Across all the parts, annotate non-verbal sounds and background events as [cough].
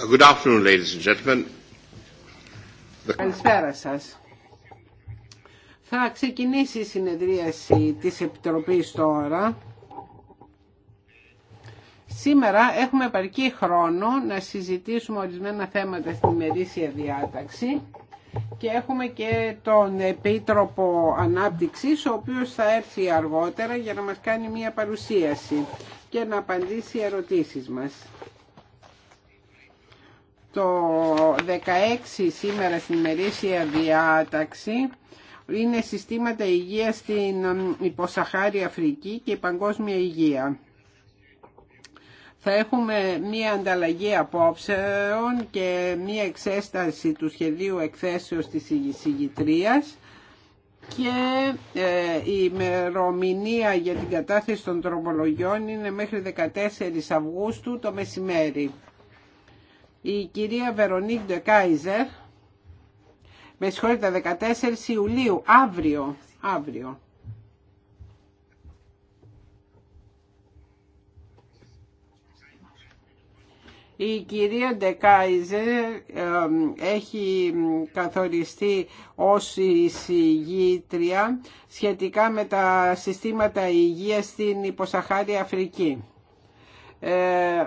Uh, Καλησπέρα σας. Θα ξεκινήσει η συνεδρίαση της Επιτροπής τώρα. Σήμερα έχουμε επαρκή χρόνο να συζητήσουμε ορισμένα θέματα στην ημερήσια διάταξη και έχουμε και τον Επίτροπο Ανάπτυξης, ο οποίος θα έρθει αργότερα για να μας κάνει μια παρουσίαση και να απαντήσει οι ερωτήσεις μας το 16 σήμερα στην ημερήσια διάταξη είναι συστήματα υγείας στην υποσαχάρη Αφρική και η παγκόσμια υγεία. Θα έχουμε μία ανταλλαγή απόψεων και μία εξέσταση του σχεδίου εκθέσεως της συγγητρίας και ε, η ημερομηνία για την κατάθεση των τρομολογιών είναι μέχρι 14 Αυγούστου το μεσημέρι η κυρία Βερονίκ Ντεκάιζερ, με συγχωρείτε, 14 Ιουλίου, αύριο, αύριο. Η κυρία Ντεκάιζερ έχει καθοριστεί ως εισηγήτρια σχετικά με τα συστήματα υγείας στην υποσαχάρη Αφρική. Ε,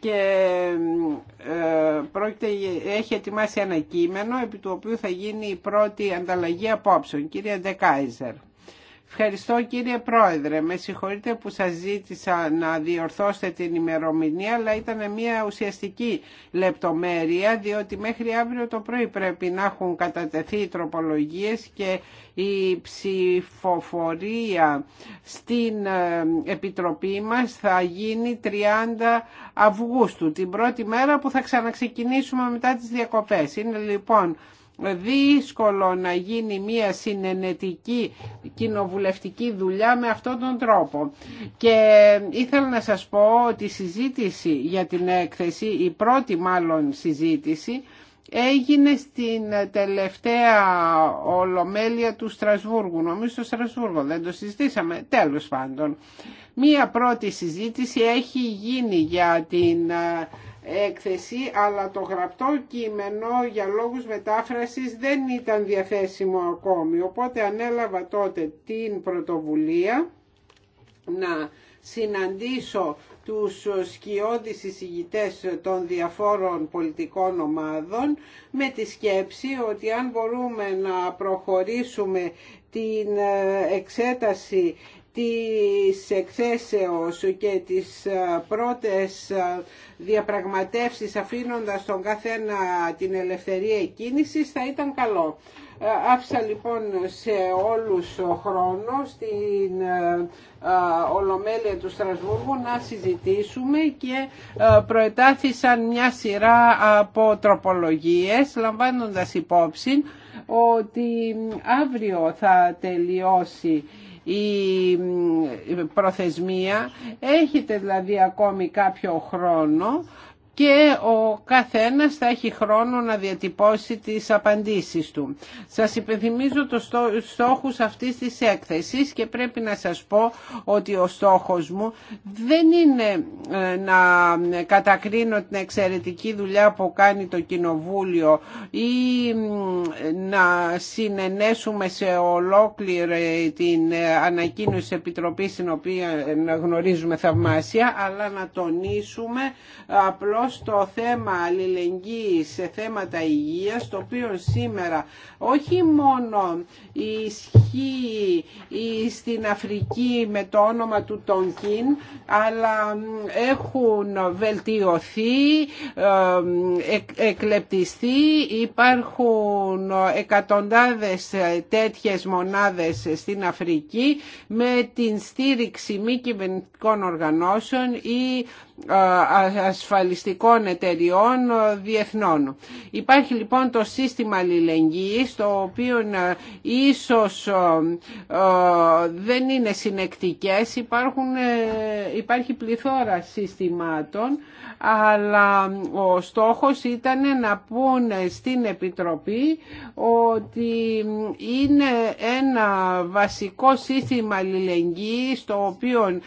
και ε, πρόκειται, έχει ετοιμάσει ένα κείμενο επί του οποίου θα γίνει η πρώτη ανταλλαγή απόψεων. Κύριε Ντεκάιζερ. Ευχαριστώ κύριε Πρόεδρε. Με συγχωρείτε που σας ζήτησα να διορθώσετε την ημερομηνία, αλλά ήταν μια ουσιαστική λεπτομέρεια, διότι μέχρι αύριο το πρωί πρέπει να έχουν κατατεθεί οι τροπολογίες και η ψηφοφορία στην ε, Επιτροπή μας θα γίνει 30 Αυγούστου, την πρώτη μέρα που θα ξαναξεκινήσουμε μετά τις διακοπές. Είναι λοιπόν δύσκολο να γίνει μια συνενετική κοινοβουλευτική δουλειά με αυτόν τον τρόπο. Και ήθελα να σας πω ότι η συζήτηση για την έκθεση, η πρώτη μάλλον συζήτηση, έγινε στην τελευταία ολομέλεια του Στρασβούργου. Νομίζω στο Στρασβούργο δεν το συζητήσαμε. Τέλος πάντων. Μία πρώτη συζήτηση έχει γίνει για την έκθεση αλλά το γραπτό κείμενο για λόγους μετάφρασης δεν ήταν διαθέσιμο ακόμη οπότε ανέλαβα τότε την πρωτοβουλία να συναντήσω τους σκιώδεις εισηγητές των διαφόρων πολιτικών ομάδων με τη σκέψη ότι αν μπορούμε να προχωρήσουμε την ε, εξέταση της εκθέσεως και τις ε, πρώτες ε, διαπραγματεύσεις αφήνοντας τον καθένα την ελευθερία κίνησης θα ήταν καλό. Ε, άφησα λοιπόν σε όλους ο χρόνο στην Ολομέλεια του Στρασβούργου να συζητήσουμε και προετάθησαν μια σειρά από τροπολογίες λαμβάνοντας υπόψη ότι αύριο θα τελειώσει η προθεσμία. Έχετε δηλαδή ακόμη κάποιο χρόνο και ο καθένας θα έχει χρόνο να διατυπώσει τις απαντήσεις του. Σας υπενθυμίζω το στόχους αυτής της έκθεσης και πρέπει να σας πω ότι ο στόχος μου δεν είναι ε, να κατακρίνω την εξαιρετική δουλειά που κάνει το Κοινοβούλιο ή να συνενέσουμε σε ολόκληρη την ε, ανακοίνωση της Επιτροπής στην οποία ε, γνωρίζουμε θαυμάσια αλλά να τονίσουμε απλώς στο θέμα αλληλεγγύης, σε θέματα υγείας, το οποίο σήμερα όχι μόνο ισχύει στην Αφρική με το όνομα του Τονκίν, αλλά έχουν βελτιωθεί, ε, εκλεπτιστεί, υπάρχουν εκατοντάδες ε, τέτοιες μονάδες στην Αφρική με την στήριξη μη κυβερνητικών οργανώσεων ή ασφαλιστικών εταιριών διεθνών. Υπάρχει λοιπόν το σύστημα αλληλεγγύης το οποίο ίσως δεν είναι συνεκτικές. Υπάρχουν, ε, υπάρχει πληθώρα συστημάτων αλλά ο στόχος ήταν να πούνε στην Επιτροπή ότι είναι ένα βασικό σύστημα αλληλεγγύης το οποίο ε,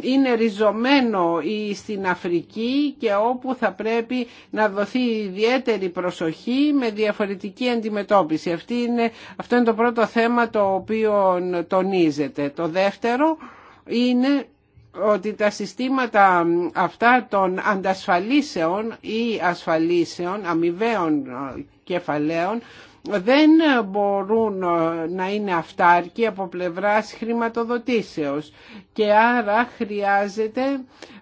είναι ριζωμένο στην Αφρική και όπου θα πρέπει να δοθεί ιδιαίτερη προσοχή με διαφορετική αντιμετώπιση. Αυτή είναι, αυτό είναι το πρώτο θέμα το οποίο τονίζεται. Το δεύτερο είναι ότι τα συστήματα αυτά των αντασφαλίσεων ή ασφαλίσεων, αμοιβαίων ε, κεφαλαίων, δεν μπορούν ε, να είναι αυτάρκοι από πλευράς χρηματοδοτήσεως και άρα χρειάζεται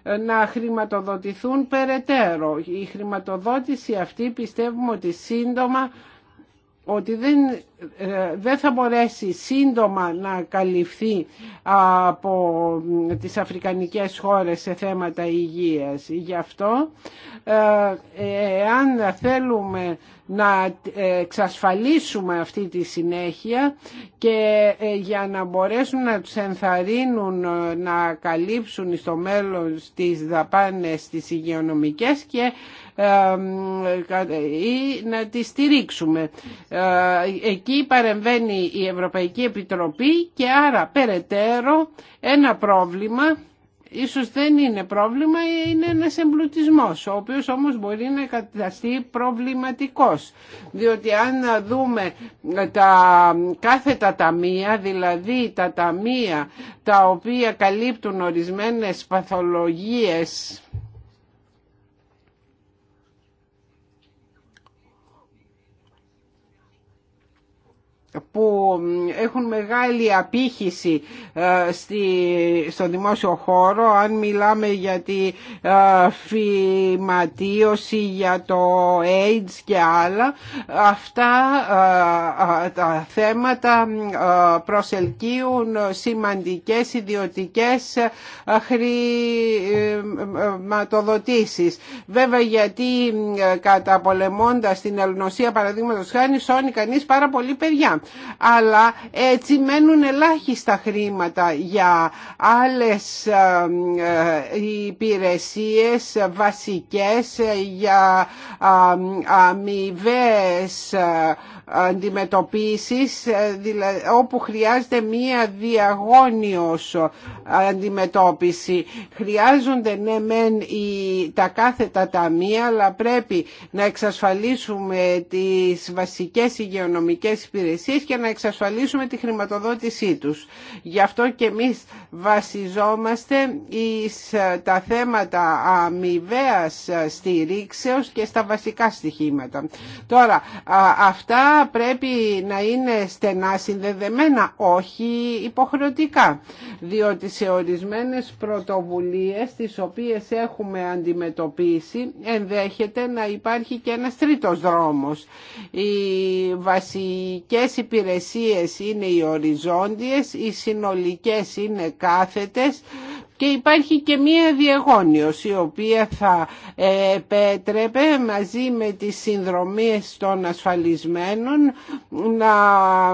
ε, να χρηματοδοτηθούν περαιτέρω. Η χρηματοδότηση αυτή πιστεύουμε ότι σύντομα ότι δεν ε, ε, δεν θα μπορέσει σύντομα να καλυφθεί από τις αφρικανικές χώρες σε θέματα υγείας. Γι' αυτό, ε, εάν θέλουμε να εξασφαλίσουμε αυτή τη συνέχεια και για να μπορέσουν να τους ενθαρρύνουν να καλύψουν στο μέλλον τις δαπάνες τις υγειονομικές και ή να τις στηρίξουμε. Εκεί παρεμβαίνει η Ευρωπαϊκή Επιτροπή και άρα περαιτέρω ένα πρόβλημα, ίσως δεν είναι πρόβλημα, είναι ένας εμπλουτισμός, ο οποίος όμως μπορεί να καταστεί προβληματικός. Διότι αν δούμε τα κάθετα ταμεία, δηλαδή τα ταμεία τα οποία καλύπτουν ορισμένες παθολογίες που έχουν μεγάλη απήχηση ε, στο δημόσιο χώρο αν μιλάμε για τη ε, φυματίωση, για το AIDS και άλλα αυτά ε, τα θέματα προσελκύουν σημαντικές ιδιωτικές χρηματοδοτήσεις βέβαια γιατί καταπολεμώντας την ελνοσία παραδείγματος χάνει σώνει κανείς πάρα πολύ παιδιά αλλά έτσι μένουν ελάχιστα χρήματα για άλλες ε, υπηρεσίες βασικές, ε, για αμοιβές αντιμετωπίσεις ε, όπου χρειάζεται μία διαγώνιος ε, αντιμετώπιση. Χρειάζονται ναι μεν οι, τα κάθετα ταμεία αλλά πρέπει να εξασφαλίσουμε τις βασικές υγειονομικές υπηρεσίες και να εξασφαλίσουμε τη χρηματοδότησή τους. Γι' αυτό και εμείς βασιζόμαστε εις ε, τα θέματα αμοιβαίας στηρίξεως και στα βασικά στοιχήματα. Τώρα, αυτά πρέπει να είναι στενά συνδεδεμένα, όχι υποχρεωτικά. Διότι σε ορισμένες πρωτοβουλίες τις οποίες έχουμε αντιμετωπίσει ενδέχεται να υπάρχει και ένας τρίτος δρόμος. Οι βασικές υπηρεσίες είναι οι οριζόντιες, οι συνολικές είναι κάθετες και υπάρχει και μία διεγόνιος η οποία θα ε, επέτρεπε μαζί με τις συνδρομίες των ασφαλισμένων να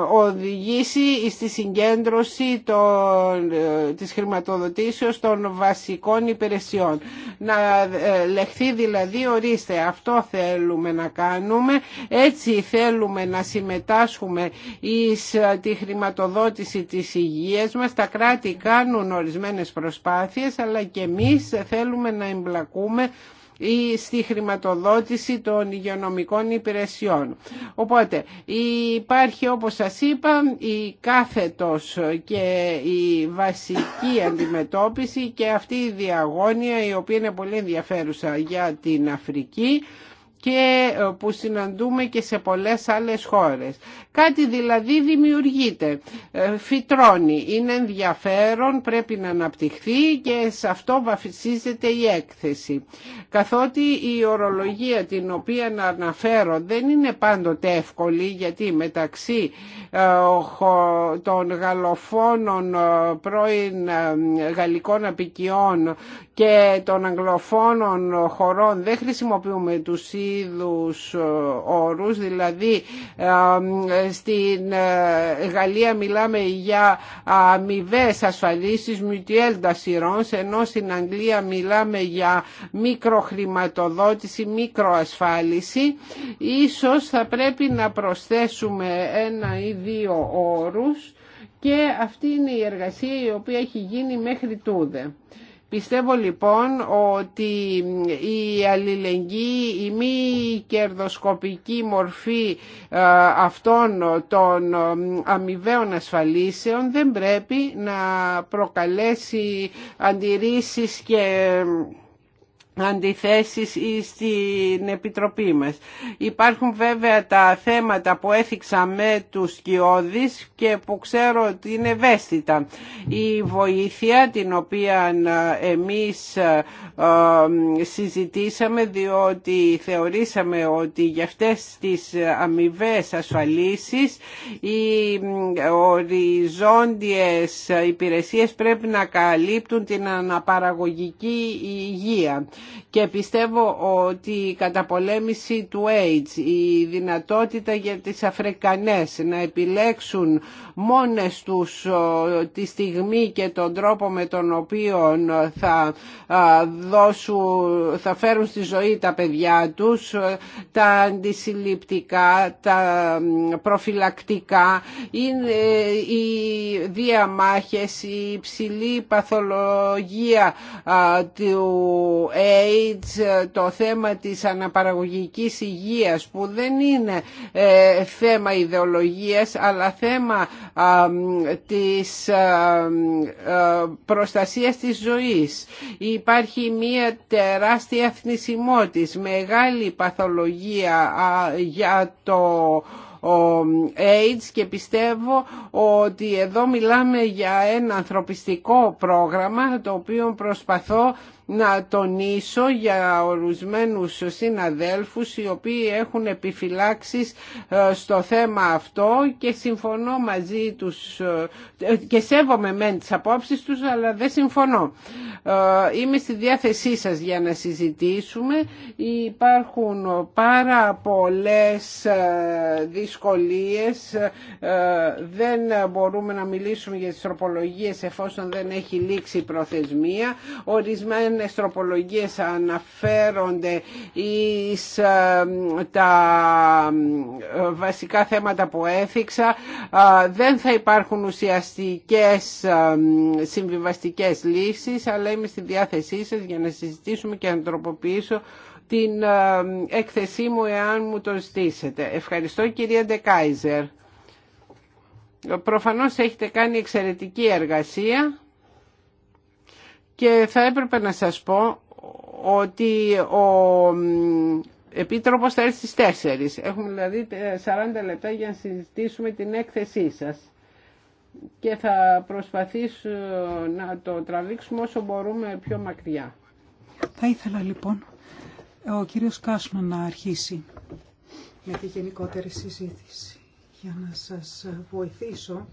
οδηγήσει στη συγκέντρωση των, ε, της χρηματοδοτήσεως των βασικών υπηρεσιών. Να ε, λεχθεί δηλαδή ορίστε αυτό θέλουμε να κάνουμε, έτσι θέλουμε να συμμετάσχουμε εις τη χρηματοδότηση της υγείας μας, τα κράτη κάνουν ορισμένες προσπάθειες προσπάθειες αλλά και εμείς θέλουμε να εμπλακούμε ή στη χρηματοδότηση των υγειονομικών υπηρεσιών. Οπότε υπάρχει όπως σας είπα η κάθετος και η βασική αντιμετώπιση και αυτή η διαγώνια η οποία είναι πολύ ενδιαφέρουσα για την Αφρική και ε, που συναντούμε και σε πολλές άλλες χώρες. Κάτι δηλαδή δημιουργείται, ε, φυτρώνει, είναι ενδιαφέρον, πρέπει να αναπτυχθεί και σε αυτό βαφισίζεται η έκθεση. Καθότι η ορολογία την οποία να αναφέρω δεν είναι πάντοτε εύκολη γιατί μεταξύ ε, των γαλλοφώνων πρώην γαλλικών απικιών και των αγγλοφώνων χωρών δεν χρησιμοποιούμε τους είδους ε, όρους, δηλαδή ε, στην ε, Γαλλία μιλάμε για αμοιβέ ασφαλίσεις mutuelle d'assurance, ενώ στην Αγγλία μιλάμε για μικροχρηματοδότηση, μικροασφάλιση. Ίσως θα πρέπει να προσθέσουμε ένα ή δύο όρους και αυτή είναι η εργασία η οποία έχει γίνει μέχρι τούδε. Πιστεύω λοιπόν ότι η αλληλεγγύη, η μη κερδοσκοπική μορφή ε, αυτών των ε, αμοιβαίων ασφαλίσεων δεν πρέπει να προκαλέσει αντιρρήσεις και αντιθέσεις ή στην Επιτροπή μας. Υπάρχουν βέβαια τα θέματα που έθιξα με τους σκιώδεις και που ξέρω ότι είναι ευαίσθητα. Η βοήθεια την οποία ε, εμείς ε, συζητήσαμε διότι θεωρήσαμε ότι για αυτές τις αμοιβέ ασφαλίσεις οι ε, οριζόντιες υπηρεσίες πρέπει να καλύπτουν την αναπαραγωγική υγεία και πιστεύω ότι η καταπολέμηση του AIDS, η δυνατότητα για τις Αφρικανές να επιλέξουν μόνες τους τη στιγμή και τον τρόπο με τον οποίο θα, δώσουν, θα φέρουν στη ζωή τα παιδιά τους, τα αντισυλληπτικά, τα προφυλακτικά, είναι ε, οι διαμάχες, η υψηλή παθολογία του AIDS, AIDS, το θέμα της αναπαραγωγικής υγείας που δεν είναι ε, θέμα ιδεολογίας αλλά θέμα της ε, προστασίας της ζωής. Υπάρχει μια τεράστια θνησιμότης, μεγάλη παθολογία για το AIDS και πιστεύω ότι εδώ μιλάμε για ένα ανθρωπιστικό πρόγραμμα το οποίο προσπαθώ να τονίσω για ορισμένους συναδέλφους οι οποίοι έχουν επιφυλάξεις ε, στο θέμα αυτό και συμφωνώ μαζί τους ε, και σέβομαι μεν τις απόψεις τους αλλά δεν συμφωνώ. Ε, είμαι στη διάθεσή σας για να συζητήσουμε. Υπάρχουν πάρα πολλές δυσκολίες. Δεν μπορούμε να μιλήσουμε για τις τροπολογίες εφόσον δεν έχει λήξει η προθεσμία. Ορισμένα οι τροπολογίες αναφέρονται εις ε, τα ε, βασικά θέματα που έθιξα δεν θα υπάρχουν ουσιαστικές ε, συμβιβαστικές λύσεις αλλά είμαι στη διάθεσή σας για να συζητήσουμε και να τροποποιήσω την έκθεσή μου εάν μου το ζητήσετε. Ευχαριστώ κυρία Ντεκάιζερ. Προφανώς έχετε κάνει εξαιρετική εργασία και θα έπρεπε να σας πω ότι ο Επίτροπος θα έρθει στις 4. Έχουμε δηλαδή 40 ε, λεπτά για να συζητήσουμε την έκθεσή σας. Και θα προσπαθήσω να το τραβήξουμε όσο μπορούμε πιο μακριά. Θα ήθελα λοιπόν ο κύριος Κάσμα να αρχίσει με τη γενικότερη συζήτηση. Για να σας βοηθήσω,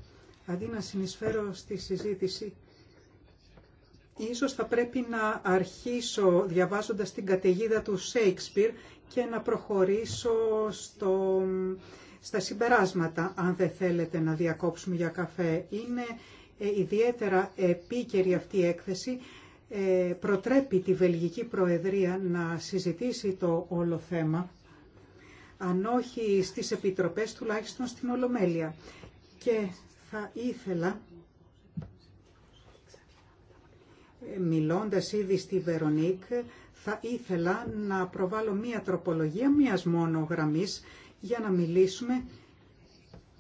αντί να συνεισφέρω στη συζήτηση, Ίσως θα πρέπει να αρχίσω διαβάζοντας την καταιγίδα του Σέιξπιρ και να προχωρήσω στο, στα συμπεράσματα, αν δεν θέλετε να διακόψουμε για καφέ. Είναι ε, ιδιαίτερα επίκαιρη αυτή η έκθεση. Ε, προτρέπει τη Βελγική Προεδρία να συζητήσει το όλο θέμα, αν όχι στις Επιτροπές, τουλάχιστον στην Ολομέλεια. Και θα ήθελα Μιλώντας ήδη στη Βερονίκ, θα ήθελα να προβάλλω μία τροπολογία μίας μόνο γραμμής για να μιλήσουμε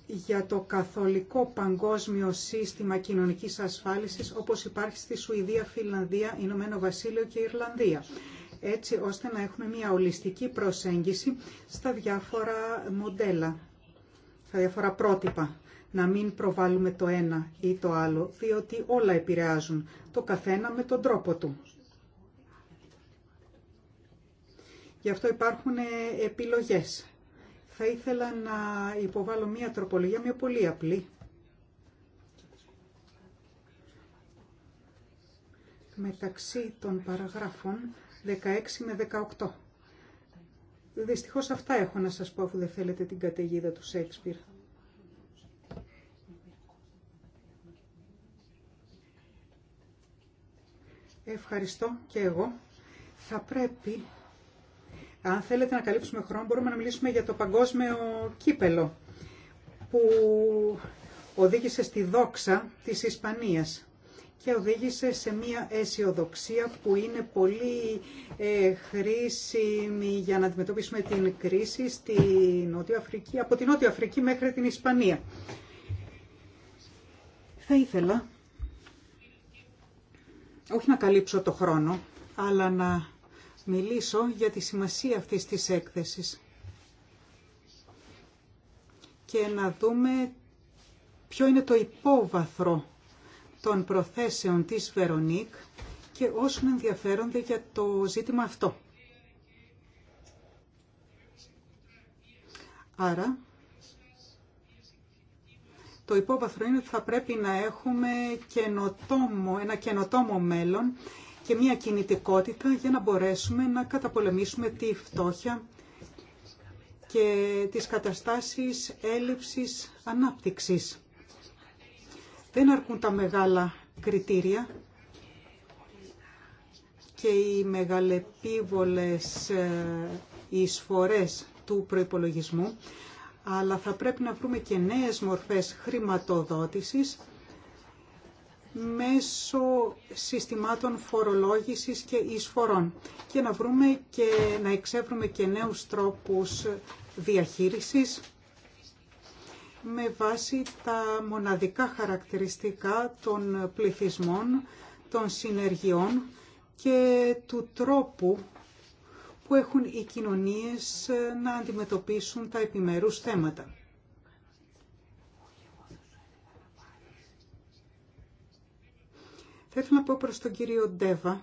για το καθολικό παγκόσμιο σύστημα κοινωνικής ασφάλισης όπως υπάρχει στη Σουηδία, Φιλανδία, Ηνωμένο Βασίλειο και Ιρλανδία έτσι ώστε να έχουμε μια ολιστική προσέγγιση στα διάφορα μοντέλα, στα διάφορα πρότυπα να μην προβάλλουμε το ένα ή το άλλο, διότι όλα επηρεάζουν, το καθένα με τον τρόπο του. Γι' αυτό υπάρχουν επιλογές. Θα ήθελα να υποβάλω μία τροπολογία, μία πολύ απλή. Μεταξύ των παραγράφων 16 με 18. Δυστυχώς αυτά έχω να σας πω αφού δεν θέλετε την καταιγίδα του Σέξπιρ. Ευχαριστώ και εγώ. Θα πρέπει, αν θέλετε να καλύψουμε χρόνο, μπορούμε να μιλήσουμε για το παγκόσμιο κύπελο που οδήγησε στη δόξα της Ισπανίας και οδήγησε σε μια αισιοδοξία που είναι πολύ ε, χρήσιμη για να αντιμετωπίσουμε την κρίση στη Νότια Αφρική, από την Νότια Αφρική μέχρι την Ισπανία. Θα ήθελα όχι να καλύψω το χρόνο, αλλά να μιλήσω για τη σημασία αυτής της έκθεσης και να δούμε ποιο είναι το υπόβαθρο των προθέσεων της Βερονίκ και όσων ενδιαφέρονται για το ζήτημα αυτό. Άρα, το υπόβαθρο είναι ότι θα πρέπει να έχουμε καινοτόμο, ένα καινοτόμο μέλλον και μια κινητικότητα για να μπορέσουμε να καταπολεμήσουμε τη φτώχεια και τις καταστάσεις έλλειψης ανάπτυξης. Δεν αρκούν τα μεγάλα κριτήρια και οι μεγαλεπίβολες ε, εισφορές του προϋπολογισμού αλλά θα πρέπει να βρούμε και νέες μορφές χρηματοδότησης μέσω συστημάτων φορολόγησης και εισφορών και να βρούμε και να εξεύρουμε και νέους τρόπους διαχείρισης με βάση τα μοναδικά χαρακτηριστικά των πληθυσμών, των συνεργειών και του τρόπου που έχουν οι κοινωνίες ε, να αντιμετωπίσουν τα επιμερούς θέματα. Θα ήθελα να πω προς τον κύριο Ντέβα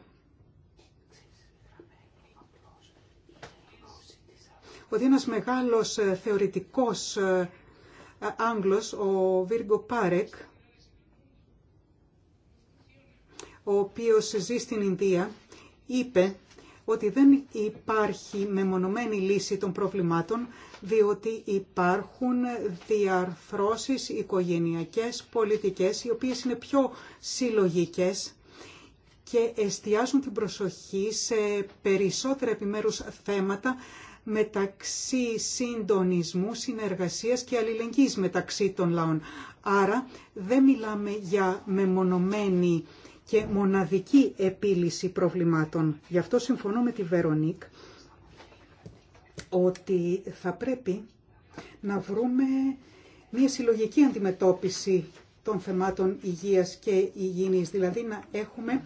ότι ένας μεγάλος ε, θεωρητικός ε, Άγγλος, ο Βίργο Πάρεκ, ο οποίος ζει στην Ινδία, είπε ότι δεν υπάρχει μεμονωμένη λύση των προβλημάτων, διότι υπάρχουν διαρθρώσεις οικογενειακές, πολιτικές, οι οποίες είναι πιο συλλογικές και εστιάζουν την προσοχή σε περισσότερα επιμέρους θέματα μεταξύ συντονισμού, συνεργασίας και αλληλεγγύης μεταξύ των λαών. Άρα δεν μιλάμε για μεμονωμένη και μοναδική επίλυση προβλημάτων. Γι' αυτό συμφωνώ με τη Βερονίκ ότι θα πρέπει να βρούμε μια συλλογική αντιμετώπιση των θεμάτων υγείας και υγιεινής, δηλαδή να έχουμε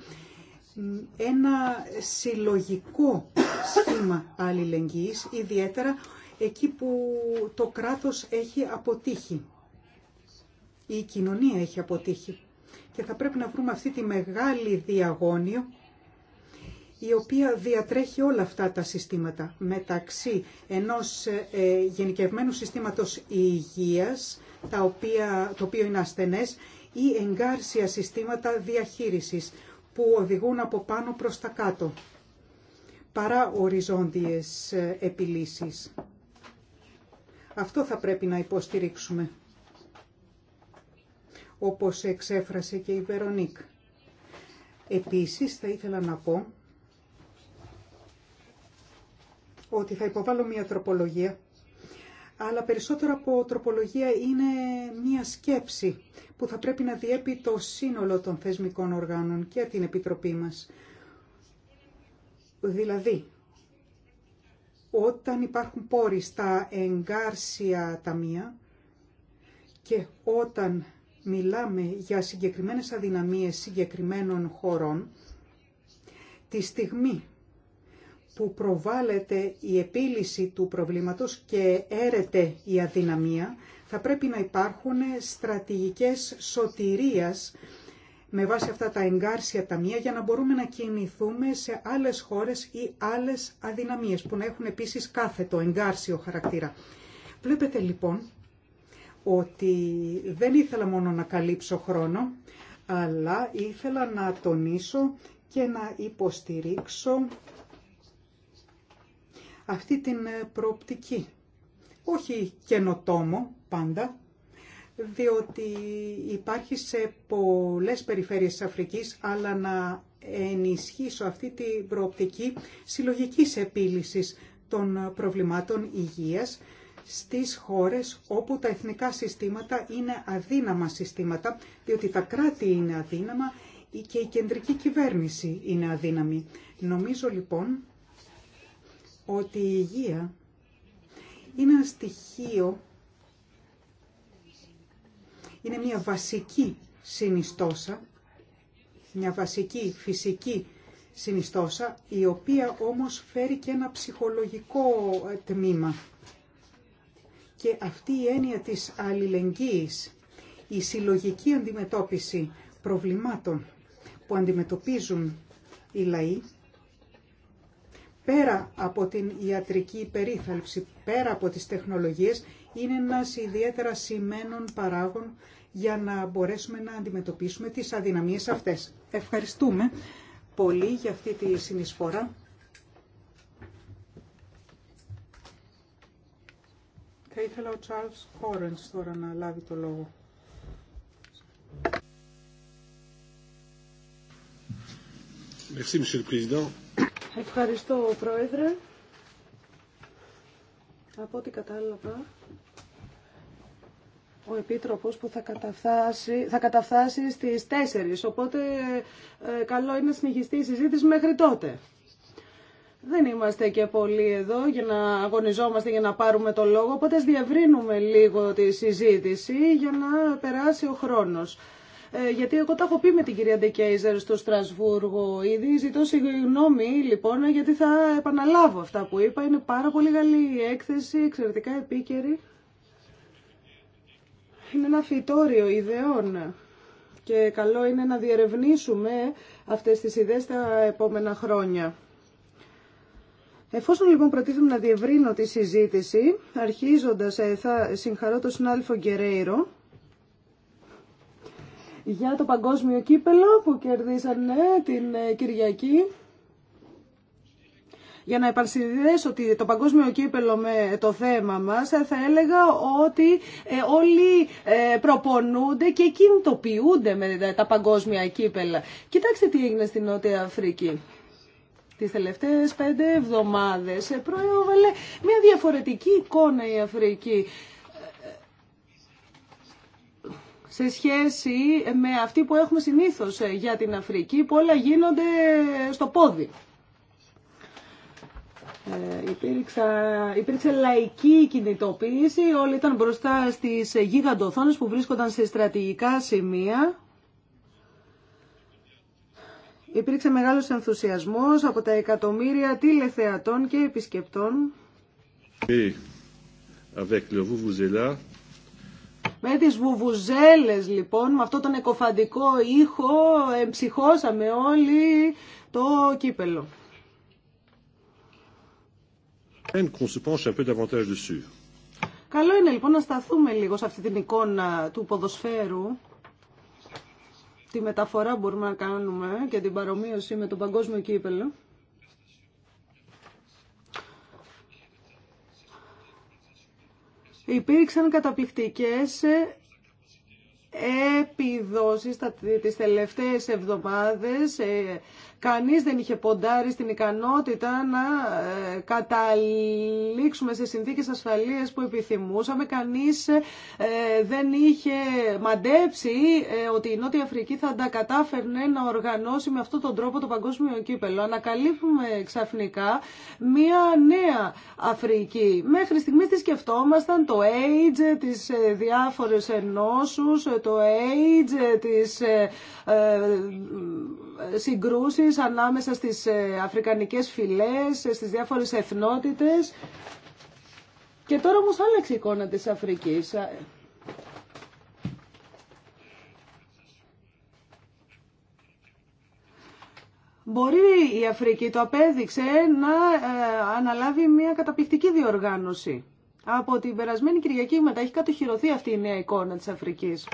ένα συλλογικό σχήμα αλληλεγγύης, ιδιαίτερα εκεί που το κράτος έχει αποτύχει, η κοινωνία έχει αποτύχει και θα πρέπει να βρούμε αυτή τη μεγάλη διαγώνιο η οποία διατρέχει όλα αυτά τα συστήματα μεταξύ ενός ε, ε, γενικευμένου συστήματος υγείας, τα οποία, το οποίο είναι ασθενές, ή εγκάρσια συστήματα διαχείρισης που οδηγούν από πάνω προς τα κάτω, παρά οριζόντιες ε, επιλύσεις. Αυτό θα πρέπει να υποστηρίξουμε όπως εξέφρασε και η Βερονίκ. Επίσης θα ήθελα να πω ότι θα υποβάλω μία τροπολογία, αλλά περισσότερο από τροπολογία είναι μία σκέψη που θα πρέπει να διέπει το σύνολο των θεσμικών οργάνων και την Επιτροπή μας. Δηλαδή, όταν υπάρχουν πόροι στα εγκάρσια ταμεία και όταν μιλάμε για συγκεκριμένες αδυναμίες συγκεκριμένων χωρών, τη στιγμή που προβάλλεται η επίλυση του προβλήματος και έρεται η αδυναμία, θα πρέπει να υπάρχουν στρατηγικές σωτηρίας με βάση αυτά τα εγκάρσια ταμεία για να μπορούμε να κινηθούμε σε άλλες χώρες ή άλλες αδυναμίες που να έχουν επίσης κάθετο εγκάρσιο χαρακτήρα. Βλέπετε λοιπόν ότι δεν ήθελα μόνο να καλύψω χρόνο, αλλά ήθελα να τονίσω και να υποστηρίξω αυτή την προοπτική. Όχι καινοτόμο πάντα, διότι υπάρχει σε πολλές περιφέρειες της Αφρικής, αλλά να ενισχύσω αυτή την προοπτική συλλογικής επίλυσης των προβλημάτων υγείας, στις χώρες όπου τα εθνικά συστήματα είναι αδύναμα συστήματα, διότι τα κράτη είναι αδύναμα και η κεντρική κυβέρνηση είναι αδύναμη. Νομίζω λοιπόν ότι η υγεία είναι ένα στοιχείο, είναι μια βασική συνιστόσα, μια βασική φυσική συνιστόσα, η οποία όμως φέρει και ένα ψυχολογικό τμήμα και αυτή η έννοια της αλληλεγγύης, η συλλογική αντιμετώπιση προβλημάτων που αντιμετωπίζουν οι λαοί, πέρα από την ιατρική περίθαλψη, πέρα από τις τεχνολογίες, είναι ένας ιδιαίτερα σημαίνων παράγων για να μπορέσουμε να αντιμετωπίσουμε τις αδυναμίες αυτές. Ευχαριστούμε πολύ για αυτή τη συνεισφορά Θα ήθελα ο Τσαρλ Κόρενς τώρα να λάβει το λόγο. Ευχαριστώ, Πρόεδρε. Από ό,τι κατάλαβα, ο Επίτροπος που θα καταφτάσει, θα στις 4, οπότε ε, καλό είναι να συνεχιστεί η συζήτηση μέχρι τότε. Δεν είμαστε και πολλοί εδώ για να αγωνιζόμαστε για να πάρουμε το λόγο, οπότε ας λίγο τη συζήτηση για να περάσει ο χρόνος. Ε, γιατί εγώ τα έχω πει με την κυρία Ντεκέιζερ στο Στρασβούργο ήδη. Ζητώ συγγνώμη λοιπόν γιατί θα επαναλάβω αυτά που είπα. Είναι πάρα πολύ καλή η έκθεση, εξαιρετικά επίκαιρη. Είναι ένα φυτόριο ιδεών και καλό είναι να διερευνήσουμε αυτές τις ιδέες τα επόμενα χρόνια. Εφόσον λοιπόν προτίθεμαι να διευρύνω τη συζήτηση, αρχίζοντας ε, θα συγχαρώ τον συνάδελφο Γκερέιρο για το παγκόσμιο κύπελο που κερδίσανε ε, την ε, Κυριακή. Για να επανσυνδέσω ότι το παγκόσμιο κύπελο με το θέμα μας, θα έλεγα ότι όλοι προπονούνται και κινητοποιούνται με τα παγκόσμια κύπελα. Κοιτάξτε τι έγινε στην Νότια Αφρική τις τελευταίες πέντε εβδομάδες ε, προέβαλε μια διαφορετική εικόνα η Αφρική σε σχέση με αυτή που έχουμε συνήθως ε, για την Αφρική που όλα γίνονται στο πόδι. Ε, υπήρξα, υπήρξε λαϊκή κινητοποίηση, όλοι ήταν μπροστά στις γιγαντοθόνες που βρίσκονταν σε στρατηγικά σημεία Υπήρξε μεγάλος ενθουσιασμός από τα εκατομμύρια τηλεθεατών και επισκεπτών. Με τις βουβουζέλες λοιπόν, με αυτό τον εκοφαντικό ήχο, εμψυχώσαμε όλοι το κύπελο. Καλό είναι λοιπόν να σταθούμε λίγο σε αυτή την εικόνα του ποδοσφαίρου τη μεταφορά μπορούμε να κάνουμε και την παρομοίωση με τον παγκόσμιο κύπελο. Υπήρξαν καταπληκτικές επιδόσεις τις τελευταίες εβδομάδες ε, Κανείς δεν είχε ποντάρει στην ικανότητα να ε, καταλήξουμε σε συνθήκες ασφαλείας που επιθυμούσαμε. Κανείς ε, δεν είχε μαντέψει ε, ότι η Νότια Αφρική θα τα κατάφερνε να οργανώσει με αυτόν τον τρόπο το παγκόσμιο κύπελο. Ανακαλύπτουμε ξαφνικά μία νέα Αφρική. Μέχρι στιγμής τη σκεφτόμασταν το AIDS, της διάφορες ενώσους, το AIDS, της συγκρούσεις ανάμεσα στις ε, αφρικανικές φυλές, ε, στις διάφορες εθνότητες. Και τώρα όμως άλλαξε η εικόνα της Αφρικής. Ε. Μπορεί η Αφρική, το απέδειξε, να αναλάβει μια καταπληκτική διοργάνωση. Από την περασμένη Κυριακή μετά έχει κατοχυρωθεί αυτή η νέα εικόνα της Αφρικής.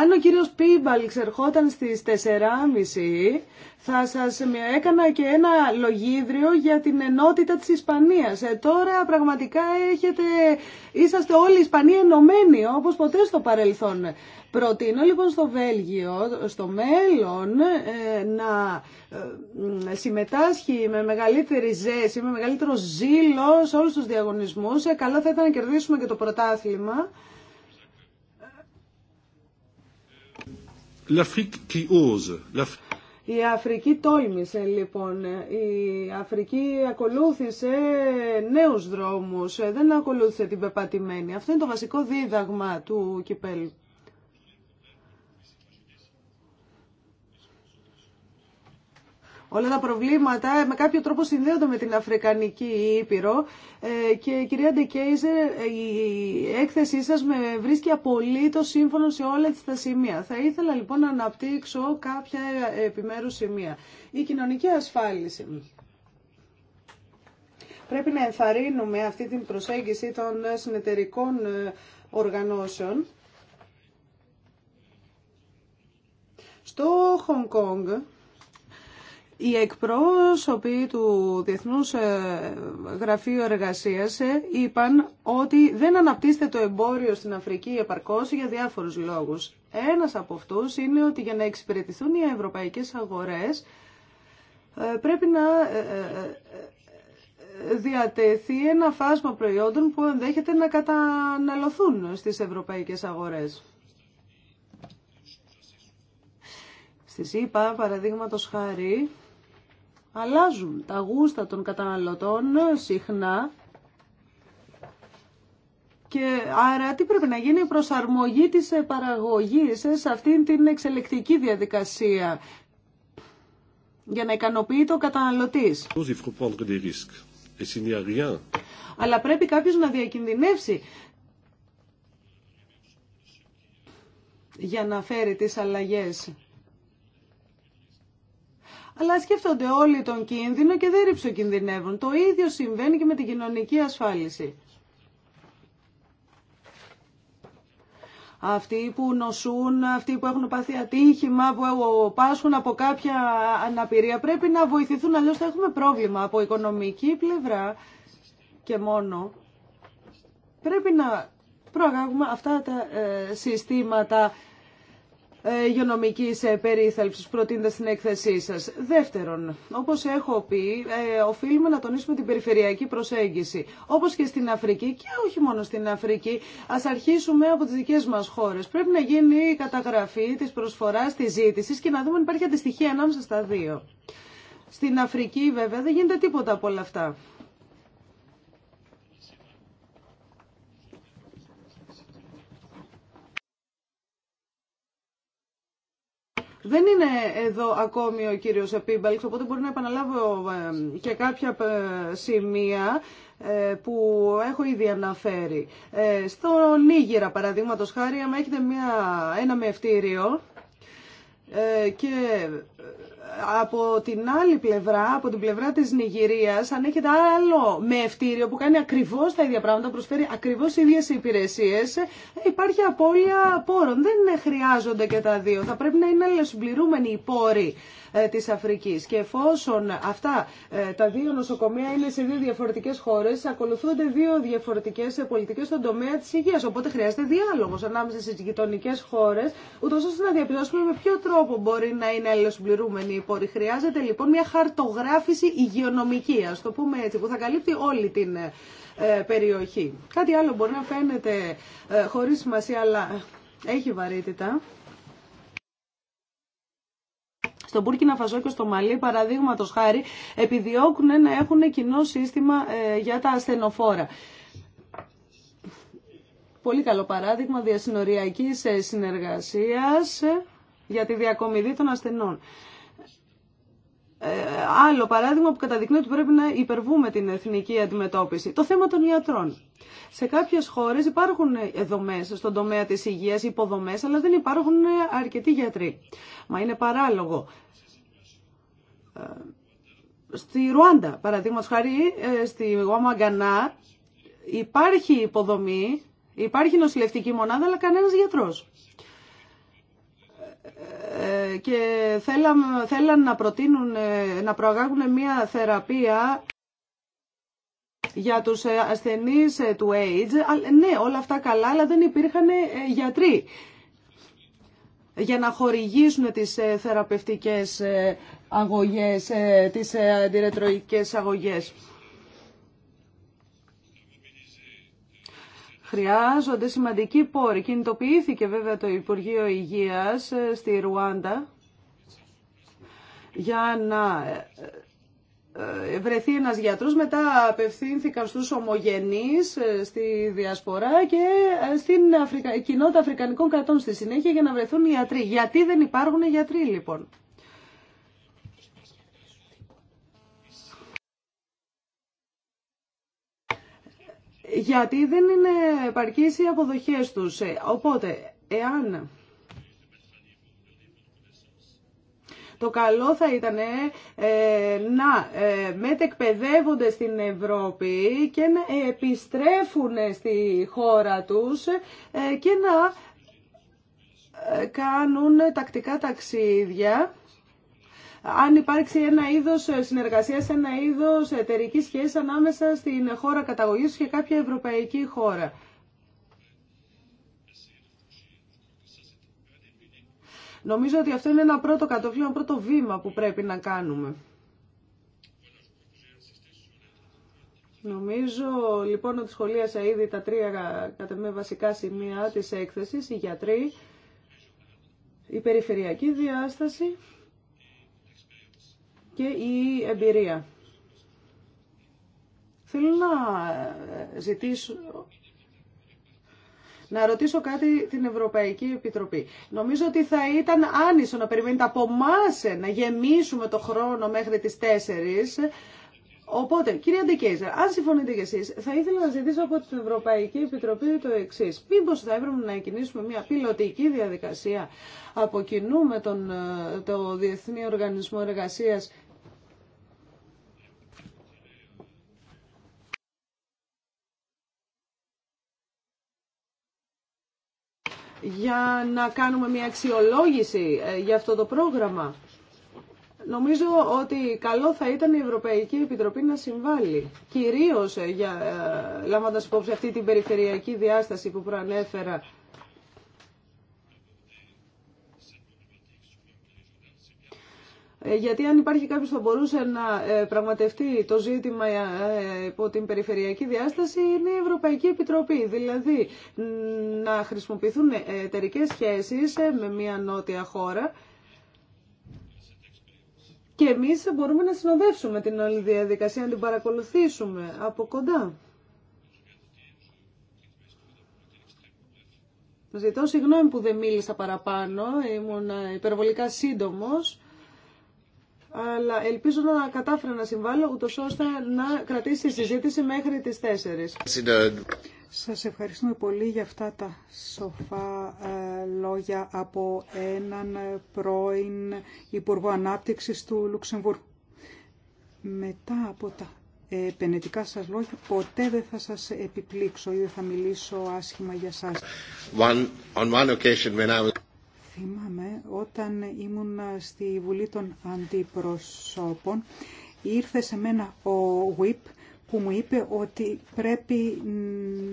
Αν ο κύριος Πίμπαλξ ερχόταν στις 4.30 θα σας έκανα και ένα λογίδριο για την ενότητα της Ισπανίας. Ε, τώρα πραγματικά έχετε, είσαστε όλοι Ισπανοί ενωμένοι όπως ποτέ στο παρελθόν. Προτείνω λοιπόν στο Βέλγιο, στο μέλλον, ε, να ε, συμμετάσχει με μεγαλύτερη ζέση, με μεγαλύτερο ζήλο σε όλους τους διαγωνισμούς. Ε, θα ήταν να κερδίσουμε και το πρωτάθλημα. Η Αφρική τόλμησε λοιπόν. Η Αφρική ακολούθησε νέους δρόμους. Δεν ακολούθησε την πεπατημένη. Αυτό είναι το βασικό δίδαγμα του κυπέλου. Όλα τα προβλήματα ε, με κάποιο τρόπο συνδέονται με την Αφρικανική Ήπειρο ε, και κυρία Ντεκέιζερ, ε, η έκθεσή σας με βρίσκει απολύτως σύμφωνο σε όλα τα σημεία. Θα ήθελα λοιπόν να αναπτύξω κάποια επιμέρους σημεία. Η κοινωνική ασφάλιση. Πρέπει να ενθαρρύνουμε αυτή την προσέγγιση των συνεταιρικών οργανώσεων. Στο Χονγκ οι εκπρόσωποι του Διεθνούς ε, Γραφείου Εργασίας ε, είπαν ότι δεν αναπτύσσεται το εμπόριο στην Αφρική επαρκώς για διάφορους λόγους. Ένας από αυτούς είναι ότι για να εξυπηρετηθούν οι ευρωπαϊκές αγορές ε, πρέπει να διατεθεί ένα φάσμα προϊόντων που ενδέχεται να καταναλωθούν στις ευρωπαϊκές αγορές. Στη ΣΥΠΑ, παραδείγματο χάρη, αλλάζουν τα γούστα των καταναλωτών συχνά και άρα τι πρέπει να γίνει η προσαρμογή της παραγωγής σε αυτήν την εξελεκτική διαδικασία για να ικανοποιεί το καταναλωτής. Αλλά πρέπει κάποιος να διακινδυνεύσει για να φέρει τις αλλαγές αλλά σκέφτονται όλοι τον κίνδυνο και δεν ρηψοκινδυνεύουν. Το ίδιο συμβαίνει και με την κοινωνική ασφάλιση. Αυτοί που νοσούν, αυτοί που έχουν πάθει ατύχημα, που πάσχουν από κάποια αναπηρία, πρέπει να βοηθηθούν, αλλιώς θα έχουμε πρόβλημα από οικονομική πλευρά και μόνο. Πρέπει να προαγάγουμε αυτά τα ε, συστήματα ε, υγειονομική ε, περίθαλψης προτείνοντα την έκθεσή σα. Δεύτερον, όπως έχω πει, ε, οφείλουμε να τονίσουμε την περιφερειακή προσέγγιση. Όπως και στην Αφρική και όχι μόνο στην Αφρική, α αρχίσουμε από τις δικές μας χώρες. Πρέπει να γίνει η καταγραφή της προσφοράς, της ζήτησης και να δούμε αν υπάρχει αντιστοιχία ανάμεσα στα δύο. Στην Αφρική βέβαια δεν γίνεται τίποτα από όλα αυτά. Δεν είναι εδώ ακόμη ο κύριος Επίμπαλξ, οπότε μπορεί να επαναλάβω και κάποια σημεία ε, που έχω ήδη αναφέρει. Ε, στο Νίγηρα, παραδείγματος χάρη, άμα έχετε μια, ένα μευτήριο ε, και από την άλλη πλευρά, από την πλευρά της Νιγηρίας, αν έχετε άλλο με ευτήριο που κάνει ακριβώς τα ίδια πράγματα, προσφέρει ακριβώς οι ίδιες υπηρεσίες, υπάρχει απώλεια πόρων. Δεν χρειάζονται και τα δύο. Θα πρέπει να είναι αλληλοσυμπληρούμενοι οι πόροι ε, της Αφρικής. Και εφόσον αυτά ε, τα δύο νοσοκομεία είναι σε δύο διαφορετικές χώρες, ακολουθούνται δύο διαφορετικές ε, πολιτικές στον τομέα της υγείας. Οπότε χρειάζεται διάλογος ανάμεσα στι γειτονικέ χώρες, ούτως ώστε να διαπιστώσουμε με ποιο τρόπο μπορεί να είναι αλληλοσυμπληρούμενοι πόροι. Χρειάζεται λοιπόν μια χαρτογράφηση υγειονομική, α το πούμε έτσι, που θα καλύπτει όλη την ε, περιοχή. Κάτι άλλο μπορεί να φαίνεται ε, χωρίς σημασία, αλλά έχει βαρύτητα. Στο Μπούρκινα Φαζό και στο Μαλί, παραδείγματο χάρη, επιδιώκουν να έχουν κοινό σύστημα ε, για τα ασθενοφόρα. Πολύ καλό παράδειγμα διασυνοριακής συνεργασίας για τη διακομιδή των ασθενών. Ε, άλλο παράδειγμα που καταδεικνύει ότι πρέπει να υπερβούμε την εθνική αντιμετώπιση. Το θέμα των ιατρών. Σε κάποιε χώρε υπάρχουν ε, δομέ στον τομέα τη υγεία, υποδομέ, αλλά δεν υπάρχουν ε, αρκετοί γιατροί. Μα είναι παράλογο. Στη Ρουάντα, παραδείγματο χάρη, στη Γουαμαγκανά, υπάρχει υποδομή, υπάρχει νοσηλευτική μονάδα, αλλά κανένα γιατρό. Ε, και θέλαν, θέλαν να προτείνουν, ε, να προαγάγουν μια θεραπεία για τους ε, ασθενείς του AIDS. Ναι, όλα αυτά καλά, αλλά δεν υπήρχαν γιατροί για να χορηγήσουν τις θεραπευτικές αγωγές, τις αντιρετροϊκές αγωγές. Χρειάζονται σημαντικοί πόροι. Κινητοποιήθηκε βέβαια το Υπουργείο Υγείας ε, στη Ρουάντα για να ε, ε, βρεθεί ένας γιατρός, μετά απευθύνθηκαν στους ομογενείς στη Διασπορά και στην Αφρικα... κοινότητα Αφρικανικών κρατών στη συνέχεια για να βρεθούν γιατροί. Γιατί δεν υπάρχουν γιατροί λοιπόν. γιατί δεν είναι επαρκή οι αποδοχές τους. Ε, οπότε, εάν Το καλό θα ήταν ε, να ε, μετεκπαιδεύονται στην Ευρώπη και να επιστρέφουν στη χώρα τους ε, και να κάνουν τακτικά ταξίδια αν υπάρξει ένα είδος συνεργασίας, ένα είδος εταιρική σχέση ανάμεσα στην χώρα καταγωγής και κάποια ευρωπαϊκή χώρα. Νομίζω ότι αυτό είναι ένα πρώτο ένα πρώτο βήμα που πρέπει να κάνουμε. Νομίζω λοιπόν ότι σχολίασα ήδη τα τρία κατά με βασικά σημεία της έκθεσης, οι γιατροί, η περιφερειακή διάσταση και η εμπειρία. Θέλω να ζητήσω να ρωτήσω κάτι την Ευρωπαϊκή Επιτροπή. Νομίζω ότι θα ήταν άνισο να περιμένετε από εμά να γεμίσουμε το χρόνο μέχρι τις 4 Οπότε, κυρία Ντεκέιζερ, αν συμφωνείτε κι εσείς, θα ήθελα να ζητήσω από την Ευρωπαϊκή Επιτροπή το εξή. Μήπω θα έπρεπε να κινήσουμε μια πιλωτική διαδικασία από κοινού με τον, ε, το Διεθνή Οργανισμό Εργασίας για να κάνουμε μια αξιολόγηση ε, για αυτό το πρόγραμμα. Νομίζω ότι καλό θα ήταν η Ευρωπαϊκή Επιτροπή να συμβάλλει, κυρίως ε, για, ε, υπόψη αυτή την περιφερειακή διάσταση που προανέφερα. Ε, γιατί αν υπάρχει κάποιος που θα μπορούσε να πραγματευτεί το ζήτημα υπό την περιφερειακή διάσταση είναι η Ευρωπαϊκή Επιτροπή. Δηλαδή να χρησιμοποιηθούν εταιρικέ σχέσεις με μια νότια χώρα και εμείς μπορούμε να συνοδεύσουμε την όλη διαδικασία, να την παρακολουθήσουμε από κοντά. Ζητώ συγγνώμη που δεν μίλησα παραπάνω, ήμουν υπερβολικά σύντομος, αλλά ελπίζω να κατάφερα να συμβάλλω ούτως ώστε να κρατήσει η συζήτηση μέχρι τις 4. Σας ευχαριστούμε πολύ για αυτά τα σοφά ε, λόγια από έναν πρώην Υπουργό Ανάπτυξης του Λουξεμβούργου. Μετά από τα επενετικά σας λόγια ποτέ δεν θα σας επιπλήξω ή δεν θα μιλήσω άσχημα για σας. on one occasion Θυμάμαι όταν ήμουν στη Βουλή των Αντιπροσώπων ήρθε σε μένα ο WIP που μου είπε ότι πρέπει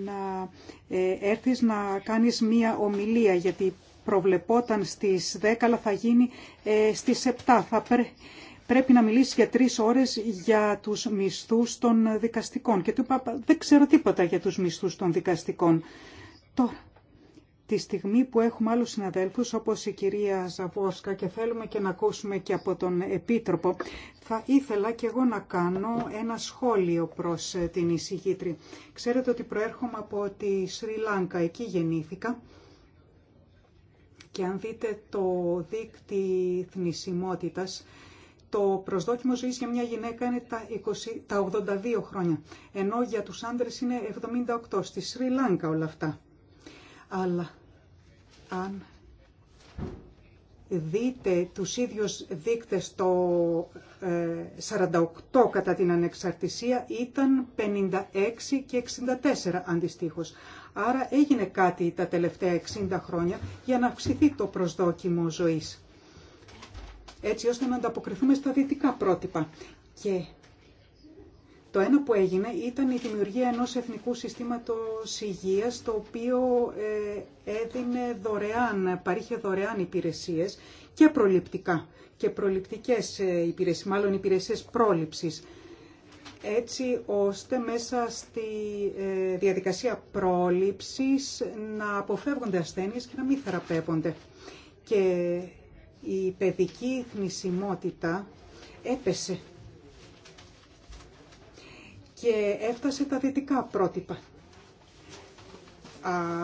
να ε, έρθεις να κάνεις μία ομιλία γιατί προβλεπόταν στις 10 αλλά θα γίνει ε, στις 7. Θα Πρέπει να μιλήσει για τρεις ώρες για τους μισθούς των δικαστικών. Και του είπα, δεν ξέρω τίποτα για τους μισθούς των δικαστικών. Τώρα, τη στιγμή που έχουμε άλλους συναδέλφους όπως η κυρία Ζαβόσκα και θέλουμε και να ακούσουμε και από τον Επίτροπο, θα ήθελα και εγώ να κάνω ένα σχόλιο προς ε, την εισηγήτρη. Ξέρετε ότι προέρχομαι από τη Σρι Λάνκα, εκεί γεννήθηκα. Και αν δείτε το δίκτυ θνησιμότητας, το προσδόκιμο ζωής για μια γυναίκα είναι τα, 20, τα 82 χρόνια, ενώ για του άντρε είναι 78, στη Σρι Λάνκα όλα αυτά. Αλλά αν δείτε τους ίδιους δείκτες το 48 ε, κατά την ανεξαρτησία ήταν 56 και 64 αντιστοίχως. Άρα έγινε κάτι τα τελευταία 60 χρόνια για να αυξηθεί το προσδόκιμο ζωής. Έτσι ώστε να ανταποκριθούμε στα δυτικά πρότυπα. Και το ένα που έγινε ήταν η δημιουργία ενός εθνικού συστήματος υγείας, το οποίο ε, έδινε δωρεάν, παρήχε δωρεάν υπηρεσίες και προληπτικά και προληπτικές ε, υπηρεσίες, μάλλον υπηρεσίες πρόληψης έτσι ώστε μέσα στη ε, διαδικασία πρόληψης να αποφεύγονται ασθένειες και να μην θεραπεύονται. Και η παιδική θνησιμότητα έπεσε και έφτασε τα δυτικά πρότυπα.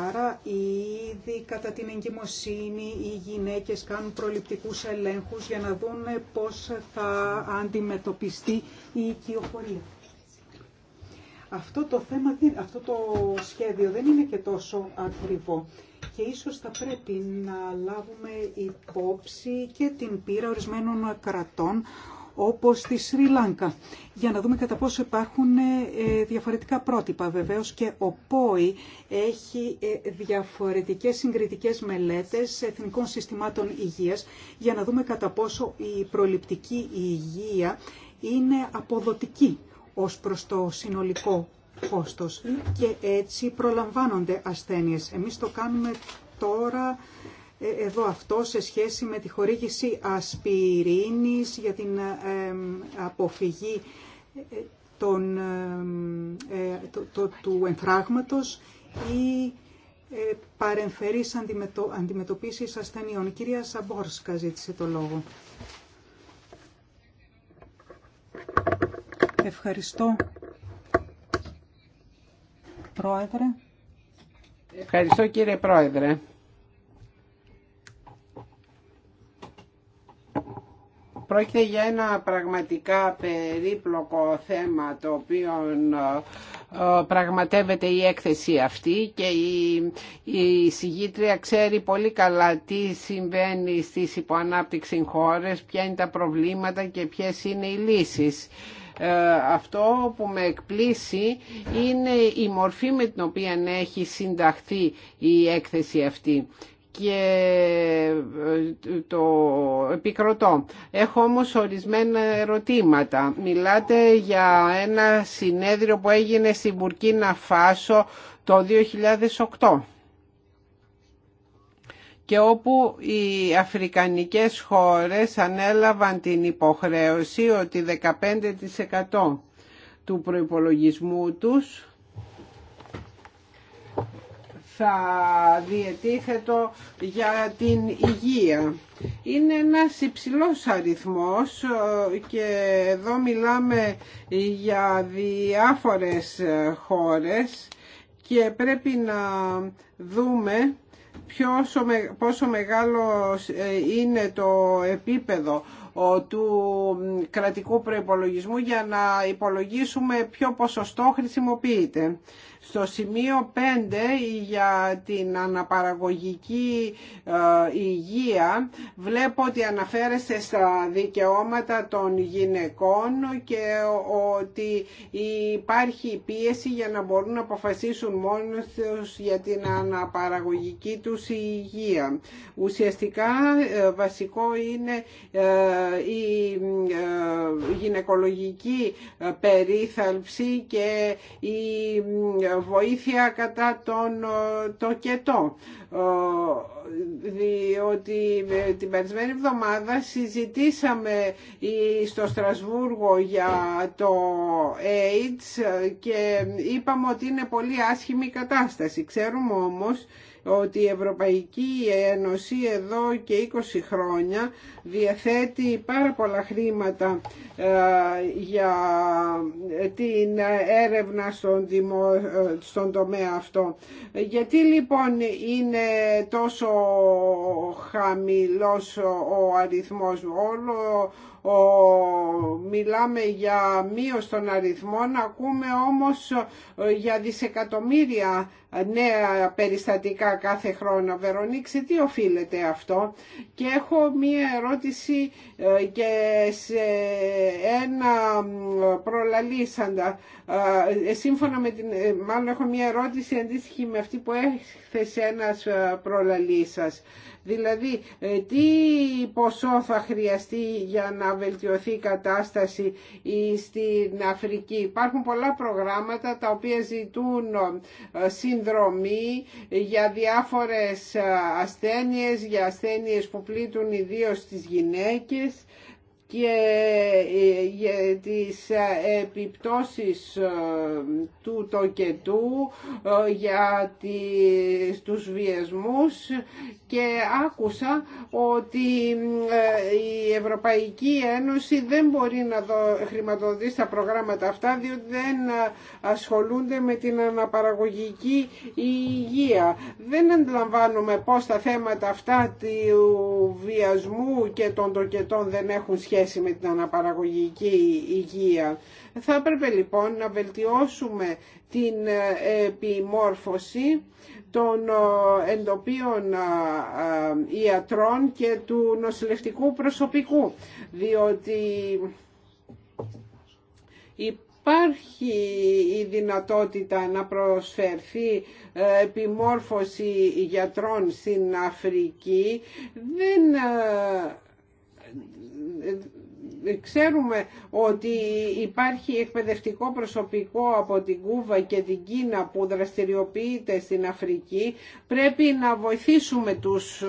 Άρα ήδη κατά την εγκυμοσύνη οι γυναίκες κάνουν προληπτικούς ελέγχους για να δούνε πώς θα αντιμετωπιστεί η οικειοφορία. Αυτό το, θέμα, αυτό το σχέδιο δεν είναι και τόσο ακριβό και ίσως θα πρέπει να λάβουμε υπόψη και την πείρα ορισμένων κρατών όπως στη Σρι Λάνκα, για να δούμε κατά πόσο υπάρχουν ε, ε, διαφορετικά πρότυπα. Βεβαίως και ο ΠΟΗ έχει ε, διαφορετικές συγκριτικές μελέτες εθνικών συστημάτων υγείας, για να δούμε κατά πόσο η προληπτική υγεία είναι αποδοτική ως προς το συνολικό κόστος και έτσι προλαμβάνονται ασθένειες. Εμείς το κάνουμε τώρα εδώ αυτό σε σχέση με τη χορήγηση ασπιρίνης για την αποφυγή ε, ε, του ενθράγματος ή ε, παρενφερής αντιμετωπίσης ασθενειών. Η κυρία Σαμπόρσκα ζήτησε το λόγο. Ευχαριστώ, Πρόεδρε. Ευχαριστώ κύριε Πρόεδρε. Πρόκειται για ένα πραγματικά περίπλοκο θέμα το οποίο ε, πραγματεύεται η έκθεση αυτή και η, η συγγήτρια ξέρει πολύ καλά τι συμβαίνει στις υποανάπτυξη χώρες, ποια είναι τα προβλήματα και ποιες είναι οι λύσεις. Ε, αυτό που με εκπλήσει είναι η μορφή με την οποία έχει συνταχθεί η έκθεση αυτή και ε, το επικροτώ. Έχω όμως ορισμένα ερωτήματα. Μιλάτε για ένα συνέδριο που έγινε στην Μπουρκίνα Φάσο το 2008 και όπου οι αφρικανικές χώρες ανέλαβαν την υποχρέωση ότι 15% του προϋπολογισμού τους θα διετίθετο για την υγεία. Είναι ένας υψηλός αριθμός ε, και εδώ μιλάμε για διάφορες ε, χώρες και πρέπει να δούμε πόσο μεγάλο ε, είναι το επίπεδο του κρατικού προϋπολογισμού για να υπολογίσουμε ποιο ποσοστό χρησιμοποιείται. Στο σημείο 5 για την αναπαραγωγική ε, υγεία βλέπω ότι αναφέρεστε στα δικαιώματα των γυναικών και ότι υπάρχει πίεση για να μπορούν να αποφασίσουν μόνος τους για την αναπαραγωγική τους υγεία. Ουσιαστικά ε, βασικό είναι ε, η γυναικολογική περίθαλψη και η βοήθεια κατά τον ε, τοκετό ε, διότι την περισμένη εβδομάδα συζητήσαμε στο Στρασβούργο για το AIDS και είπαμε ότι είναι πολύ άσχημη κατάσταση. Ξέρουμε όμως ότι η Ευρωπαϊκή Ένωση εδώ και 20 χρόνια διαθέτει πάρα πολλά χρήματα ε, για την έρευνα στον, ε, στον τομέα αυτό. Γιατί λοιπόν είναι τόσο χαμηλός ο αριθμός όλο ο, μιλάμε για μείωση των αριθμών, ακούμε όμως ε, για δισεκατομμύρια νέα περιστατικά κάθε χρόνο. Βερονίξε, τι οφείλεται αυτό. Και έχω μία ερώτηση ε, και σε ένα προλαλήσαντα. Ε, ε, σύμφωνα με την... Μάλλον έχω μία ερώτηση αντίστοιχη με αυτή που έθεσε ένας προλαλήσας. Δηλαδή ε, τι ποσό θα χρειαστεί για να βελτιωθεί η κατάσταση στην Αφρική. Υπάρχουν πολλά προγράμματα τα οποία ζητούν ε, συνδρομή για διάφορες ε, ασθένειες, για ασθένειες που πλήττουν ιδίως τις γυναίκες ε, για τις ε, επιπτώσεις ε, του τοκετού για τους βιασμούς και άκουσα ότι η Ευρωπαϊκή Ένωση δεν μπορεί να χρηματοδοτεί στα τα προγράμματα αυτά διότι δεν ασχολούνται με την αναπαραγωγική υγεία. Δεν αντιλαμβάνουμε πώς τα θέματα αυτά του βιασμού και των τοκετών δεν έχουν σχέση με την αναπαραγωγική υγεία. Θα έπρεπε λοιπόν να βελτιώσουμε την ε, επιμόρφωση των ε, εντοπίων ε, ιατρών και του νοσηλευτικού προσωπικού, διότι υπάρχει η δυνατότητα να προσφερθεί επιμόρφωση γιατρών στην Αφρική. Δεν ε, ε, ξέρουμε ότι υπάρχει εκπαιδευτικό προσωπικό από την Κούβα και την Κίνα που δραστηριοποιείται στην Αφρική. Πρέπει να βοηθήσουμε τους ε,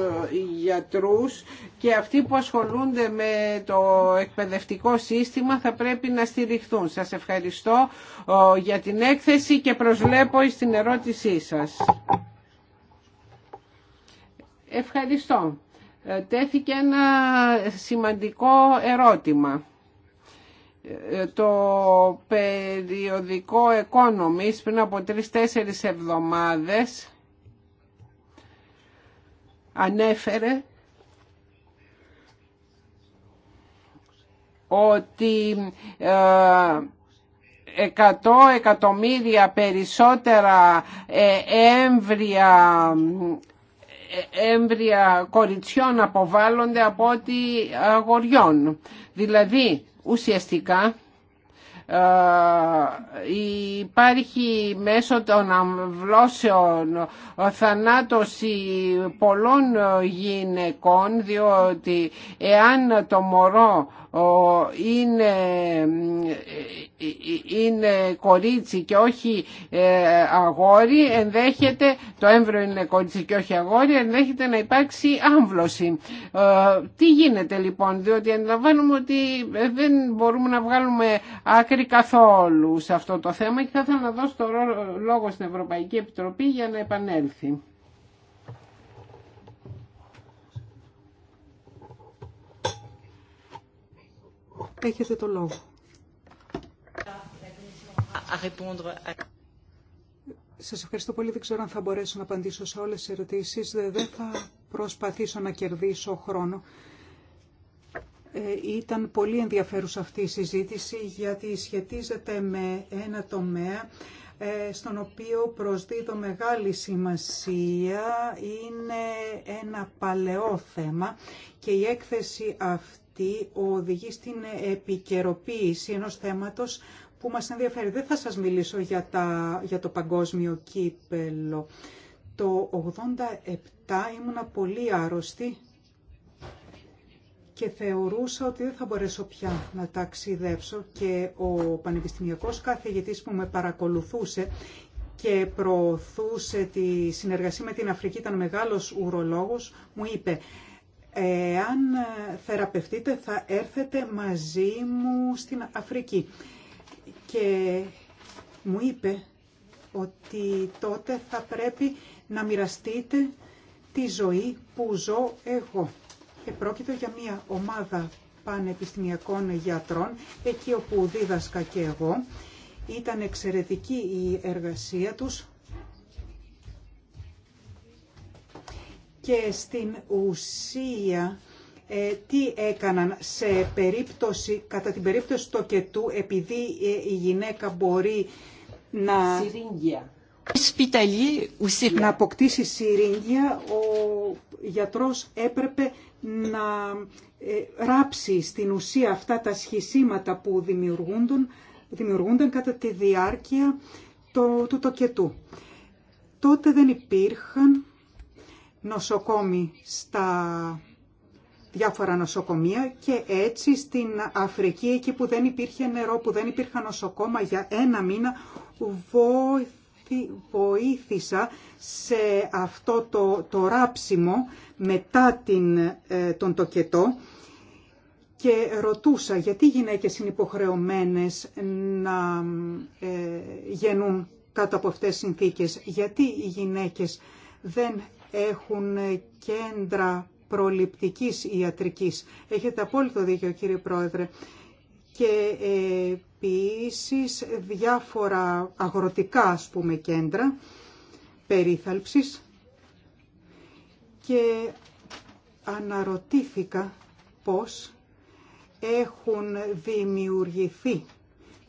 γιατρούς και αυτοί που ασχολούνται με το εκπαιδευτικό σύστημα θα πρέπει να στηριχθούν. Σας ευχαριστώ για την έκθεση και προσβλέπω στην ερώτησή σας. Ευχαριστώ. Ε, τέθηκε ένα σημαντικό ερώτημα. Ε, το περιοδικό Economist πριν από τρεις-τέσσερις εβδομάδες ανέφερε ότι 100 ε, εκατομμύρια περισσότερα έμβρια έμβρια κοριτσιών αποβάλλονται από ότι αγοριών. Δηλαδή ουσιαστικά υπάρχει μέσω των αμβλώσεων θανάτωση πολλών γυναικών διότι εάν το μωρό είναι, είναι κορίτσι και όχι ε, αγόρι ενδέχεται, το έμβριο είναι κορίτσι και όχι αγόρι, ενδέχεται να υπάρξει άμβλωση. Ε, τι γίνεται λοιπόν, διότι αντιλαμβάνουμε ότι ε, δεν μπορούμε να βγάλουμε άκρη καθόλου σε αυτό το θέμα και θα ήθελα να δώσω το λόγο στην Ευρωπαϊκή Επιτροπή για να επανέλθει. Έχετε το λόγο. Σα ευχαριστώ πολύ. Δεν ξέρω αν θα μπορέσω να απαντήσω σε όλες τι ερωτήσει. Δεν θα προσπαθήσω να κερδίσω χρόνο. Ε, ήταν πολύ ενδιαφέρουσα αυτή η συζήτηση γιατί σχετίζεται με ένα τομέα ε, στον οποίο προσδίδω μεγάλη σημασία. Είναι ένα παλαιό θέμα και η έκθεση αυτή ο οδηγεί στην επικαιροποίηση ενός θέματος που μας ενδιαφέρει. Δεν θα σας μιλήσω για, τα, για το παγκόσμιο κύπελο. Το 87 ήμουνα πολύ άρρωστη και θεωρούσα ότι δεν θα μπορέσω πια να ταξιδέψω και ο πανεπιστημιακός καθηγητής που με παρακολουθούσε και προωθούσε τη συνεργασία με την Αφρική, ήταν μεγάλος ουρολόγος, μου είπε Εάν ε, θεραπευτείτε θα έρθετε μαζί μου στην Αφρική. Και μου είπε ότι τότε θα πρέπει να μοιραστείτε τη ζωή που ζω εγώ. Και πρόκειται για μια ομάδα πανεπιστημιακών γιατρών, εκεί όπου δίδασκα και εγώ. Ήταν εξαιρετική η εργασία τους, και στην ουσία ε, τι έκαναν σε περίπτωση, κατά την περίπτωση το κετού επειδή ε, η γυναίκα μπορεί να... Συρίγγια. Να αποκτήσει Συρινγια ο γιατρός έπρεπε να ε, ράψει στην ουσία αυτά τα σχισίματα που δημιουργούνταν, δημιουργούνταν κατά τη διάρκεια του το, τοκετού. Τότε δεν υπήρχαν νοσοκόμοι στα διάφορα νοσοκομεία και έτσι στην Αφρική, εκεί που δεν υπήρχε νερό, που δεν υπήρχαν νοσοκόμα για ένα μήνα, βοήθησα σε αυτό το, το ράψιμο μετά την, ε, τον τοκετό και ρωτούσα γιατί οι γυναίκες είναι υποχρεωμένες να ε, γεννούν κάτω από αυτές τις συνθήκες, γιατί οι γυναίκες δεν έχουν κέντρα προληπτικής ιατρικής. Έχετε απόλυτο δίκιο κύριε Πρόεδρε. Και ε, επίσης διάφορα αγροτικά ας πούμε κέντρα περίθαλψης και αναρωτήθηκα πώς έχουν δημιουργηθεί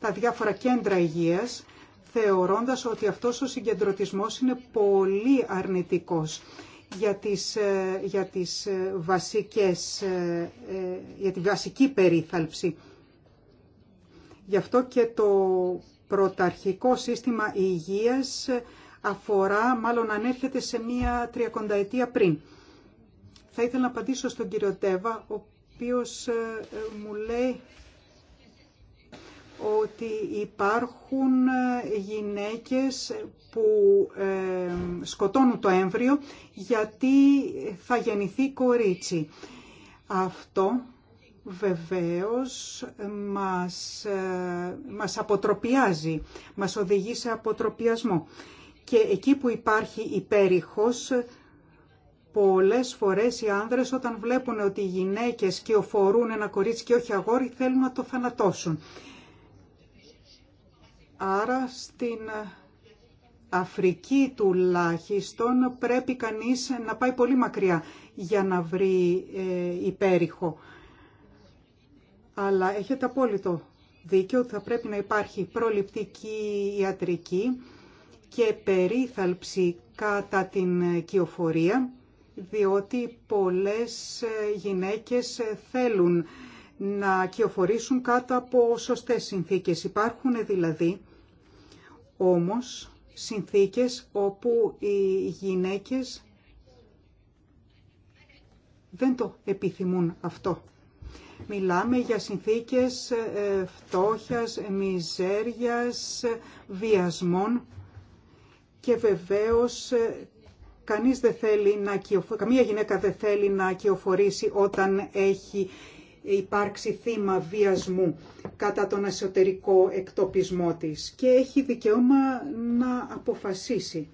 τα διάφορα κέντρα υγείας θεωρώντας ότι αυτός ο συγκεντρωτισμός είναι πολύ αρνητικός για, τις, ε, για, τις ε, βασικές, ε, για τη βασική περίθαλψη. Γι' αυτό και το πρωταρχικό σύστημα υγείας αφορά, μάλλον ανέρχεται σε μία τριακονταετία πριν. Θα ήθελα να απαντήσω στον κύριο Τέβα, ο οποίος μου λέει ότι υπάρχουν ε, γυναίκες που ε, σκοτώνουν το έμβριο γιατί θα γεννηθεί κορίτσι. Αυτό βεβαίως μας, ε, μας αποτροπιάζει, μας οδηγεί σε αποτροπιασμό. Και εκεί που υπάρχει υπέρηχος, πολλές φορές οι άνδρες όταν βλέπουν ότι οι γυναίκες οφορούν ένα κορίτσι και όχι αγόρι θέλουν να το θανατώσουν. Άρα στην Αφρική τουλάχιστον πρέπει κανείς να πάει πολύ μακριά για να βρει ε, υπέρηχο. Αλλά έχετε απόλυτο δίκιο ότι θα πρέπει να υπάρχει προληπτική ιατρική και περίθαλψη κατά την κοιοφορία, διότι πολλές ε, γυναίκες ε, θέλουν να κυοφορήσουν κάτω από σωστές συνθήκες. Υπάρχουν δηλαδή όμως συνθήκες όπου οι γυναίκες δεν το επιθυμούν αυτό. Μιλάμε για συνθήκες ε, φτώχειας, μιζέριας, βιασμών και βεβαίως ε, κανείς δεν θέλει να, καμία γυναίκα δεν θέλει να κυοφορήσει όταν έχει υπάρξει θύμα βιασμού κατά τον εσωτερικό εκτοπισμό της και έχει δικαίωμα να αποφασίσει.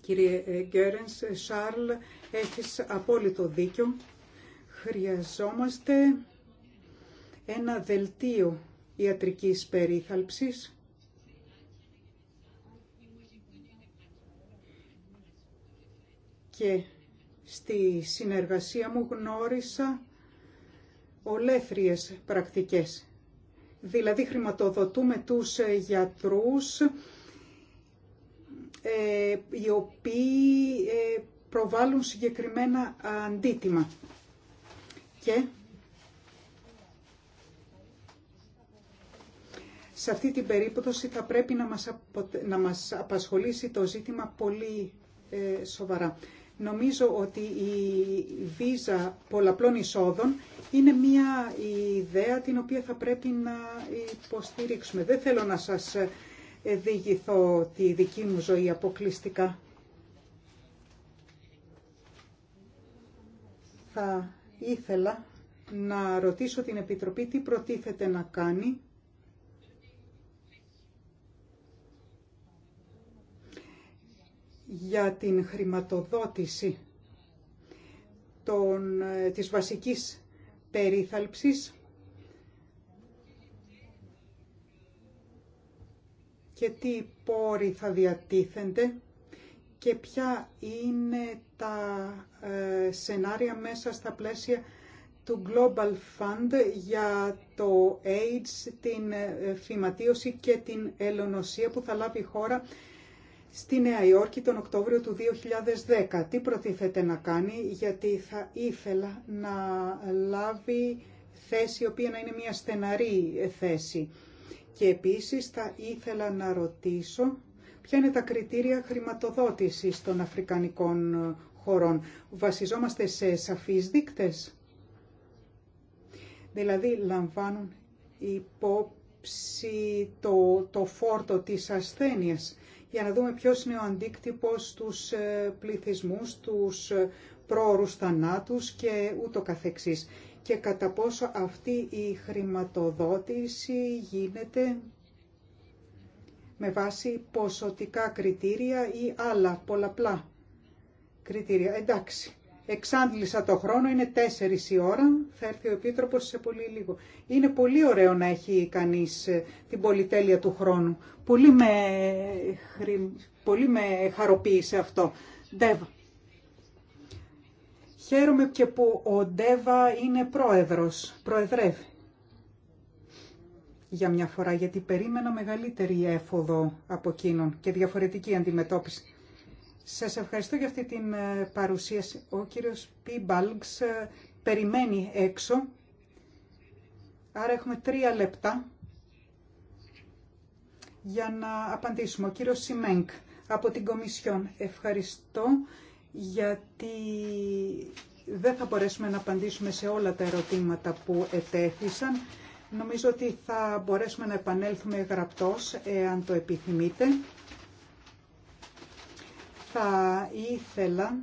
Κύριε Γκέρενς, Σάρλ, έχεις απόλυτο δίκιο. Χρειαζόμαστε ένα δελτίο ιατρικής περίθαλψης και στη συνεργασία μου γνώρισα ολέθριες πρακτικές. Δηλαδή χρηματοδοτούμε τους ε, γιατρούς ε, οι οποίοι ε, προβάλλουν συγκεκριμένα αντίτιμα. Και σε αυτή την περίπτωση θα πρέπει να μας, να μας απασχολήσει το ζήτημα πολύ ε, σοβαρά. Νομίζω ότι η βίζα πολλαπλών εισόδων είναι μια ιδέα την οποία θα πρέπει να υποστηρίξουμε. Δεν θέλω να σας ε, διηγηθώ τη δική μου ζωή αποκλειστικά. Θα ήθελα να ρωτήσω την Επιτροπή τι προτίθεται να κάνει για την χρηματοδότηση των, ε, της βασικής περίθαλψης και τι πόροι θα διατίθενται και ποια είναι τα ε, σενάρια μέσα στα πλαίσια του Global Fund για το AIDS, την ε, φυματίωση και την ελονοσία που θα λάβει η χώρα στη Νέα Υόρκη τον Οκτώβριο του 2010. Τι προτίθεται να κάνει, γιατί θα ήθελα να λάβει θέση, η οποία να είναι μια στεναρή θέση. Και επίσης θα ήθελα να ρωτήσω ποια είναι τα κριτήρια χρηματοδότησης των αφρικανικών χωρών. Βασιζόμαστε σε σαφείς δείκτες. Δηλαδή λαμβάνουν υπόψη το, το φόρτο της ασθένειας για να δούμε ποιος είναι ο αντίκτυπος τους ε, πληθυσμούς, τους ε, πρόωρους θανάτους και ούτω καθεξής και κατά πόσο αυτή η χρηματοδότηση γίνεται με βάση ποσοτικά κριτήρια ή άλλα πολλαπλά κριτήρια. Εντάξει, Εξάντλησα το χρόνο, είναι 4 η ώρα, θα έρθει ο Επίτροπος σε πολύ λίγο. Είναι πολύ ωραίο να έχει κανείς ε, την πολυτέλεια του χρόνου. Πολύ με, πολύ με χαροποίησε αυτό. Χαίρομαι και που ο Ντέβα είναι πρόεδρος, προεδρεύει. Για μια φορά, γιατί περίμενα μεγαλύτερη έφοδο από εκείνον και διαφορετική αντιμετώπιση. Σας ευχαριστώ για αυτή την ε, παρουσίαση. Ο κύριος Πι ε, περιμένει έξω. Άρα έχουμε τρία λεπτά για να απαντήσουμε. Ο κύριος Σιμένκ από την Κομισιόν. Ευχαριστώ γιατί δεν θα μπορέσουμε να απαντήσουμε σε όλα τα ερωτήματα που ετέθησαν. Νομίζω ότι θα μπορέσουμε να επανέλθουμε γραπτός, εάν το επιθυμείτε θα ήθελα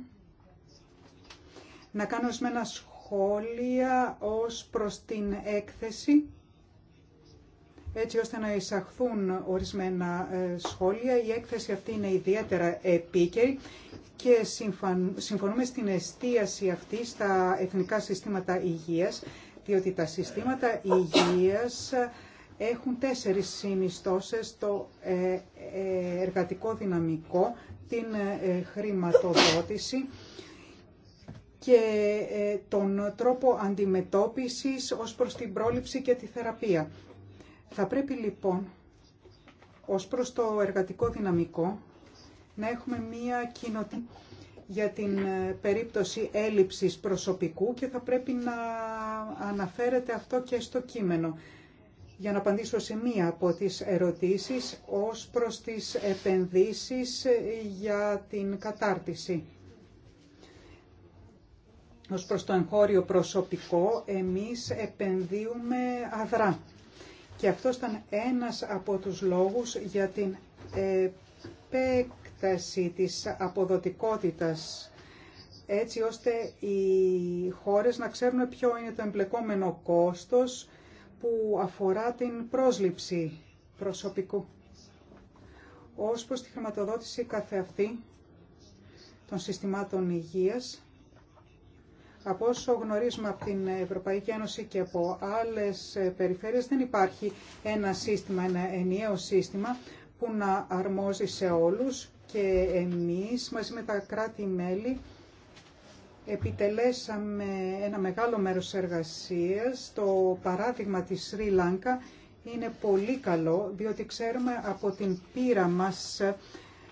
να κάνω ορισμένα σχόλια ως προς την έκθεση έτσι ώστε να εισαχθούν ορισμένα ε, σχόλια. Η έκθεση αυτή είναι ιδιαίτερα επίκαιρη και συμφωνούμε στην εστίαση αυτή στα εθνικά συστήματα υγείας, διότι τα συστήματα υγείας έχουν τέσσερις συνιστώσεις το ε, ε, εργατικό δυναμικό, την ε, χρηματοδότηση και τον τρόπο αντιμετώπισης ως προς την πρόληψη και τη θεραπεία. Θα πρέπει λοιπόν ως προς το εργατικό δυναμικό να έχουμε μία κοινότητα για την περίπτωση έλλειψης προσωπικού και θα πρέπει να αναφέρεται αυτό και στο κείμενο για να απαντήσω σε μία από τις ερωτήσεις ως προς τις επενδύσεις για την κατάρτιση. Ως προς το εγχώριο προσωπικό, εμείς επενδύουμε αδρά. Και αυτό ήταν ένας από τους λόγους για την επέκταση της αποδοτικότητας έτσι ώστε οι χώρες να ξέρουν ποιο είναι το εμπλεκόμενο κόστος που αφορά την πρόσληψη προσωπικού. Ως προς τη χρηματοδότηση καθεαυτή των συστημάτων υγείας, από όσο γνωρίζουμε από την Ευρωπαϊκή Ένωση και από άλλες περιφέρειες, δεν υπάρχει ένα σύστημα, ένα ενιαίο σύστημα που να αρμόζει σε όλους και εμείς μαζί με τα κράτη-μέλη επιτελέσαμε ένα μεγάλο μέρος εργασίας. Το παράδειγμα της Σρι Λάνκα είναι πολύ καλό, διότι ξέρουμε από την πείρα μας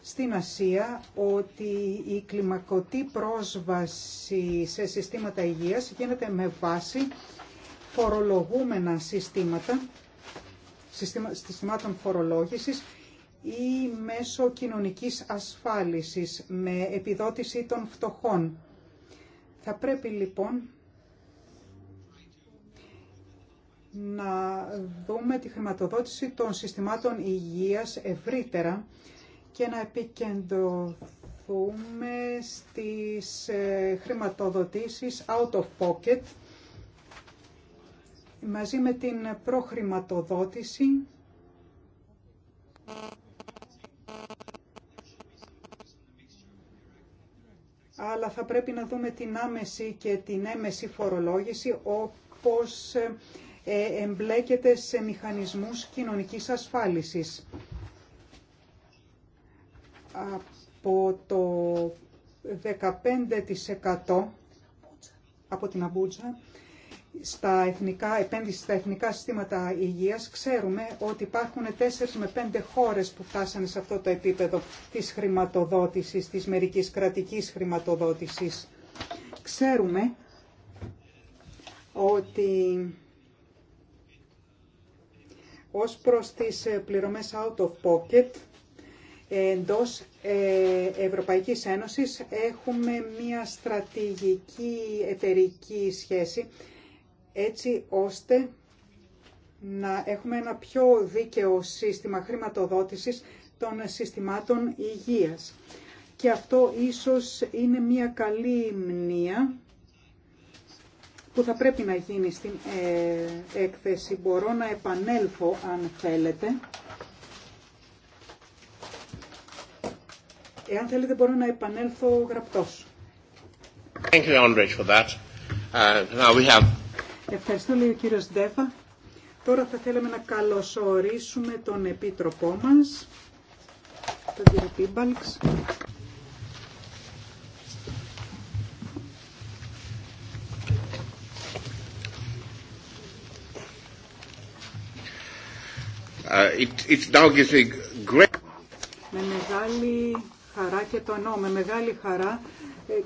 στην Ασία ότι η κλιμακωτή πρόσβαση σε συστήματα υγείας γίνεται με βάση φορολογούμενα συστήματα, συστημάτων φορολόγησης ή μέσω κοινωνικής ασφάλισης με επιδότηση των φτωχών θα πρέπει λοιπόν να δούμε τη χρηματοδότηση των συστημάτων υγείας ευρύτερα και να επικεντρωθούμε στις ε, χρηματοδοτήσεις out of pocket μαζί με την προχρηματοδότηση αλλά θα πρέπει να δούμε την άμεση και την έμεση φορολόγηση όπως ε, εμπλέκεται σε μηχανισμούς κοινωνικής ασφάλισης. Από το 15% από την Αμπούτζα στα εθνικά, επένδυση εθνικά συστήματα υγείας, ξέρουμε ότι υπάρχουν 4 με 5 χώρες που φτάσανε σε αυτό το επίπεδο της χρηματοδότησης, της μερικής κρατικής χρηματοδότησης. Ξέρουμε ότι ως προς τις πληρωμές out of pocket, εντός ε, Ευρωπαϊκής Ένωσης έχουμε μια στρατηγική εταιρική σχέση έτσι ώστε να έχουμε ένα πιο δίκαιο σύστημα χρηματοδότησης των συστημάτων υγείας. Και αυτό ίσως είναι μια καλή μνήα που θα πρέπει να γίνει στην ε, έκθεση. Μπορώ να επανέλθω αν θέλετε. Εάν θέλετε μπορώ να επανέλθω γραπτός. Thank you, for uh, Ευχαριστώ, λέει ο κύριος Ντέφα. Τώρα θα θέλαμε να καλωσορίσουμε τον επίτροπό μας, τον κύριο Πίμπαλξ. Uh, it, now great... Με μεγάλη χαρά και το εννοώ, με μεγάλη χαρά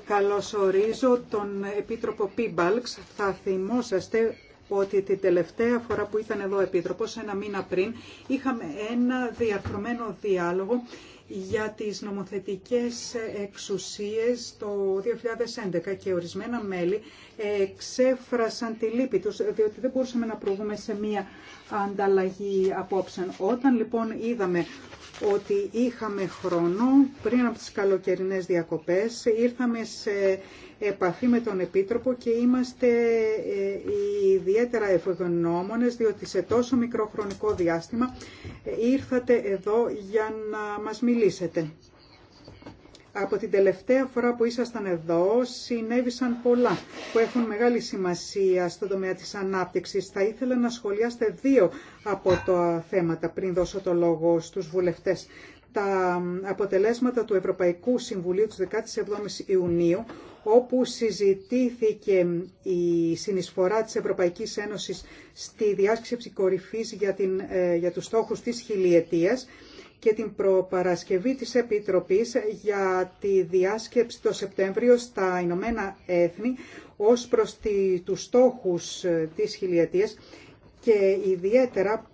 καλωσορίζω τον Επίτροπο Πίμπαλξ. Θα θυμόσαστε ότι την τελευταία φορά που ήταν εδώ ο Επίτροπος, ένα μήνα πριν, είχαμε ένα διαρθρωμένο διάλογο για τις νομοθετικές εξουσίες το 2011 και ορισμένα μέλη εξέφρασαν τη λύπη τους, διότι δεν μπορούσαμε να προβούμε σε μία ανταλλαγή απόψεων. Όταν λοιπόν είδαμε ότι είχαμε χρόνο πριν από τις καλοκαιρινές διακοπές. Ήρθαμε σε επαφή με τον Επίτροπο και είμαστε ε, ιδιαίτερα ευγνώμονες διότι σε τόσο μικρό χρονικό διάστημα ε, ήρθατε εδώ για να μας μιλήσετε. Από την τελευταία φορά που ήσασταν εδώ συνέβησαν πολλά που έχουν μεγάλη σημασία στον τομέα της ανάπτυξης. Θα ήθελα να σχολιάσετε δύο από τα θέματα πριν δώσω το λόγο στους βουλευτές. Τα αποτελέσματα του Ευρωπαϊκού Συμβουλίου του 17ης Ιουνίου όπου συζητήθηκε η συνεισφορά της Ευρωπαϊκής Ένωσης στη διάσκεψη κορυφής για, την, ε, για τους στόχους της χιλιετίας και την προπαρασκευή της Επιτροπής για τη διάσκεψη το Σεπτέμβριο στα Ηνωμένα Έθνη ως προς τη, τους στόχους ε, της χιλιετίας και ιδιαίτερα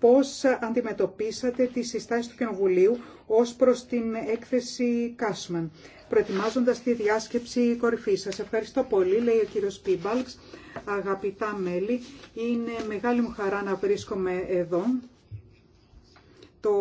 πώς αντιμετωπίσατε τις συστάσεις του Κοινοβουλίου ως προς την έκθεση Κάσμαν, προετοιμάζοντας τη διάσκεψη κορυφής. Σας ευχαριστώ πολύ, λέει ο κύριος Πίμπαλξ. Αγαπητά μέλη, είναι μεγάλη μου χαρά να βρίσκομαι εδώ το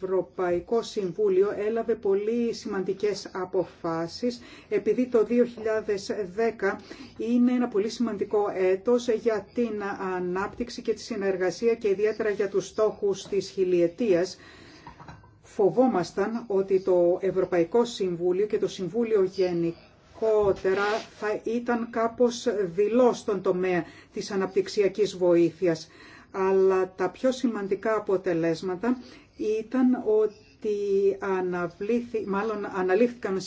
Ευρωπαϊκό Συμβούλιο έλαβε πολύ σημαντικές αποφάσεις επειδή το 2010 είναι ένα πολύ σημαντικό έτος για την ανάπτυξη και τη συνεργασία και ιδιαίτερα για τους στόχους της χιλιετίας. Φοβόμασταν ότι το Ευρωπαϊκό Συμβούλιο και το Συμβούλιο γενικότερα θα ήταν κάπως δηλό στον τομέα της αναπτυξιακής βοήθειας αλλά τα πιο σημαντικά αποτελέσματα ήταν ότι αναβλήθη, μάλλον αναλύθηκαν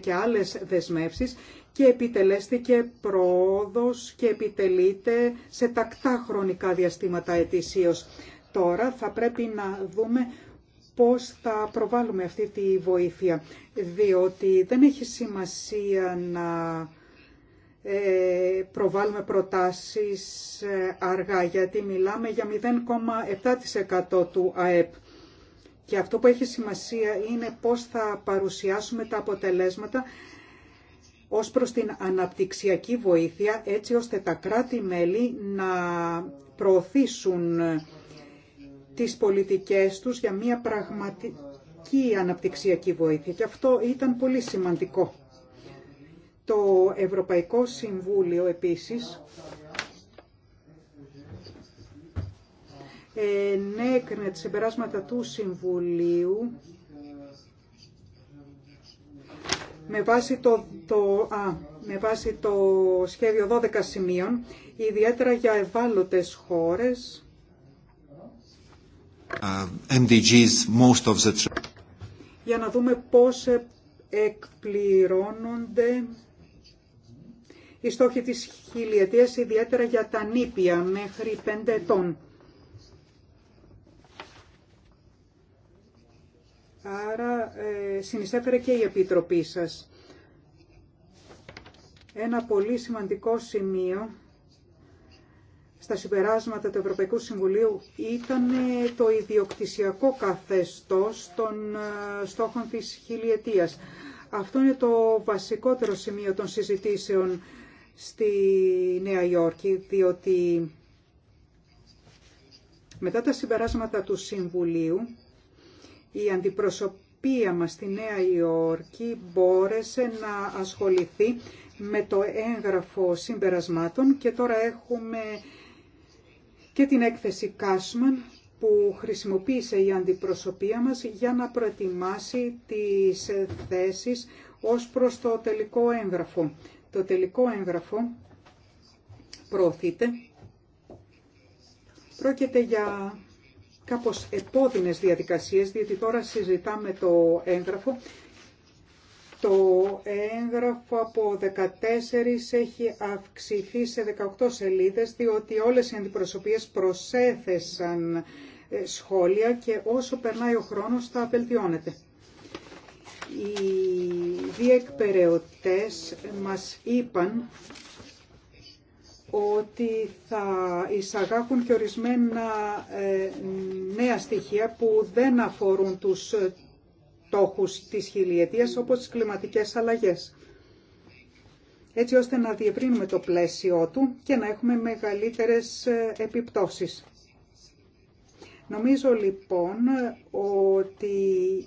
και άλλες δεσμεύσεις και επιτελέστηκε πρόοδος και επιτελείται σε τακτά χρονικά διαστήματα ετησίως. Τώρα θα πρέπει να δούμε πώς θα προβάλλουμε αυτή τη βοήθεια, διότι δεν έχει σημασία να ε, προβάλλουμε προτάσεις ε, αργά, γιατί μιλάμε για 0,7% του ΑΕΠ. Και αυτό που έχει σημασία είναι πώς θα παρουσιάσουμε τα αποτελέσματα ως προς την αναπτυξιακή βοήθεια, έτσι ώστε τα κράτη-μέλη να προωθήσουν ε, τις πολιτικές τους για μια πραγματική αναπτυξιακή βοήθεια. Και αυτό ήταν πολύ σημαντικό. Το Ευρωπαϊκό Συμβούλιο επίσης ενέκρινε τις συμπεράσματα του Συμβουλίου με βάση το, το, σχέδιο 12 σημείων, ιδιαίτερα για ευάλωτες χώρες. Uh, για να δούμε πώς εκπληρώνονται οι στόχοι της χιλιετίας, ιδιαίτερα για τα νήπια μέχρι 5 ετών. Άρα ε, συνεισέφερε και η Επιτροπή σας. Ένα πολύ σημαντικό σημείο στα συμπεράσματα του Ευρωπαϊκού Συμβουλίου ήταν ε, το ιδιοκτησιακό καθεστώς των ε, στόχων της χιλιετίας. Αυτό είναι το βασικότερο σημείο των συζητήσεων στη Νέα Υόρκη, διότι μετά τα συμπεράσματα του Συμβουλίου, η αντιπροσωπεία μας στη Νέα Υόρκη μπόρεσε να ασχοληθεί με το έγγραφο συμπερασμάτων και τώρα έχουμε και την έκθεση Κάσμαν που χρησιμοποίησε η αντιπροσωπεία μας για να προετοιμάσει τις θέσεις ως προς το τελικό έγγραφο. Το τελικό έγγραφο προωθείται. Πρόκειται για κάπως επώδυνες διαδικασίες, διότι τώρα συζητάμε το έγγραφο. Το έγγραφο από 14 έχει αυξηθεί σε 18 σελίδες, διότι όλες οι αντιπροσωπείες προσέθεσαν ε, σχόλια και όσο περνάει ο χρόνος θα απελτιώνεται. Οι διεκπαιρεωτές μας είπαν ότι θα εισαγάγουν και ορισμένα ε, νέα στοιχεία που δεν αφορούν τους τόχους της χιλιετίας όπως τις κλιματικές αλλαγές έτσι ώστε να διευρύνουμε το πλαίσιο του και να έχουμε μεγαλύτερες ε, επιπτώσεις. Νομίζω λοιπόν ότι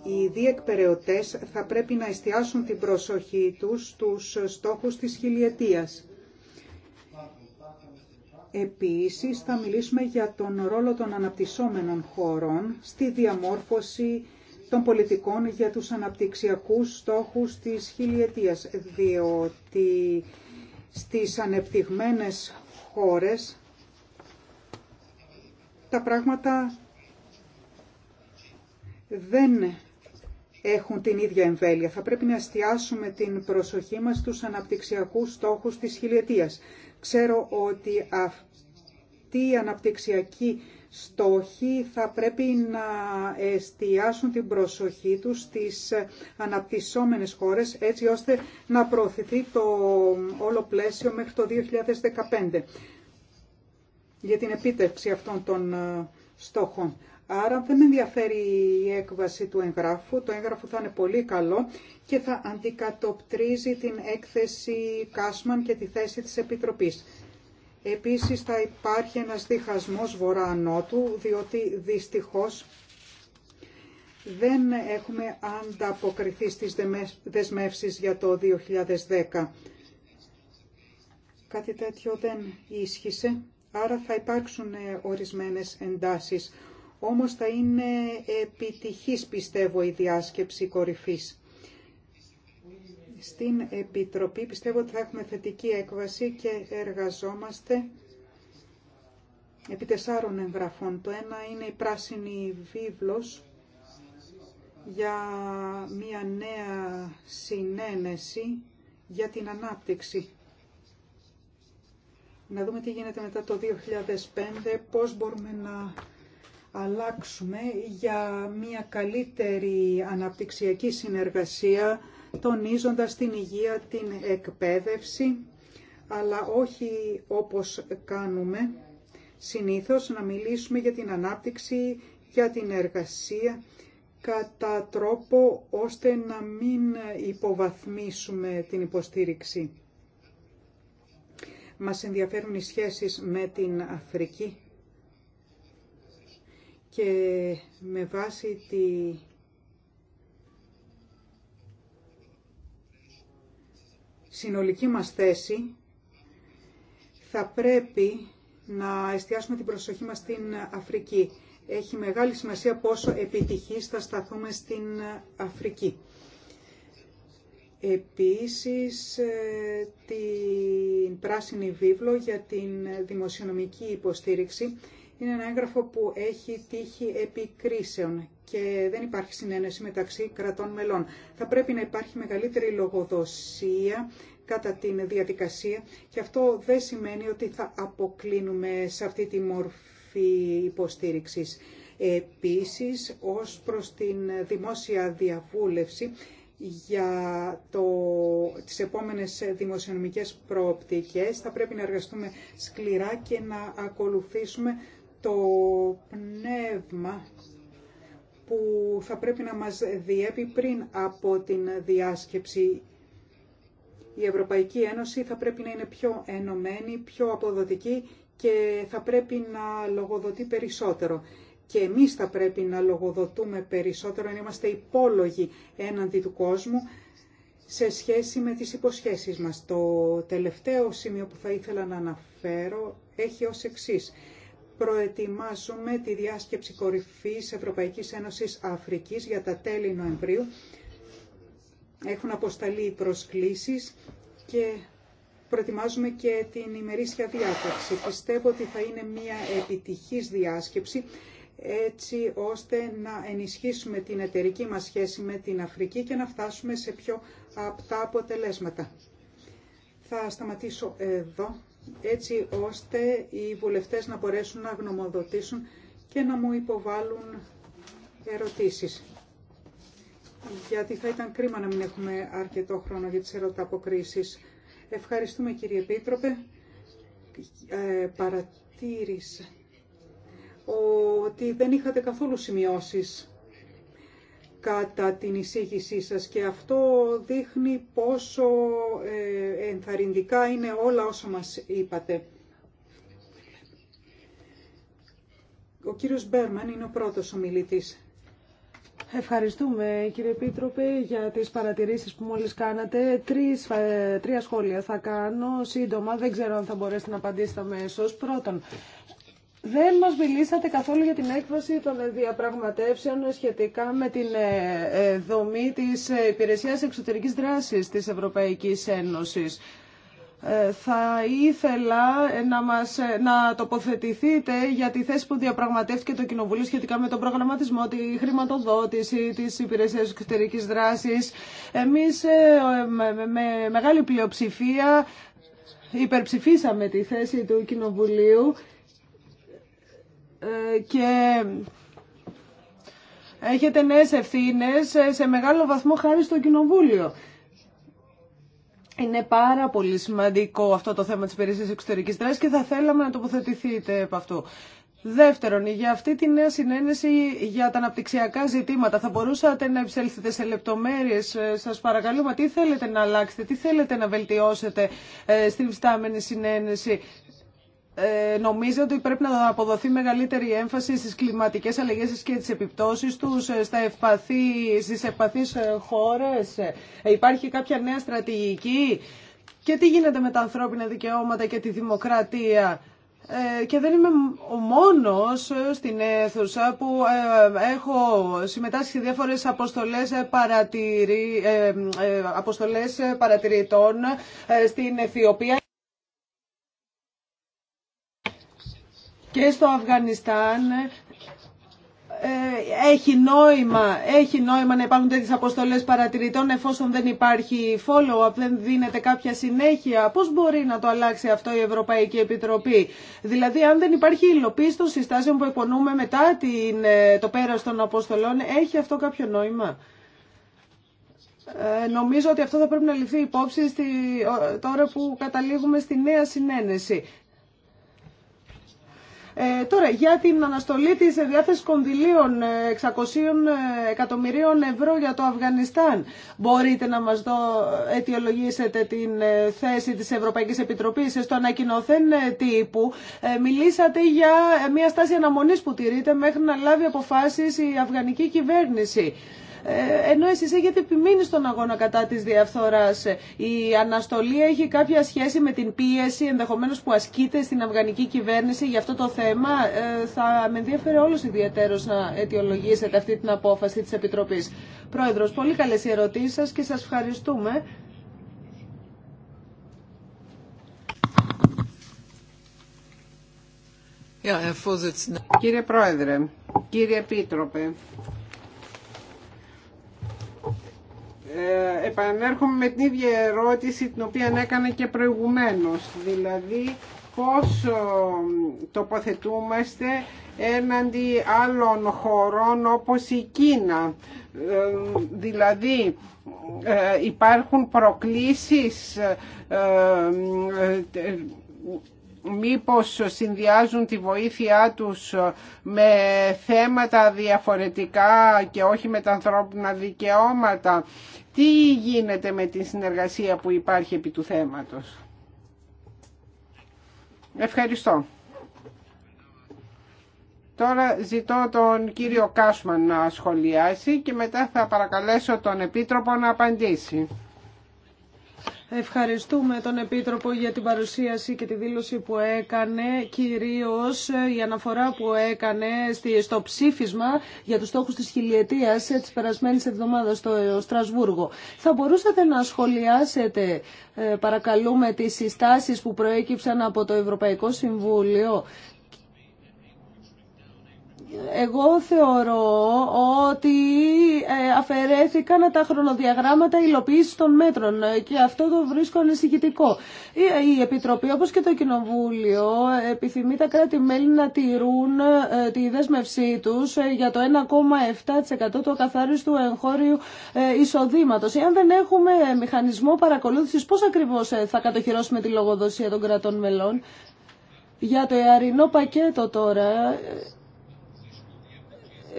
οι διεκπαιρεωτές θα πρέπει να εστιάσουν την προσοχή τους στους στόχους της χιλιετίας. Επίσης θα μιλήσουμε για τον ρόλο των αναπτυσσόμενων χωρών στη διαμόρφωση των πολιτικών για τους αναπτυξιακούς στόχους της χιλιετίας, διότι στις ανεπτυγμένες χώρες τα πράγματα δεν έχουν την ίδια εμβέλεια. Θα πρέπει να εστιάσουμε την προσοχή μας στους αναπτυξιακούς στόχους της χιλιετίας. Ξέρω ότι αυτοί οι αναπτυξιακοί στόχοι θα πρέπει να εστιάσουν την προσοχή τους στις αναπτυσσόμενες χώρες έτσι ώστε να προωθηθεί το όλο πλαίσιο μέχρι το 2015 για την επίτευξη αυτών των ε, στόχων. Άρα δεν με ενδιαφέρει η έκβαση του εγγράφου. Το έγγραφο θα είναι πολύ καλό και θα αντικατοπτρίζει την έκθεση Κάσμαν και τη θέση της Επιτροπής. Επίσης θα υπάρχει ένας διχασμός βορρά-νότου, διότι δυστυχώς δεν έχουμε ανταποκριθεί στις δεσμεύσεις για το 2010. Κάτι τέτοιο δεν ίσχυσε, άρα θα υπάρξουν ε, ορισμένες εντάσεις όμως θα είναι επιτυχής πιστεύω η διάσκεψη κορυφής. Στην Επιτροπή πιστεύω ότι θα έχουμε θετική έκβαση και εργαζόμαστε επί τεσσάρων εγγραφών. Το ένα είναι η πράσινη βίβλος για μια νέα συνένεση για την ανάπτυξη. Να δούμε τι γίνεται μετά το 2005, πώς μπορούμε να αλλάξουμε για μια καλύτερη αναπτυξιακή συνεργασία, τονίζοντας την υγεία, την εκπαίδευση, αλλά όχι όπως κάνουμε συνήθως να μιλήσουμε για την ανάπτυξη, για την εργασία, κατά τρόπο ώστε να μην υποβαθμίσουμε την υποστήριξη. Μας ενδιαφέρουν οι σχέσεις με την Αφρική και με βάση τη συνολική μας θέση θα πρέπει να εστιάσουμε την προσοχή μας στην Αφρική. Έχει μεγάλη σημασία πόσο επιτυχής θα σταθούμε στην Αφρική. Επίσης, ε, την πράσινη βίβλο για την δημοσιονομική υποστήριξη είναι ένα έγγραφο που έχει τύχη επικρίσεων και δεν υπάρχει συνένεση μεταξύ κρατών μελών. Θα πρέπει να υπάρχει μεγαλύτερη λογοδοσία κατά την διαδικασία και αυτό δεν σημαίνει ότι θα αποκλίνουμε σε αυτή τη μορφή υποστήριξης. Επίσης, ως προς την δημόσια διαβούλευση για το, τις επόμενες δημοσιονομικές προοπτικές θα πρέπει να εργαστούμε σκληρά και να ακολουθήσουμε το πνεύμα που θα πρέπει να μας διέπει πριν από την διάσκεψη. Η Ευρωπαϊκή Ένωση θα πρέπει να είναι πιο ενωμένη, πιο αποδοτική και θα πρέπει να λογοδοτεί περισσότερο. Και εμείς θα πρέπει να λογοδοτούμε περισσότερο, να είμαστε υπόλογοι έναντι του κόσμου σε σχέση με τις υποσχέσεις μας. Το τελευταίο σημείο που θα ήθελα να αναφέρω έχει ως εξής. Προετοιμάζουμε τη διάσκεψη κορυφής Ευρωπαϊκής Ένωσης Αφρικής για τα τέλη Νοεμβρίου. Έχουν αποσταλεί οι προσκλήσεις και προετοιμάζουμε και την ημερήσια διάταξη. Πιστεύω ότι θα είναι μια επιτυχής διάσκεψη έτσι ώστε να ενισχύσουμε την εταιρική μας σχέση με την Αφρική και να φτάσουμε σε πιο απτά αποτελέσματα. Θα σταματήσω εδώ έτσι ώστε οι βουλευτές να μπορέσουν να γνωμοδοτήσουν και να μου υποβάλουν ερωτήσεις. Γιατί θα ήταν κρίμα να μην έχουμε αρκετό χρόνο για τις ερωταποκρίσεις. Ευχαριστούμε κύριε Επίτροπε. Ε, παρατήρησα ότι δεν είχατε καθόλου σημειώσεις κατά την εισήγησή σας και αυτό δείχνει πόσο ε, ενθαρρυντικά είναι όλα όσα μας είπατε. Ο κύριος Μπέρμαν είναι ο πρώτος ομιλητής. Ευχαριστούμε κύριε Επίτροπε για τις παρατηρήσεις που μόλις κάνατε. Τρεις, ε, τρία σχόλια θα κάνω σύντομα, δεν ξέρω αν θα μπορέσετε να απαντήσετε αμέσως. Πρώτον, δεν μας μιλήσατε καθόλου για την έκβαση των διαπραγματεύσεων σχετικά με την ε, ε, δομή της ε, υπηρεσίας εξωτερικής δράσης της Ευρωπαϊκής Ένωσης. Θα ήθελα να, μας, να τοποθετηθείτε για τη θέση που διαπραγματεύτηκε το Κοινοβούλιο σχετικά με τον προγραμματισμό, τη χρηματοδότηση της υπηρεσίας εξωτερικής δράσης. Εμείς με μεγάλη πλειοψηφία υπερψηφίσαμε τη θέση του Κοινοβουλίου ε, και έχετε νέες ευθύνε ε, σε μεγάλο βαθμό χάρη στο Κοινοβούλιο. Είναι πάρα πολύ σημαντικό αυτό το θέμα της υπηρεσίας εξωτερικής δράσης και θα θέλαμε να τοποθετηθείτε από αυτού. Δεύτερον, για αυτή τη νέα συνένεση για τα αναπτυξιακά ζητήματα θα μπορούσατε να εισέλθετε σε λεπτομέρειες. Ε, σας παρακαλούμε, τι θέλετε να αλλάξετε, τι θέλετε να βελτιώσετε στην φυστάμενη συνένεση ε, νομίζω ότι πρέπει να αποδοθεί μεγαλύτερη έμφαση στις κλιματικές αλλαγές και τις επιπτώσεις τους ε, στα ευπαθή, στις ευπαθείς ε, χώρες. Υπάρχει κάποια νέα στρατηγική και τι γίνεται με τα ανθρώπινα δικαιώματα και τη δημοκρατία. Και δεν είμαι ο μόνος στην αίθουσα που έχω συμμετάσχει σε διάφορες αποστολές, παρατηρη... αποστολές παρατηρητών στην Αιθιοπία. και στο Αφγανιστάν ε, έχει, νόημα, έχει νόημα να υπάρχουν τέτοιες αποστολές παρατηρητών εφόσον δεν υπάρχει follow-up, δεν δίνεται κάποια συνέχεια. Πώς μπορεί να το αλλάξει αυτό η Ευρωπαϊκή Επιτροπή. Δηλαδή αν δεν υπάρχει υλοποίηση των συστάσεων που επονούμε μετά την, ε, το πέρας των αποστολών, έχει αυτό κάποιο νόημα. Ε, νομίζω ότι αυτό θα πρέπει να ληφθεί υπόψη στη, τώρα που καταλήγουμε στη νέα συνένεση. Ε, τώρα, για την αναστολή τη διάθεση κονδυλίων 600 ε, ε, εκατομμυρίων ευρώ για το Αφγανιστάν, μπορείτε να μας δω, αιτιολογήσετε την ε, θέση της Ευρωπαϊκής Επιτροπής στο ανακοινωθέν τύπου. μιλήσατε για μια στάση αναμονή που τηρείται μέχρι να λάβει αποφάσει η αφγανική κυβέρνηση. Ε, ενώ εσείς έχετε επιμείνει στον αγώνα κατά της διαφθοράς. Ε, η αναστολή έχει κάποια σχέση με την πίεση ενδεχομένως που ασκείται στην αφγανική κυβέρνηση για αυτό το θέμα. Ε, θα με ενδιαφέρει όλος ιδιαίτερος να αιτιολογήσετε αυτή την απόφαση της Επιτροπής. Πρόεδρος, πολύ καλές οι ερωτήσεις σας και σας ευχαριστούμε. Κύριε Πρόεδρε, κύριε Επίτροπε, Ε, επανέρχομαι με την ίδια ερώτηση την οποία έκανα και προηγουμένως, δηλαδή πώς ε, τοποθετούμαστε έναντι άλλων χωρών όπως η Κίνα. Ε, δηλαδή υπάρχουν προκλήσεις μήπως συνδυάζουν τη βοήθειά τους με θέματα διαφορετικά και όχι με τα ανθρώπινα δικαιώματα τι γίνεται με τη συνεργασία που υπάρχει επί του θέματος. Ευχαριστώ. Τώρα ζητώ τον κύριο Κάσμαν να σχολιάσει και μετά θα παρακαλέσω τον Επίτροπο να απαντήσει. Ευχαριστούμε τον Επίτροπο για την παρουσίαση και τη δήλωση που έκανε, κυρίως η αναφορά που έκανε στο ψήφισμα για τους στόχους της χιλιετίας ε, της περασμένης εβδομάδας στο Στρασβούργο. Θα μπορούσατε να σχολιάσετε, ε, παρακαλούμε, τις συστάσεις που προέκυψαν από το Ευρωπαϊκό Συμβούλιο εγώ θεωρώ ότι ε, αφαιρέθηκαν τα χρονοδιαγράμματα υλοποίηση των μέτρων και αυτό το βρίσκω ανησυχητικό. Η Επιτροπή όπως και το Κοινοβούλιο επιθυμεί τα κράτη-μέλη να τηρούν ε, τη δέσμευσή τους ε, για το 1,7% του καθάριστου εγχώριου εισοδήματος. Εάν δεν έχουμε μηχανισμό παρακολούθησης πώς ακριβώς θα κατοχυρώσουμε τη λογοδοσία των κρατών μελών. Για το αιαρινό πακέτο τώρα,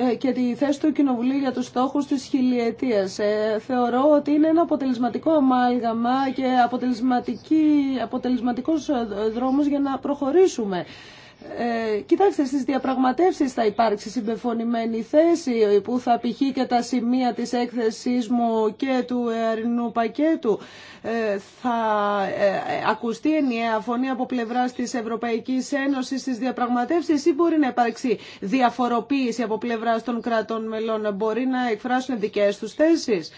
ε, και τη θέση του Κοινοβουλίου για τους στόχους της χιλιετίας. Ε, θεωρώ ότι είναι ένα αποτελεσματικό αμάλγαμα και αποτελεσματική, αποτελεσματικός ε, δρόμος για να προχωρήσουμε. Ε, κοιτάξτε, στις διαπραγματεύσεις θα υπάρξει συμπεφωνημένη θέση που θα πηχεί και τα σημεία της έκθεσής μου και του ερηνού πακέτου. Ε, θα ε, ακουστεί ενιαία φωνή από πλευράς της Ευρωπαϊκής Ένωσης στις διαπραγματεύσεις ή μπορεί να υπάρξει διαφοροποίηση από πλευράς των κρατών μελών. Μπορεί να εκφράσουν δικές τους θέσεις.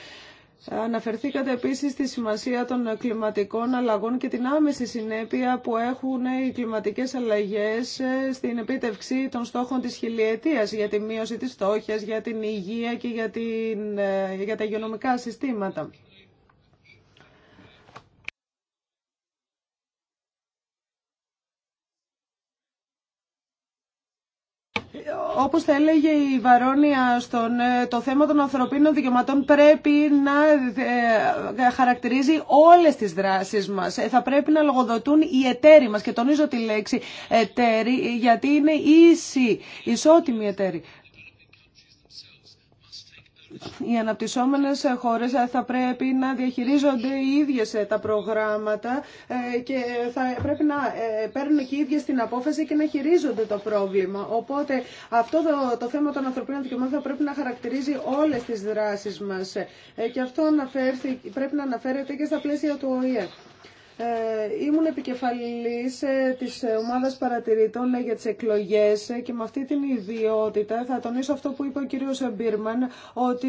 Αναφερθήκατε επίσης στη σημασία των κλιματικών αλλαγών και την άμεση συνέπεια που έχουν οι κλιματικές αλλαγές στην επίτευξη των στόχων της χιλιετίας για τη μείωση της στόχιας, για την υγεία και για, ε, για τα υγειονομικά συστήματα. όπως θα έλεγε η Βαρόνια στον ε, το θέμα των ανθρωπίνων δικαιωματών πρέπει να ε, χαρακτηρίζει όλες τις δράσεις μας. Ε, θα πρέπει να λογοδοτούν οι εταίροι μας και τονίζω τη λέξη εταίροι γιατί είναι ίσοι, ισότιμοι εταίροι οι αναπτυσσόμενες χώρες θα πρέπει να διαχειρίζονται οι ίδιες ε, τα προγράμματα ε, και θα πρέπει να ε, παίρνουν και οι ίδιες την απόφαση και να χειρίζονται το πρόβλημα. Οπότε αυτό το, θέμα των ανθρωπίνων δικαιωμάτων θα πρέπει να χαρακτηρίζει όλες τις δράσεις μας και αυτό πρέπει να αναφέρεται και στα πλαίσια του ΟΗΕ. Ε, ήμουν επικεφαλής ε, της ομάδας παρατηρητών για τις εκλογές ε, και με αυτή την ιδιότητα θα τονίσω αυτό που είπε ο κύριος Μπίρμαν ότι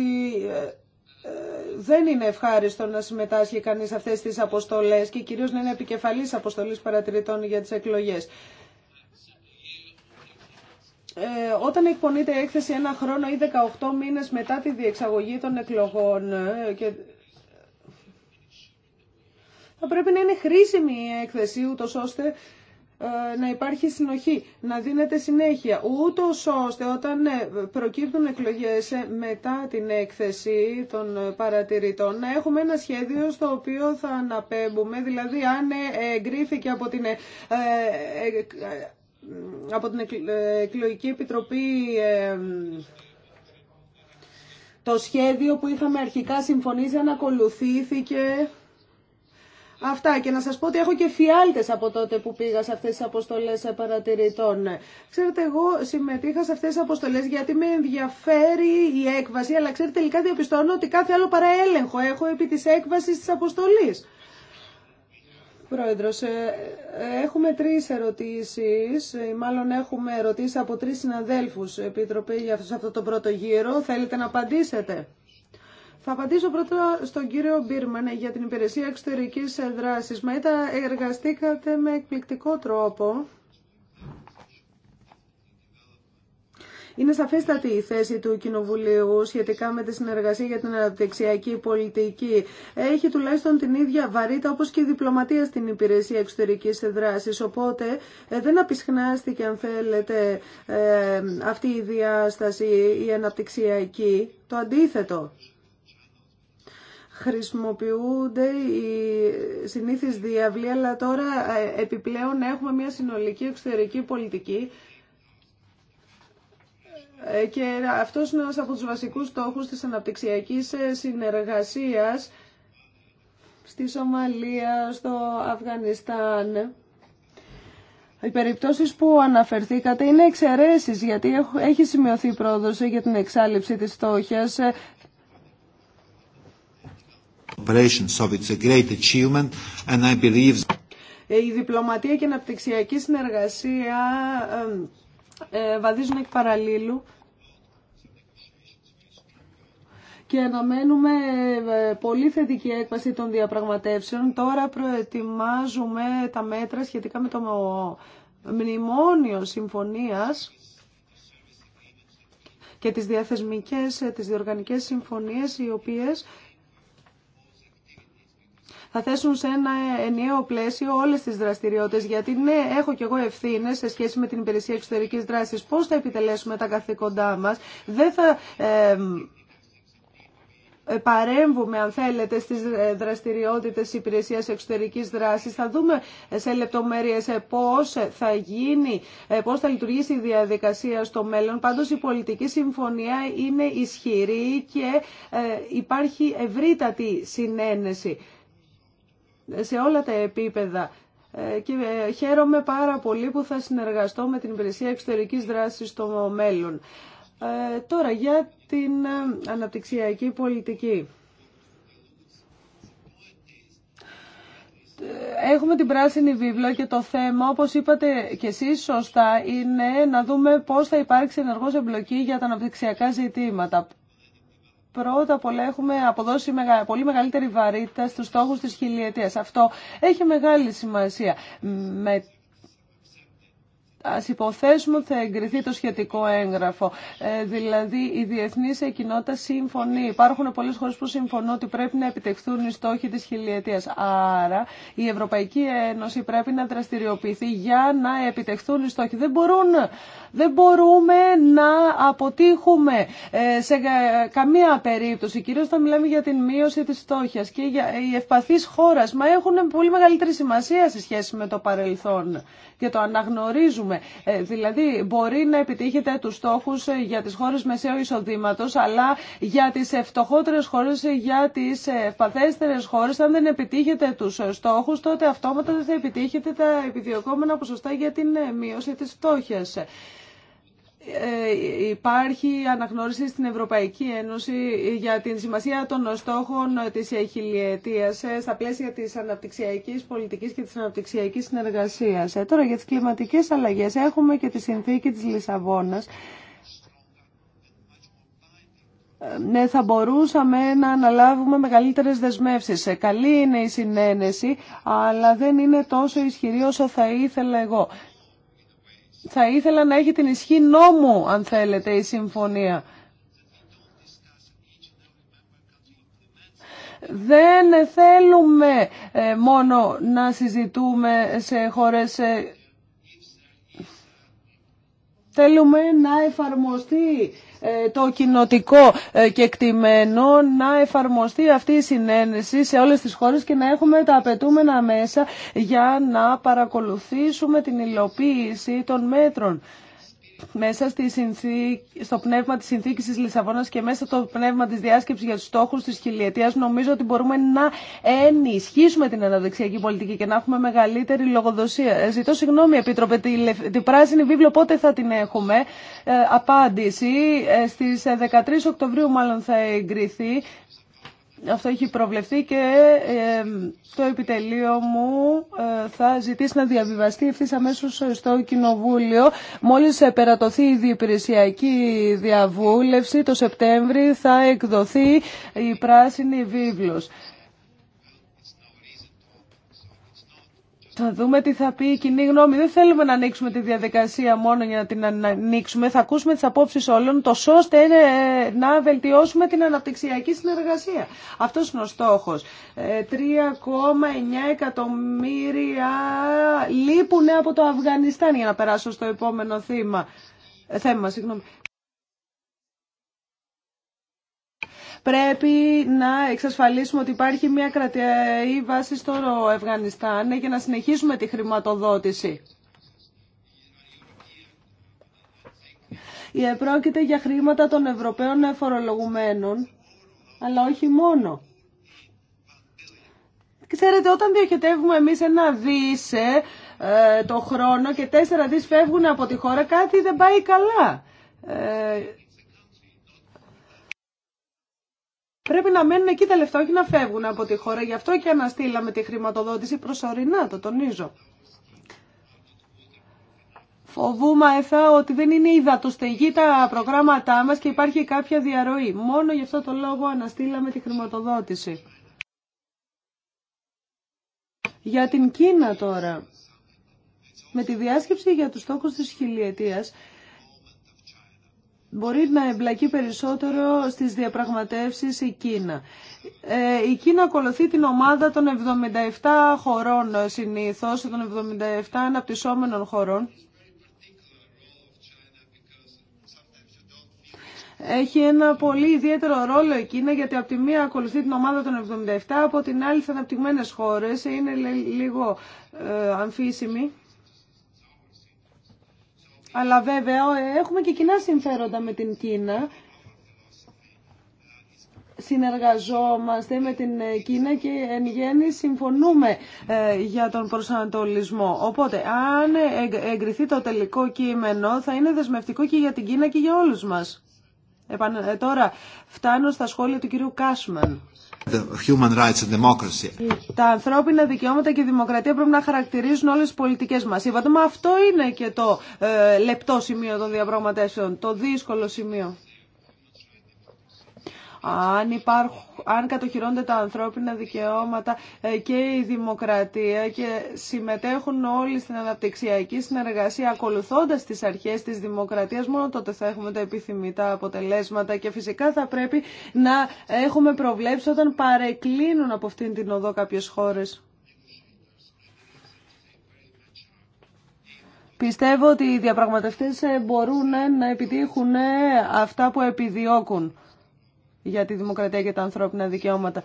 δεν είναι ευχάριστο να συμμετάσχει κανείς σε αυτές τις αποστολές και κυρίως να είναι επικεφαλής αποστολής παρατηρητών για τις εκλογές. Ε, όταν εκπονείται έκθεση ένα χρόνο ή 18 μήνες μετά τη διεξαγωγή των εκλογών και θα πρέπει να είναι χρήσιμη η έκθεση, ούτως ώστε ε, να υπάρχει συνοχή, να δίνεται συνέχεια, ούτω ώστε όταν ε, προκύπτουν εκλογές ε, μετά την έκθεση των παρατηρητών να έχουμε ένα σχέδιο στο οποίο θα αναπέμπουμε, δηλαδή αν εγκρίθηκε από την από την Εκλογική Επιτροπή το σχέδιο που είχαμε αρχικά συμφωνήσει αν ακολουθήθηκε Αυτά και να σας πω ότι έχω και φιάλτες από τότε που πήγα σε αυτές τις αποστολές παρατηρητών. Ξέρετε, εγώ συμμετείχα σε αυτές τις αποστολές γιατί με ενδιαφέρει η έκβαση, αλλά ξέρετε, τελικά διαπιστώνω ότι κάθε άλλο παραέλεγχο έχω επί της έκβασης της αποστολής. Πρόεδρος, ε, έχουμε τρεις ερωτήσεις, ε, μάλλον έχουμε ερωτήσεις από τρεις συναδέλφους, Επίτροπε, για αυτό το πρώτο γύρο. Θέλετε να απαντήσετε. Θα απαντήσω πρώτα στον κύριο Μπίρμαν για την υπηρεσία εξωτερικής δράση. Μα εργαστήκατε με εκπληκτικό τρόπο. Είναι σαφέστατη η θέση του Κοινοβουλίου σχετικά με τη συνεργασία για την αναπτυξιακή πολιτική. Έχει τουλάχιστον την ίδια βαρύτητα όπως και η διπλωματία στην υπηρεσία εξωτερικής δράση, Οπότε ε, δεν απεισχνάστηκε αν θέλετε ε, αυτή η διάσταση η αναπτυξιακή. Το αντίθετο χρησιμοποιούνται οι συνήθεις διαβλή, αλλά τώρα ε, επιπλέον έχουμε μια συνολική εξωτερική πολιτική ε, και αυτός είναι ένας από τους βασικούς στόχους της αναπτυξιακής ε, συνεργασίας στη Σομαλία, στο Αφγανιστάν. Οι περιπτώσει που αναφερθήκατε είναι εξαιρέσει, γιατί έχει σημειωθεί πρόοδος για την εξάλληψη τη φτώχεια ε, η διπλωματία και η αναπτυξιακή συνεργασία ε, βαδίζουν εκ παραλίλου και αναμένουμε ε, πολύ θετική έκβαση των διαπραγματεύσεων. Τώρα προετοιμάζουμε τα μέτρα σχετικά με το μνημόνιο συμφωνίας και τις διαθεσμικές, τις διοργανικές συμφωνίες οι οποίες θα θέσουν σε ένα ενιαίο πλαίσιο όλε τι δραστηριότητε. Γιατί ναι, έχω κι εγώ ευθύνε σε σχέση με την υπηρεσία εξωτερική δράση. Πώ θα επιτελέσουμε τα καθήκοντά μα. Δεν θα. παρέμβουμε αν θέλετε στις ε, δραστηριότητες υπηρεσίας εξωτερικής δράσης. Θα δούμε σε λεπτομέρειες ε, πώς θα γίνει, ε, πώς θα λειτουργήσει η διαδικασία στο μέλλον. Πάντως η πολιτική συμφωνία είναι ισχυρή και υπάρχει ευρύτατη συνένεση σε όλα τα επίπεδα. Ε, και ε, χαίρομαι πάρα πολύ που θα συνεργαστώ με την Υπηρεσία Εξωτερικής Δράσης στο μέλλον. Ε, τώρα για την αναπτυξιακή πολιτική. Έχουμε την πράσινη βίβλο και το θέμα, όπως είπατε και εσείς σωστά, είναι να δούμε πώς θα υπάρξει ενεργός εμπλοκή για τα αναπτυξιακά ζητήματα πρώτα απ' όλα έχουμε αποδώσει πολύ μεγαλύτερη βαρύτητα στους στόχους της χιλιετίας. Αυτό έχει μεγάλη σημασία. Με Α υποθέσουμε ότι θα εγκριθεί το σχετικό έγγραφο. Ε, δηλαδή, η διεθνή κοινότητα συμφωνεί. Υπάρχουν πολλές χώρες που συμφωνούν ότι πρέπει να επιτευχθούν οι στόχοι της χιλιετίας. Άρα, η Ευρωπαϊκή Ένωση πρέπει να δραστηριοποιηθεί για να επιτευχθούν οι στόχοι. Δεν, μπορούν, δεν μπορούμε να αποτύχουμε ε, σε καμία περίπτωση. Κυρίως θα μιλάμε για την μείωση της στόχιας και για οι ευπαθείς χώρας. Μα έχουν πολύ μεγαλύτερη σημασία σε σχέση με το παρελθόν και το αναγνωρίζουμε. Ε, δηλαδή μπορεί να επιτύχετε τους στόχους ε, για τις χώρες μεσαίου εισοδήματο, αλλά για τις φτωχότερε χώρες, ε, για τις ευπαθέστερε χώρες αν δεν επιτύχετε τους στόχους τότε αυτόματα δεν θα επιτύχετε τα επιδιωκόμενα ποσοστά για την μείωση τη φτώχεια. Ε, υπάρχει αναγνώριση στην Ευρωπαϊκή Ένωση για την σημασία των στόχων της χιλιετίας ε, στα πλαίσια της αναπτυξιακής πολιτικής και της αναπτυξιακής συνεργασίας. Ε, τώρα για τις κλιματικές αλλαγές έχουμε και τη συνθήκη της Λισαβόνας. Ναι, θα μπορούσαμε να αναλάβουμε μεγαλύτερες δεσμεύσεις. Καλή είναι η συνένεση, αλλά δεν είναι τόσο ισχυρή όσο θα ήθελα εγώ θα ήθελα να έχει την ισχύ νόμου, αν θέλετε, η συμφωνία. Δεν θέλουμε ε, μόνο να συζητούμε σε χώρες... Ε, θέλουμε να εφαρμοστεί ε, το κοινοτικό και ε, κεκτημένο να εφαρμοστεί αυτή η συνένεση σε όλες τις χώρες και να έχουμε τα απαιτούμενα μέσα για να παρακολουθήσουμε την υλοποίηση των μέτρων μέσα στη στο πνεύμα της συνθήκης της Λισαβόνας και μέσα στο πνεύμα της διάσκεψης για τους στόχους της χιλιετίας νομίζω ότι μπορούμε να ενισχύσουμε την αναδεξιακή πολιτική και να έχουμε μεγαλύτερη λογοδοσία. Ε, ζητώ συγγνώμη Επίτροπε, την πράσινη βίβλο πότε θα την έχουμε. Ε, απάντηση. Ε, στις 13 Οκτωβρίου μάλλον θα εγκριθεί. Αυτό έχει προβλεφθεί και ε, το επιτελείο μου ε, θα ζητήσει να διαβιβαστεί ευθύ αμέσω στο Κοινοβούλιο. Μόλι περατωθεί η διεπηρεσιακή διαβούλευση, το Σεπτέμβρη θα εκδοθεί η πράσινη βίβλος. Θα δούμε τι θα πει η κοινή γνώμη. Δεν θέλουμε να ανοίξουμε τη διαδικασία μόνο για να την ανοίξουμε. Θα ακούσουμε τι απόψει όλων, το ώστε ε, να βελτιώσουμε την αναπτυξιακή συνεργασία. Αυτό είναι ο στόχο. 3,9 ε, εκατομμύρια λείπουν από το Αφγανιστάν για να περάσω στο επόμενο θέμα. Συγγνώμη. Πρέπει να εξασφαλίσουμε ότι υπάρχει μια κρατιαή βάση στο Αφγανιστάν για να συνεχίσουμε τη χρηματοδότηση. Ε, πρόκειται για χρήματα των Ευρωπαίων φορολογουμένων, αλλά όχι μόνο. Ξέρετε, όταν διοχετεύουμε εμείς ένα δίσε ε, το χρόνο και τέσσερα δις φεύγουν από τη χώρα, κάτι δεν πάει καλά. Ε, πρέπει να μένουν εκεί τα λεφτά, όχι να φεύγουν από τη χώρα. Γι' αυτό και αναστήλαμε τη χρηματοδότηση προσωρινά, το τονίζω. εθά, ότι δεν είναι υδατοστεγή τα προγράμματά μας και υπάρχει κάποια διαρροή. Μόνο γι' αυτό το λόγο αναστήλαμε τη χρηματοδότηση. Για την Κίνα τώρα. Με τη διάσκεψη για τους στόχους της χιλιετίας μπορεί να εμπλακεί περισσότερο στις διαπραγματεύσεις η Κίνα. Ε, η Κίνα ακολουθεί την ομάδα των 77 χωρών συνήθως, των 77 αναπτυσσόμενων χωρών. Έχει ένα πολύ ιδιαίτερο ρόλο η Κίνα γιατί από τη μία ακολουθεί την ομάδα των 77, από την άλλη θα αναπτυγμένες χώρες, είναι λίγο ε, αμφίσιμη. Αλλά βέβαια ε, έχουμε και κοινά συμφέροντα με την Κίνα. Συνεργαζόμαστε με την ε, Κίνα και εν γέννη συμφωνούμε ε, για τον προσανατολισμό. Οπότε, αν εγκριθεί το τελικό κείμενο, θα είναι δεσμευτικό και για την Κίνα και για όλους μας. Τώρα φτάνω στα σχόλια του κυρίου Κάσμαν. Τα ανθρώπινα δικαιώματα και η δημοκρατία πρέπει να χαρακτηρίζουν όλε τι πολιτικέ μα. Είπατε, μα αυτό είναι και το ε, λεπτό σημείο των διαπραγματεύσεων, το δύσκολο σημείο αν, υπάρχουν, αν κατοχυρώνται τα ανθρώπινα δικαιώματα ε, και η δημοκρατία και συμμετέχουν όλοι στην αναπτυξιακή συνεργασία ακολουθώντας τις αρχές της δημοκρατίας μόνο τότε θα έχουμε τα επιθυμητά αποτελέσματα και φυσικά θα πρέπει να έχουμε προβλέψει όταν παρεκκλίνουν από αυτήν την οδό κάποιες χώρες. Πιστεύω ότι οι διαπραγματευτές ε, μπορούν ε, να επιτύχουν αυτά που επιδιώκουν για τη δημοκρατία και τα ανθρώπινα δικαιώματα.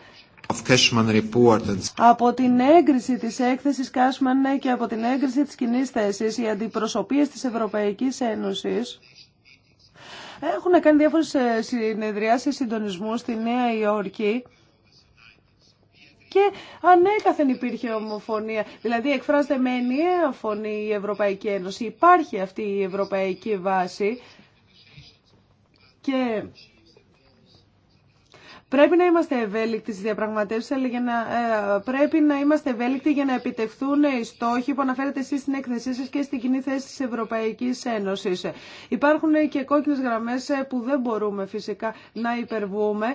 Από την έγκριση της έκθεσης Κάσμαν ναι, και από την έγκριση της κοινή θέση, οι αντιπροσωπείες της Ευρωπαϊκής Ένωσης έχουν κάνει διάφορες ε, συνεδριάσεις συντονισμού στη Νέα Υόρκη και ανέκαθεν υπήρχε ομοφωνία. Δηλαδή εκφράζεται με ενιαία φωνή η Ευρωπαϊκή Ένωση. Υπάρχει αυτή η ευρωπαϊκή βάση και Πρέπει να είμαστε ευέλικτοι στι διαπραγματεύσει, αλλά για να, ε, πρέπει να είμαστε ευέλικτοι για να επιτευχθούν οι στόχοι που αναφέρετε εσεί στην έκθεσή σα και στην κοινή θέση τη Ευρωπαϊκή Ένωση. Υπάρχουν και κόκκινε γραμμέ ε, που δεν μπορούμε φυσικά να υπερβούμε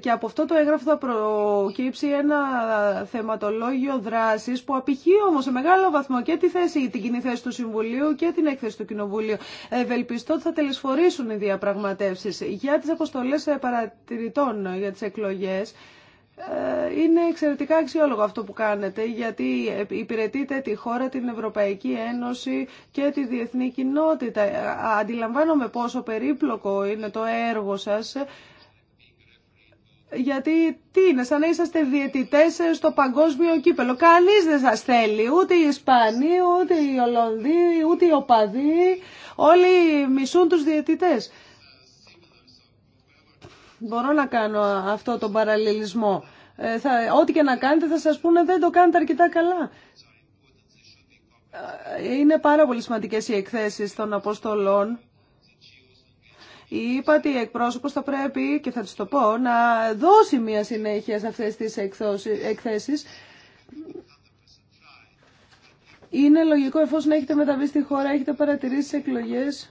και από αυτό το έγγραφο θα προκύψει ένα θεματολόγιο δράση που απηχεί όμω σε μεγάλο βαθμό και τη θέση, την κοινή θέση του Συμβουλίου και την έκθεση του Κοινοβουλίου. Ευελπιστώ ότι θα τελεσφορήσουν οι διαπραγματεύσει για τι αποστολέ παρατηρητών για τι εκλογές. Ε, είναι εξαιρετικά αξιόλογο αυτό που κάνετε γιατί υπηρετείτε τη χώρα, την Ευρωπαϊκή Ένωση και τη διεθνή κοινότητα. Αντιλαμβάνομαι πόσο περίπλοκο είναι το έργο σας γιατί τι είναι, σαν να είσαστε διαιτητές στο παγκόσμιο κύπελο. Κανεί δεν σα θέλει, ούτε οι Ισπανοί, ούτε οι Ολλονδοί, ούτε οι Οπαδοί. Όλοι μισούν τους διαιτητές. Μπορώ να κάνω αυτό τον παραλληλισμό. Ε, ό,τι και να κάνετε θα σας πούνε δεν το κάνετε αρκετά καλά. Ε, είναι πάρα πολύ σημαντικές οι εκθέσεις των αποστολών η εκπρόσωπο εκπρόσωπος θα πρέπει, και θα τη το πω, να δώσει μια συνέχεια σε αυτέ τι εκθέσεις. Είναι λογικό εφόσον έχετε μεταβεί στη χώρα, έχετε παρατηρήσει εκλογέ, εκλογές.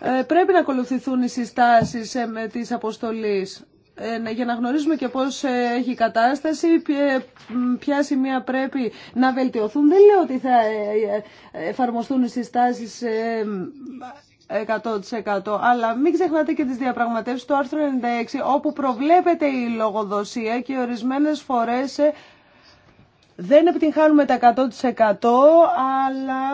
Ε, πρέπει να ακολουθηθούν οι συστάσεις ε, με τις αποστολής. Ε, για να γνωρίζουμε και πώς ε, έχει η κατάσταση, ποια σημεία πρέπει να βελτιωθούν. Δεν λέω ότι θα ε, εφαρμοστούν οι συστάσεις 100%. Αλλά μην ξεχνάτε και τις διαπραγματεύσεις του άρθρου 96, όπου προβλέπεται η λογοδοσία και ορισμένες φορές δεν επιτυγχάνουμε τα 100% αλλά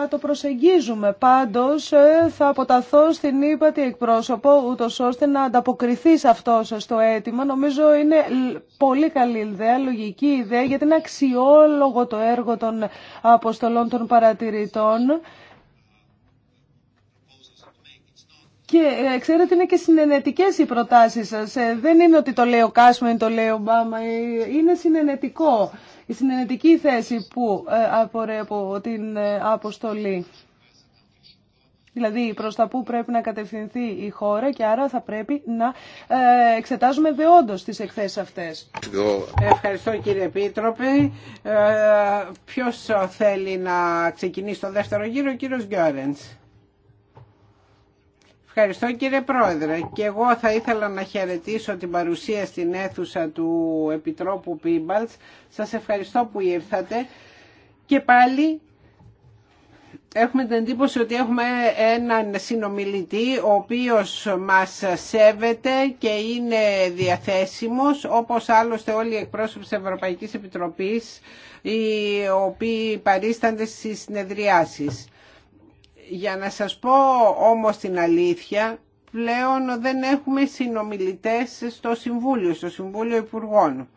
το προσεγγίζουμε. Πάντως ε, θα αποταθώ στην ύπατη εκπρόσωπο ούτω ώστε να ανταποκριθεί σε αυτό στο αίτημα. Νομίζω είναι πολύ καλή ιδέα, λογική ιδέα γιατί είναι αξιόλογο το έργο των αποστολών των παρατηρητών. Και ε, ξέρετε είναι και συνενετικές οι προτάσεις σας. Ε, δεν είναι ότι το λέει ο Κάσμεν, το λέει ο Είναι συνενετικό η συνενετική θέση που ε, απορρέει από την ε, αποστολή. Δηλαδή προς τα που πρέπει να κατευθυνθεί η χώρα και άρα θα πρέπει να ε, εξετάζουμε δεόντως τις εκθέσεις αυτές. Ευχαριστώ κύριε Επίτροπε. Ποιος θέλει να ξεκινήσει το δεύτερο γύρο, ο κύριος Γκιόρενς. Ευχαριστώ κύριε Πρόεδρε και εγώ θα ήθελα να χαιρετήσω την παρουσία στην αίθουσα του Επιτρόπου Πίμπαλτς. Σας ευχαριστώ που ήρθατε και πάλι έχουμε την εντύπωση ότι έχουμε έναν συνομιλητή ο οποίος μας σέβεται και είναι διαθέσιμος όπως άλλωστε όλοι οι εκπρόσωποι της Ευρωπαϊκής Επιτροπής οι οποίοι παρίστανται στις συνεδριάσεις. Για να σας πω όμως την αλήθεια, πλέον δεν έχουμε συνομιλητές στο Συμβούλιο, στο Συμβούλιο Υπουργών.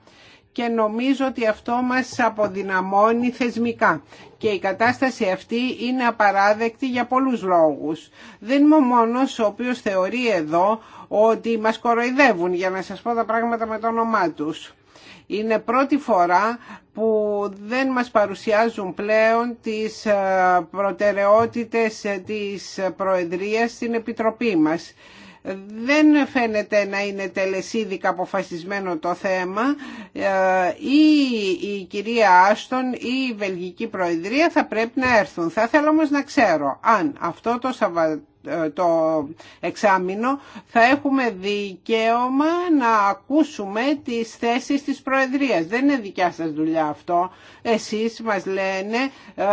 Και νομίζω ότι αυτό μας αποδυναμώνει θεσμικά. Και η κατάσταση αυτή είναι απαράδεκτη για πολλούς λόγους. Δεν είμαι ο μόνος ο οποίος θεωρεί εδώ ότι μας κοροϊδεύουν, για να σας πω τα πράγματα με το όνομά τους. Είναι πρώτη φορά που δεν μας παρουσιάζουν πλέον τις ε, προτεραιότητες ε, της Προεδρίας στην Επιτροπή μας. Δεν φαίνεται να είναι τελεσίδικα αποφασισμένο το θέμα ε, ή η κυρία Άστον ή η Βελγική Προεδρία θα πρέπει να έρθουν. Θα θέλω όμως να ξέρω αν αυτό το Σαββατό ε, το εξάμεινο θα έχουμε δικαίωμα να ακούσουμε τις θέσεις της Προεδρίας. Δεν είναι δικιά σας δουλειά αυτό. Εσείς μας, λένε, ε,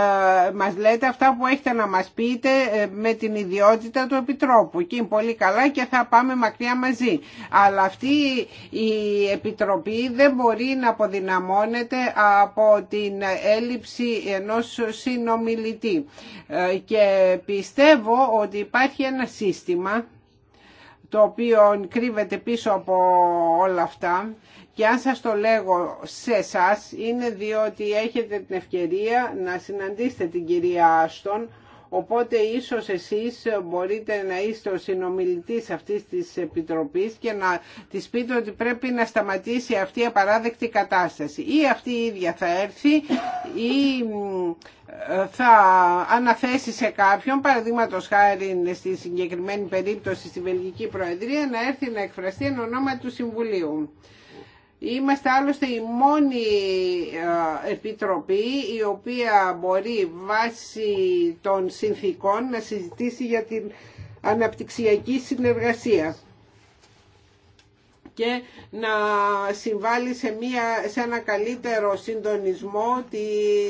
μας λέτε αυτά που έχετε να μας πείτε ε, με την ιδιότητα του Επιτρόπου και είναι πολύ καλά και θα πάμε μακριά μαζί. Αλλά αυτή η Επιτροπή δεν μπορεί να αποδυναμώνεται από την έλλειψη ενός συνομιλητή. Και πιστεύω ότι υπάρχει υπάρχει ένα σύστημα το οποίο κρύβεται πίσω από όλα αυτά και αν σας το λέγω σε εσά είναι διότι έχετε την ευκαιρία να συναντήσετε την κυρία Άστον Οπότε ίσως εσείς μπορείτε να είστε ο συνομιλητής αυτής της Επιτροπής και να της πείτε ότι πρέπει να σταματήσει αυτή η απαράδεκτη κατάσταση. Ή αυτή η ίδια θα έρθει ή ε, θα αναθέσει σε κάποιον, παραδείγματο χάρη στη συγκεκριμένη περίπτωση στη Βελγική Προεδρία, να έρθει να εκφραστεί εν ονόμα του Συμβουλίου. Είμαστε άλλωστε η μόνη ε, επιτροπή η οποία μπορεί βάσει των συνθήκων να συζητήσει για την αναπτυξιακή συνεργασία και να συμβάλλει σε, μια, σε ένα καλύτερο συντονισμό ε,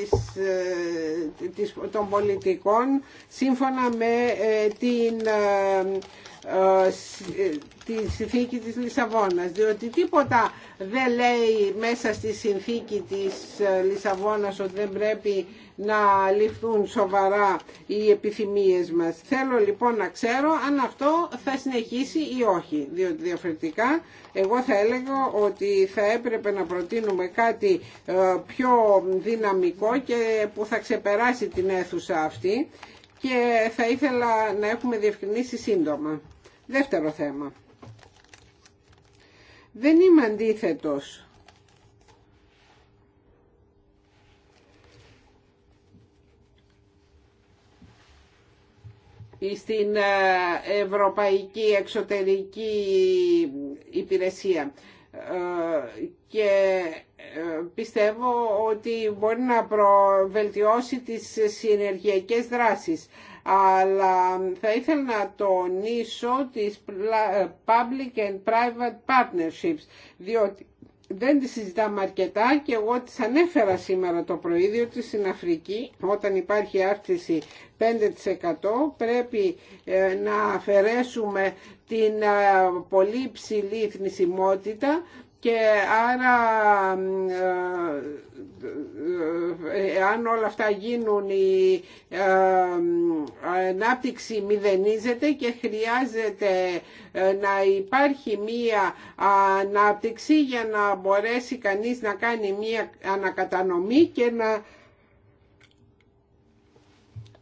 των πολιτικών σύμφωνα με ε, την ε, τη συνθήκη της Λισαβόνας διότι τίποτα δεν λέει μέσα στη συνθήκη της ε, Λισαβόνας ότι δεν πρέπει να ληφθούν σοβαρά οι επιθυμίες μας. Θέλω λοιπόν να ξέρω αν αυτό θα συνεχίσει ή όχι διότι διαφορετικά εγώ θα έλεγα ότι θα έπρεπε να προτείνουμε κάτι ε, πιο δυναμικό και που θα ξεπεράσει την αίθουσα αυτή και θα ήθελα να έχουμε διευκρινήσει σύντομα. Δεύτερο θέμα. Δεν είμαι αντίθετος στην ε, Ευρωπαϊκή Εξωτερική Υπηρεσία ε, και ε, πιστεύω ότι μπορεί να προβελτιώσει τις συνεργειακές δράσεις αλλά θα ήθελα να τονίσω τις public and private partnerships, διότι δεν τις συζητάμε αρκετά και εγώ τις ανέφερα σήμερα το πρωί, διότι στην Αφρική όταν υπάρχει αύξηση 5% πρέπει ε, να αφαιρέσουμε την ε, πολύ ψηλή θνησιμότητα και άρα ε, ε, ε, αν όλα αυτά γίνουν η ανάπτυξη μηδενίζεται και χρειάζεται να υπάρχει μία ανάπτυξη για να μπορέσει κανείς να κάνει μία ανακατανομή και να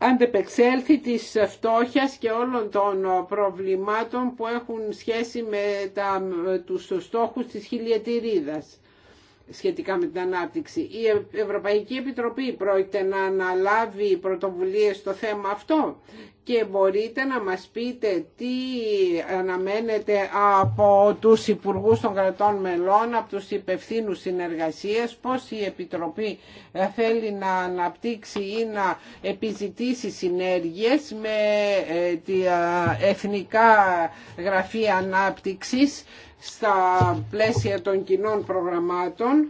αντεπεξέλθει της φτώχειας και όλων των προβλημάτων που έχουν σχέση με τα, τους στόχους της χιλιετηρίδας σχετικά με την ανάπτυξη. Η Ευρωπαϊκή Επιτροπή πρόκειται να αναλάβει πρωτοβουλίες στο θέμα αυτό και μπορείτε να μας πείτε τι αναμένετε από τους υπουργούς των κρατών μελών, από τους υπευθύνους συνεργασίες, πώς η Επιτροπή ε, θέλει να αναπτύξει ή να επιζητήσει συνέργειες με ε, τη ε, Εθνικά Γραφή Ανάπτυξης στα πλαίσια των κοινών προγραμμάτων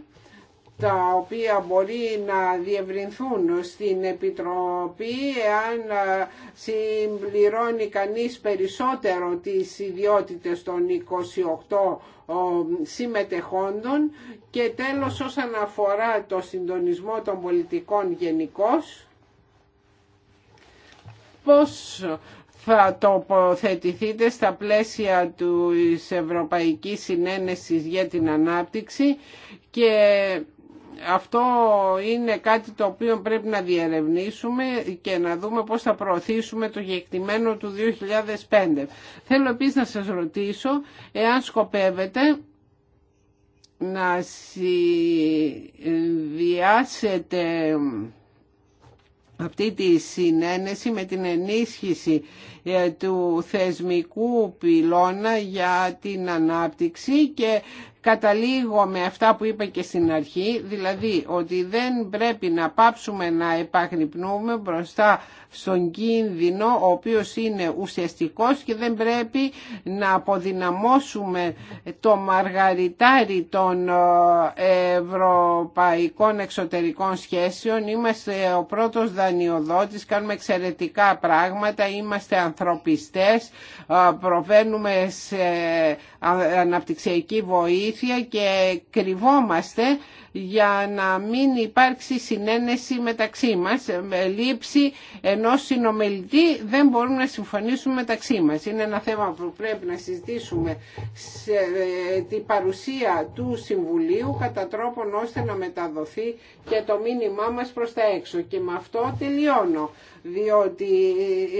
τα οποία μπορεί να διευρυνθούν στην Επιτροπή εάν ε, συμπληρώνει κανείς περισσότερο τις ιδιότητες των 28 συμμετεχόντων και τέλος όσον αφορά το συντονισμό των πολιτικών γενικώ. Πώς θα τοποθετηθείτε στα πλαίσια της Ευρωπαϊκής Συνένεσης για την Ανάπτυξη και αυτό είναι κάτι το οποίο πρέπει να διερευνήσουμε και να δούμε πώς θα προωθήσουμε το γεκτημένο του 2005. Θέλω επίσης να σας ρωτήσω εάν σκοπεύετε να συνδυάσετε αυτή τη συνένεση με την ενίσχυση ε, του θεσμικού πυλώνα για την ανάπτυξη και καταλήγω με αυτά που είπα και στην αρχή, δηλαδή ότι δεν πρέπει να πάψουμε να επαγρυπνούμε μπροστά στον κίνδυνο ο οποίος είναι ουσιαστικός και δεν πρέπει να αποδυναμώσουμε το μαργαριτάρι των ε, ευρωπαϊκών εξωτερικών σχέσεων. Είμαστε ο πρώτος δανειοδότης, κάνουμε εξαιρετικά πράγματα, είμαστε ανθρωπιστές, ε, προβαίνουμε σε ε, αναπτυξιακή βοήθεια βοήθεια και κρυβόμαστε για να μην υπάρξει συνένεση μεταξύ μας. Με λήψη ενός συνομιλητή δεν μπορούμε να συμφωνήσουμε μεταξύ μας. Είναι ένα θέμα που πρέπει να συζητήσουμε σε ε, την παρουσία του Συμβουλίου κατά τρόπον ώστε να μεταδοθεί και το μήνυμά μας προς τα έξω. Και με αυτό τελειώνω διότι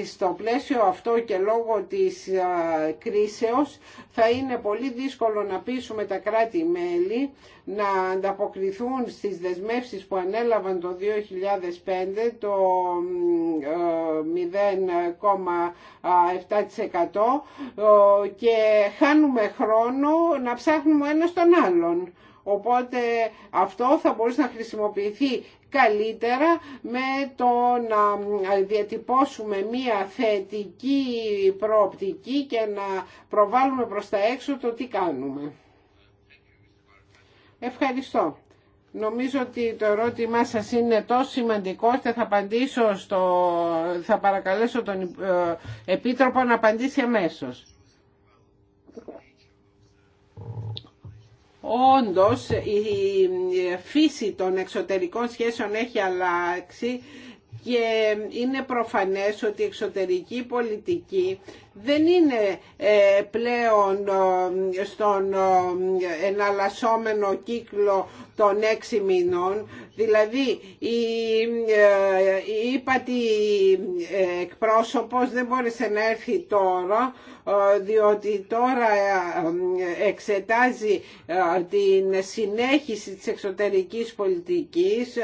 στο πλαίσιο αυτό και λόγω της κρίσεως θα είναι πολύ δύσκολο να πείσουμε τα κράτη-μέλη να ανταποκριθούν στις δεσμεύσεις που ανέλαβαν το 2005 το 0,7% ε, και χάνουμε χρόνο να ψάχνουμε ένα τον άλλον. Οπότε αυτό θα μπορούσε να χρησιμοποιηθεί καλύτερα με το να διατυπώσουμε μία θετική προοπτική και να προβάλλουμε προς τα έξω το τι κάνουμε. Ευχαριστώ. Νομίζω ότι το ερώτημά σας είναι τόσο σημαντικό ώστε θα, απαντήσω στο... θα παρακαλέσω τον ε, Επίτροπο να απαντήσει αμέσως. Όντως η φύση των εξωτερικών σχέσεων έχει αλλάξει και είναι προφανές ότι η εξωτερική πολιτική δεν είναι ε, πλέον ε, στον ε, εναλλασσόμενο κύκλο των έξι μήνων. Δηλαδή η ύπατη εκπρόσωπος δεν μπόρεσε να έρθει τώρα διότι τώρα εξετάζει την συνέχιση της εξωτερικής πολιτικής.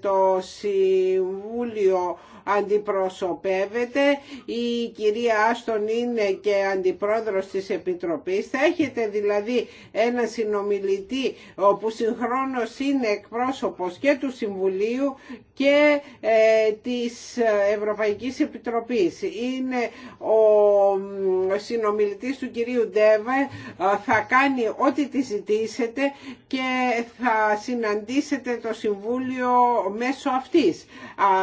Το Συμβούλιο αντιπροσωπεύετε Η κυρία Άστον είναι και αντιπρόεδρος της Επιτροπής. Θα έχετε δηλαδή ένα συνομιλητή όπου συγχρόνως είναι εκπρόσωπος και του Συμβουλίου και ε, της Ευρωπαϊκής Επιτροπής. Είναι ο συνομιλητής του κυρίου Ντέβε, ε, θα κάνει ό,τι τη ζητήσετε και θα συναντήσετε το Συμβούλιο μέσω αυτής.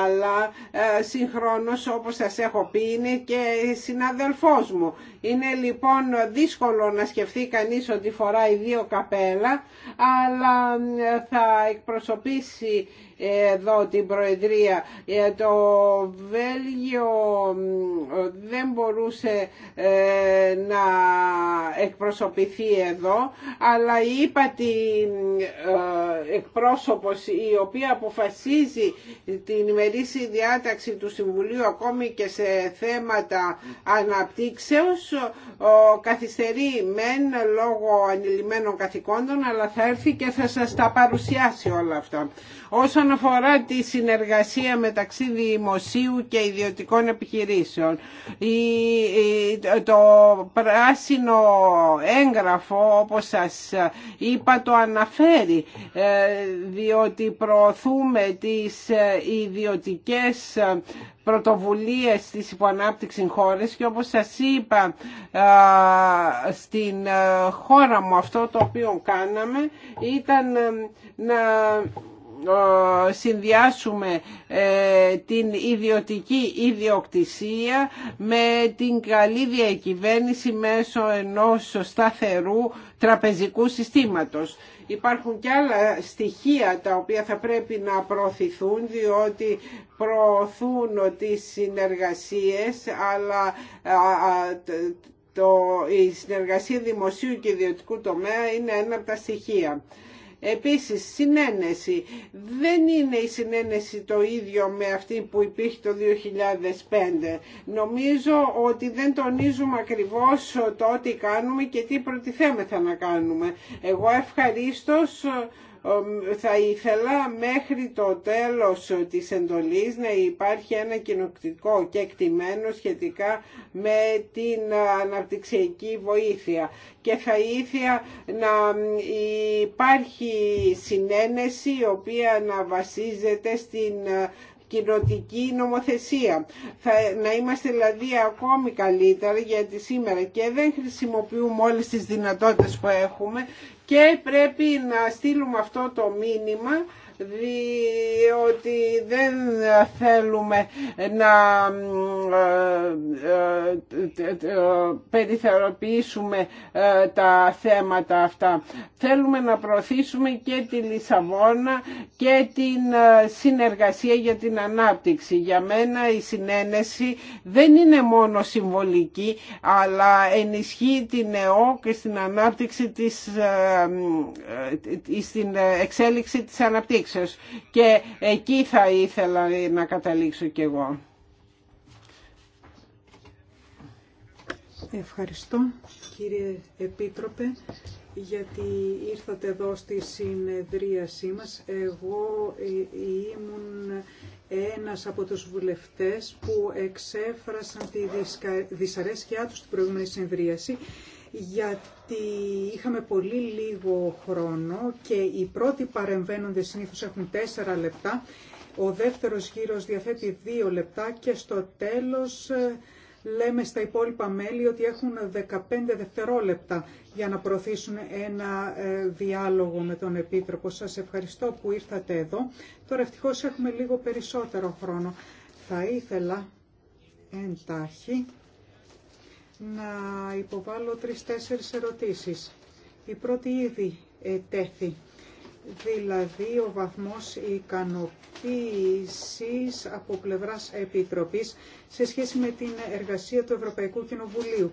Αλλά ε, συγχρόνως όπως σας έχω πει είναι και συναδελφός μου. Είναι λοιπόν δύσκολο να σκεφτεί κανείς ότι φοράει δύο καπέλα αλλά θα εκπροσωπήσει εδώ την Προεδρία. Ε, το Βέλγιο δεν μπορούσε ε, να εκπροσωπηθεί εδώ, αλλά είπα την ε, εκπρόσωπος η οποία αποφασίζει την ημερήσια διάταξη του Συμβουλίου ακόμη και σε θέματα αναπτύξεως καθυστερεί μεν λόγω ανηλυμένων καθηκόντων αλλά θα έρθει και θα σας τα παρουσιάσει όλα αυτά. Όσον όσον αφορά τη συνεργασία μεταξύ δημοσίου και ιδιωτικών επιχειρήσεων. Το πράσινο έγγραφο, όπως σας είπα, το αναφέρει, ε, διότι προωθούμε τις ε, ιδιωτικές πρωτοβουλίες στις υποανάπτυξη χώρες και όπως σας είπα ε, στην χώρα μου αυτό το οποίο κάναμε ήταν να συνδυάσουμε ε, την ιδιωτική ιδιοκτησία με την καλή διακυβέρνηση μέσω ενός σταθερού τραπεζικού συστήματος. Υπάρχουν και άλλα στοιχεία τα οποία θα πρέπει να προωθηθούν διότι προωθούν τις συνεργασίες αλλά το, η συνεργασία δημοσίου και ιδιωτικού τομέα είναι ένα από τα στοιχεία. Επίσης, συνένεση. Δεν είναι η συνένεση το ίδιο με αυτή που υπήρχε το 2005. Νομίζω ότι δεν τονίζουμε ακριβώς το ότι κάνουμε και τι προτιθέμεθα να κάνουμε. Εγώ ευχαρίστως θα ήθελα μέχρι το τέλος της εντολής να υπάρχει ένα κοινοκτικό και εκτιμένο σχετικά με την αναπτυξιακή βοήθεια και θα ήθελα να υπάρχει συνένεση η οποία να βασίζεται στην ε, κοινοτική νομοθεσία. Θα, να είμαστε δηλαδή ακόμη καλύτερα γιατί σήμερα και δεν χρησιμοποιούμε όλες τις δυνατότητες που έχουμε και πρέπει να στείλουμε αυτό το μήνυμα διότι δεν θέλουμε να ε, ε, ε, περιθεροποιήσουμε τα θέματα αυτά. Θέλουμε να προωθήσουμε και τη Λισαβόνα και την συνεργασία για την ανάπτυξη. Για μένα η συνένεση δεν είναι μόνο συμβολική, αλλά ενισχύει την ΕΟ και στην ανάπτυξη της, στην εξέλιξη της αναπτύξης και εκεί θα ήθελα να καταλήξω κι εγώ. Ευχαριστώ κύριε Επίτροπε γιατί ήρθατε εδώ στη συνεδρίασή μας. Εγώ ε, ήμουν ένας από τους βουλευτές που εξέφρασαν τη δυσαρέσκειά τους στην προηγούμενη συνεδρίαση γιατί είχαμε πολύ λίγο χρόνο και οι πρώτοι παρεμβαίνοντες συνήθως έχουν τέσσερα λεπτά, ο δεύτερος γύρος διαθέτει δύο λεπτά και στο τέλος ε, λέμε στα υπόλοιπα μέλη ότι έχουν 15 δευτερόλεπτα για να προωθήσουν ένα ε, διάλογο με τον Επίτροπο. Σας ευχαριστώ που ήρθατε εδώ. Τώρα ευτυχώς έχουμε λίγο περισσότερο χρόνο. Θα ήθελα εντάχει να υποβάλω τρεις-τέσσερις ερωτήσεις. Η πρώτη ήδη τέθη, δηλαδή ο βαθμός ικανοποίησης από πλευράς Επιτροπής σε σχέση με την εργασία του Ευρωπαϊκού Κοινοβουλίου,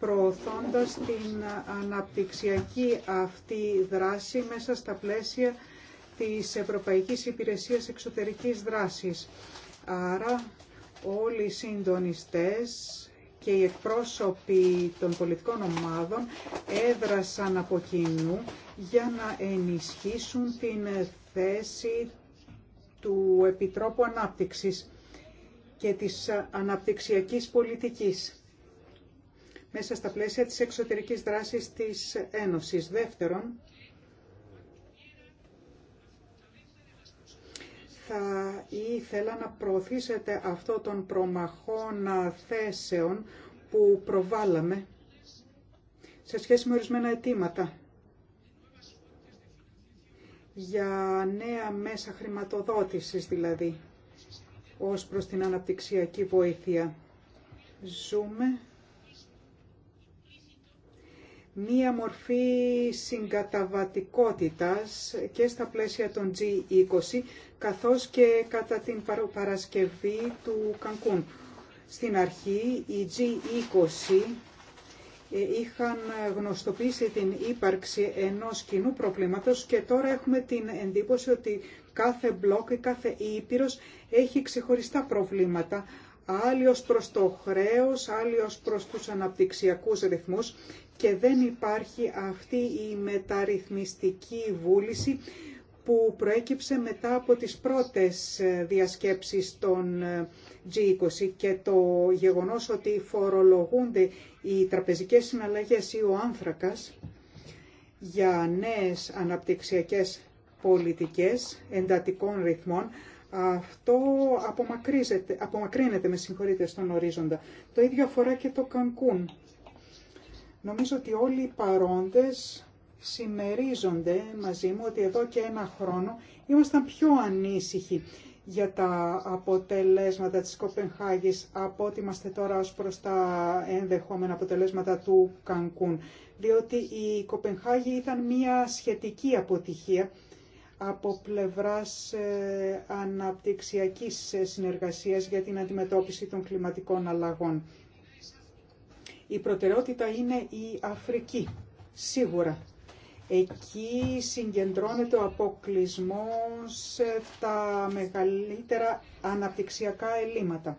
προωθώντας την αναπτυξιακή αυτή δράση μέσα στα πλαίσια της Ευρωπαϊκής Υπηρεσίας Εξωτερικής Δράσης. Άρα όλοι οι συντονιστές και οι εκπρόσωποι των πολιτικών ομάδων έδρασαν από κοινού για να ενισχύσουν την θέση του Επιτρόπου Ανάπτυξης και της αναπτυξιακής πολιτικής μέσα στα πλαίσια της εξωτερικής δράσης της Ένωσης. Δεύτερον, θα ήθελα να προωθήσετε αυτό των προμαχών θέσεων που προβάλαμε σε σχέση με ορισμένα αιτήματα για νέα μέσα χρηματοδότησης δηλαδή ως προς την αναπτυξιακή βοήθεια. Ζούμε μία μορφή συγκαταβατικότητας και στα πλαίσια των G20, καθώς και κατά την Παρασκευή του Κανκούν. Στην αρχή, οι G20 ε, είχαν γνωστοποιήσει την ύπαρξη ενός κοινού προβλήματος και τώρα έχουμε την εντύπωση ότι κάθε μπλοκ, κάθε ήπειρος έχει ξεχωριστά προβλήματα άλλοι ως προς το χρέος, άλλοι ως προς τους αναπτυξιακούς ρυθμούς και δεν υπάρχει αυτή η μεταρρυθμιστική βούληση που προέκυψε μετά από τις πρώτες ε, διασκέψεις των ε, G20 και το γεγονός ότι φορολογούνται οι τραπεζικές συναλλαγές ή ο άνθρακας για νέες αναπτυξιακές πολιτικές εντατικών ρυθμών αυτό απομακρύνεται, απομακρύνεται με συγχωρείτε, στον ορίζοντα. Το ίδιο αφορά και το Κανκούν. Νομίζω ότι όλοι οι παρόντες συμμερίζονται μαζί μου ότι εδώ και ένα χρόνο ήμασταν πιο ανήσυχοι για τα αποτελέσματα της Κοπενχάγης από ό,τι είμαστε τώρα ως προς τα ενδεχόμενα αποτελέσματα του Κανκούν. Διότι η Κοπενχάγη ήταν μια σχετική αποτυχία από πλευράς ε, αναπτυξιακής ε, συνεργασίας για την αντιμετώπιση των κλιματικών αλλαγών. Η προτεραιότητα είναι η Αφρική, σίγουρα. Εκεί συγκεντρώνεται ο αποκλεισμό σε τα μεγαλύτερα αναπτυξιακά ελλείμματα.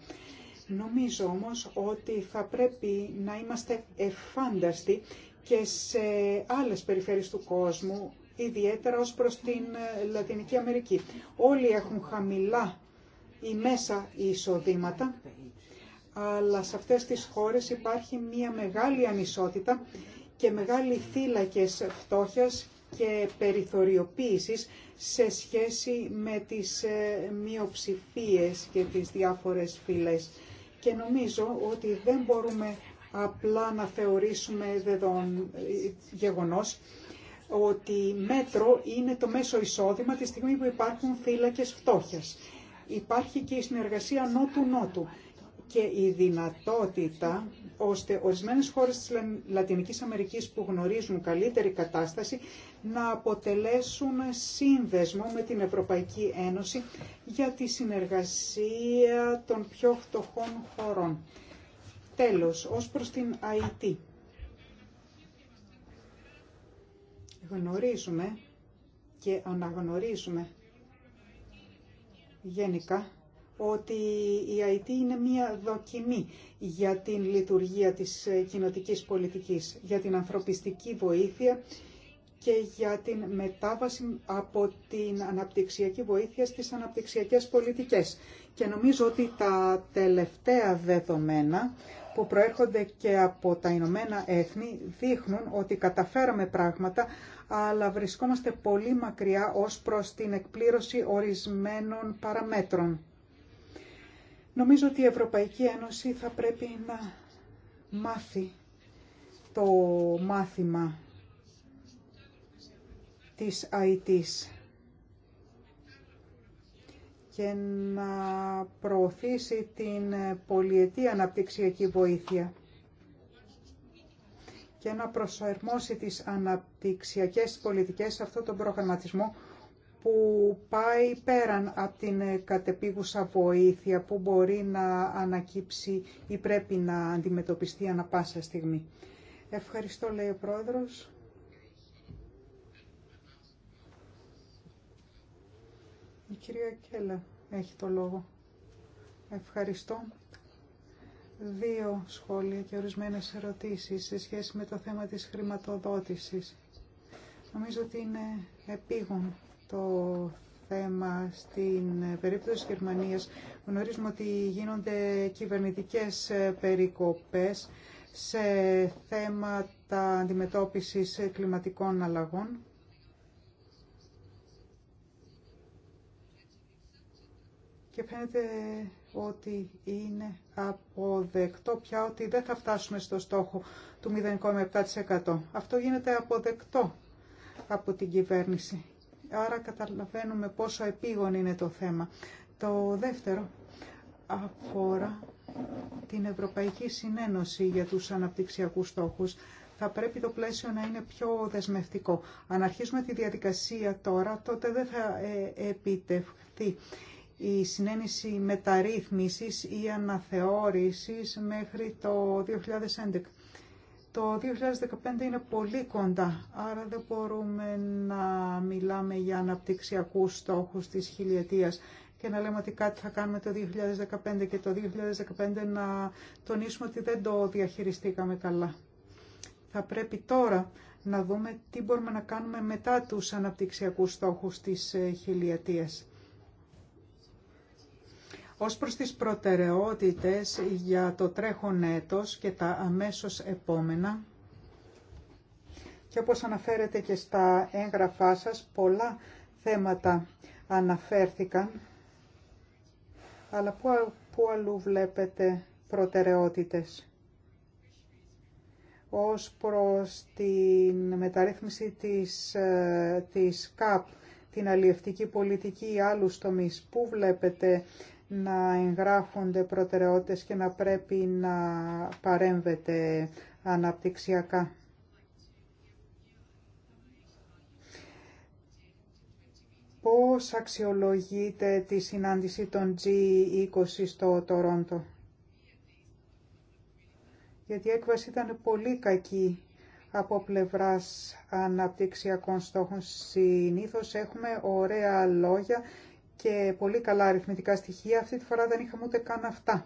Νομίζω όμως ότι θα πρέπει να είμαστε εφάνταστοι και σε άλλες περιφέρειες του κόσμου ιδιαίτερα ως προς την ε, Λατινική Αμερική. Όλοι έχουν χαμηλά ή μέσα εισοδήματα, αλλά σε αυτές τις χώρες υπάρχει μια μεγάλη ανισότητα και μεγάλη θύλακες φτώχειας και περιθωριοποίησης σε σχέση με τις ε, μειοψηφίες και τις διάφορες φυλές. Και νομίζω ότι δεν μπορούμε απλά να θεωρήσουμε δεδομένο ε, γεγονός ότι μέτρο είναι το μέσο εισόδημα τη στιγμή που υπάρχουν θύλακες φτώχειας. Υπάρχει και η συνεργασία νότου-νότου και η δυνατότητα ώστε ορισμένες χώρες της Λατινικής Αμερικής που γνωρίζουν καλύτερη κατάσταση να αποτελέσουν σύνδεσμο με την Ευρωπαϊκή Ένωση για τη συνεργασία των πιο φτωχών χωρών. Τέλος, ως προς την ΑΕΤ. γνωρίζουμε και αναγνωρίζουμε γενικά ότι η ΑΕΤ είναι μία δοκιμή για την λειτουργία της κοινοτικής πολιτικής, για την ανθρωπιστική βοήθεια και για την μετάβαση από την αναπτυξιακή βοήθεια στις αναπτυξιακές πολιτικές. Και νομίζω ότι τα τελευταία δεδομένα που προέρχονται και από τα Ηνωμένα Έθνη δείχνουν ότι καταφέραμε πράγματα αλλά βρισκόμαστε πολύ μακριά ως προς την εκπλήρωση ορισμένων παραμέτρων. Νομίζω ότι η Ευρωπαϊκή Ένωση θα πρέπει να μάθει το μάθημα της ΑΙΤΙΣ και να προωθήσει την πολυετή αναπτυξιακή βοήθεια και να προσαρμόσει τις αναπτυξιακές πολιτικές σε αυτόν τον προγραμματισμό που πάει πέραν από την κατεπίγουσα βοήθεια που μπορεί να ανακύψει ή πρέπει να αντιμετωπιστεί ανα πάσα στιγμή. Ευχαριστώ, λέει ο Πρόεδρος. Η κυρία Κέλλα έχει το λόγο. Ευχαριστώ δύο σχόλια και ορισμένες ερωτήσεις σε σχέση με το θέμα της χρηματοδότησης. Νομίζω ότι είναι επίγον το θέμα στην περίπτωση της Γερμανίας. Γνωρίζουμε ότι γίνονται κυβερνητικές περικοπές σε θέματα αντιμετώπισης κλιματικών αλλαγών. Και φαίνεται ότι είναι αποδεκτό πια ότι δεν θα φτάσουμε στο στόχο του 0,7%. Αυτό γίνεται αποδεκτό από την κυβέρνηση. Άρα καταλαβαίνουμε πόσο επίγον είναι το θέμα. Το δεύτερο αφορά την Ευρωπαϊκή Συνένωση για τους αναπτυξιακούς στόχους. Θα πρέπει το πλαίσιο να είναι πιο δεσμευτικό. Αν αρχίσουμε τη διαδικασία τώρα, τότε δεν θα ε, επιτευχθεί η συνένεση μεταρρύθμισης ή αναθεώρησης μέχρι το 2011. Το 2015 είναι πολύ κοντά, άρα δεν μπορούμε να μιλάμε για αναπτυξιακού στόχους της χιλιετίας και να λέμε ότι κάτι θα κάνουμε το 2015 και το 2015 να τονίσουμε ότι δεν το διαχειριστήκαμε καλά. Θα πρέπει τώρα να δούμε τι μπορούμε να κάνουμε μετά τους αναπτυξιακούς στόχους της ε, χιλιετίας. Ως προς τις προτεραιότητες για το τρέχον έτος και τα αμέσως επόμενα, και όπως αναφέρετε και στα έγγραφά σας, πολλά θέματα αναφέρθηκαν, αλλά πού αλλού βλέπετε προτεραιότητες ως προς την μεταρρύθμιση της, ε, της ΚΑΠ, την αλλιευτική πολιτική ή άλλους τομείς. Πού βλέπετε να εγγράφονται προτεραιότητες και να πρέπει να παρέμβετε αναπτυξιακά. Πώς αξιολογείτε τη συνάντηση των G20 στο Τορόντο. Γιατί η έκβαση ήταν πολύ κακή από πλευράς αναπτυξιακών στόχων. Συνήθως έχουμε ωραία λόγια και πολύ καλά αριθμητικά στοιχεία. Αυτή τη φορά δεν είχαμε ούτε καν αυτά.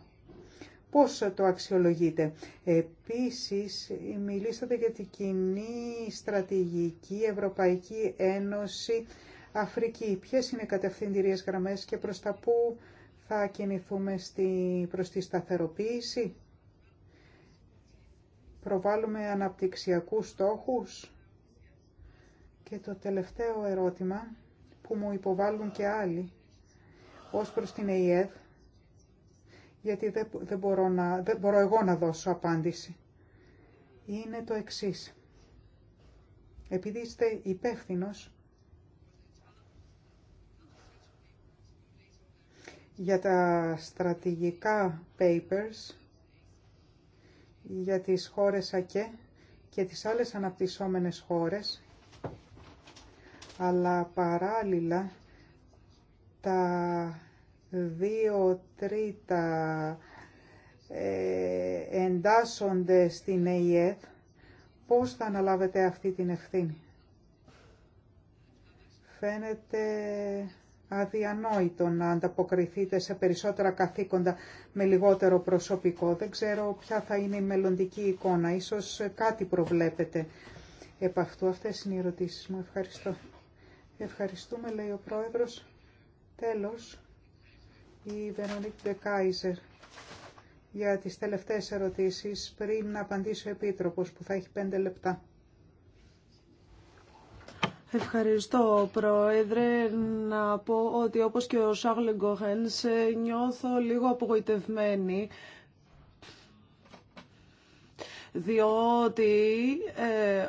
Πώς το αξιολογείτε. Επίσης, μιλήσατε για την κοινή στρατηγική Ευρωπαϊκή Ένωση Αφρική. Ποιες είναι οι κατευθυντηρίες γραμμές και προς τα πού θα κινηθούμε στη, προς τη σταθεροποίηση. Προβάλλουμε αναπτυξιακούς στόχους. Και το τελευταίο ερώτημα που μου υποβάλλουν και άλλοι ως προς την ΕΙΕΔ, γιατί δεν, δεν, μπορώ να, δεν μπορώ εγώ να δώσω απάντηση. Είναι το εξής. Επειδή είστε υπεύθυνο. για τα στρατηγικά papers, για τις χώρες ΑΚΕ και τις άλλες αναπτυσσόμενες χώρες, αλλά παράλληλα τα δύο τρίτα ε, εντάσσονται στην ΕΙΕΔ, πώς θα αναλάβετε αυτή την ευθύνη. Φαίνεται αδιανόητο να ανταποκριθείτε σε περισσότερα καθήκοντα με λιγότερο προσωπικό. Δεν ξέρω ποια θα είναι η μελλοντική εικόνα. Ίσως κάτι προβλέπετε επ' αυτού. Αυτές είναι οι ερωτήσεις μου. Ευχαριστώ. Ευχαριστούμε, λέει ο Πρόεδρος. Τέλος η Βερονίκ Ντεκάιζερ για τις τελευταίες ερωτήσεις πριν να απαντήσει ο Επίτροπος που θα έχει πέντε λεπτά. Ευχαριστώ, Πρόεδρε. Να πω ότι όπως και ο Σάγλε νιώθω λίγο απογοητευμένη διότι ε,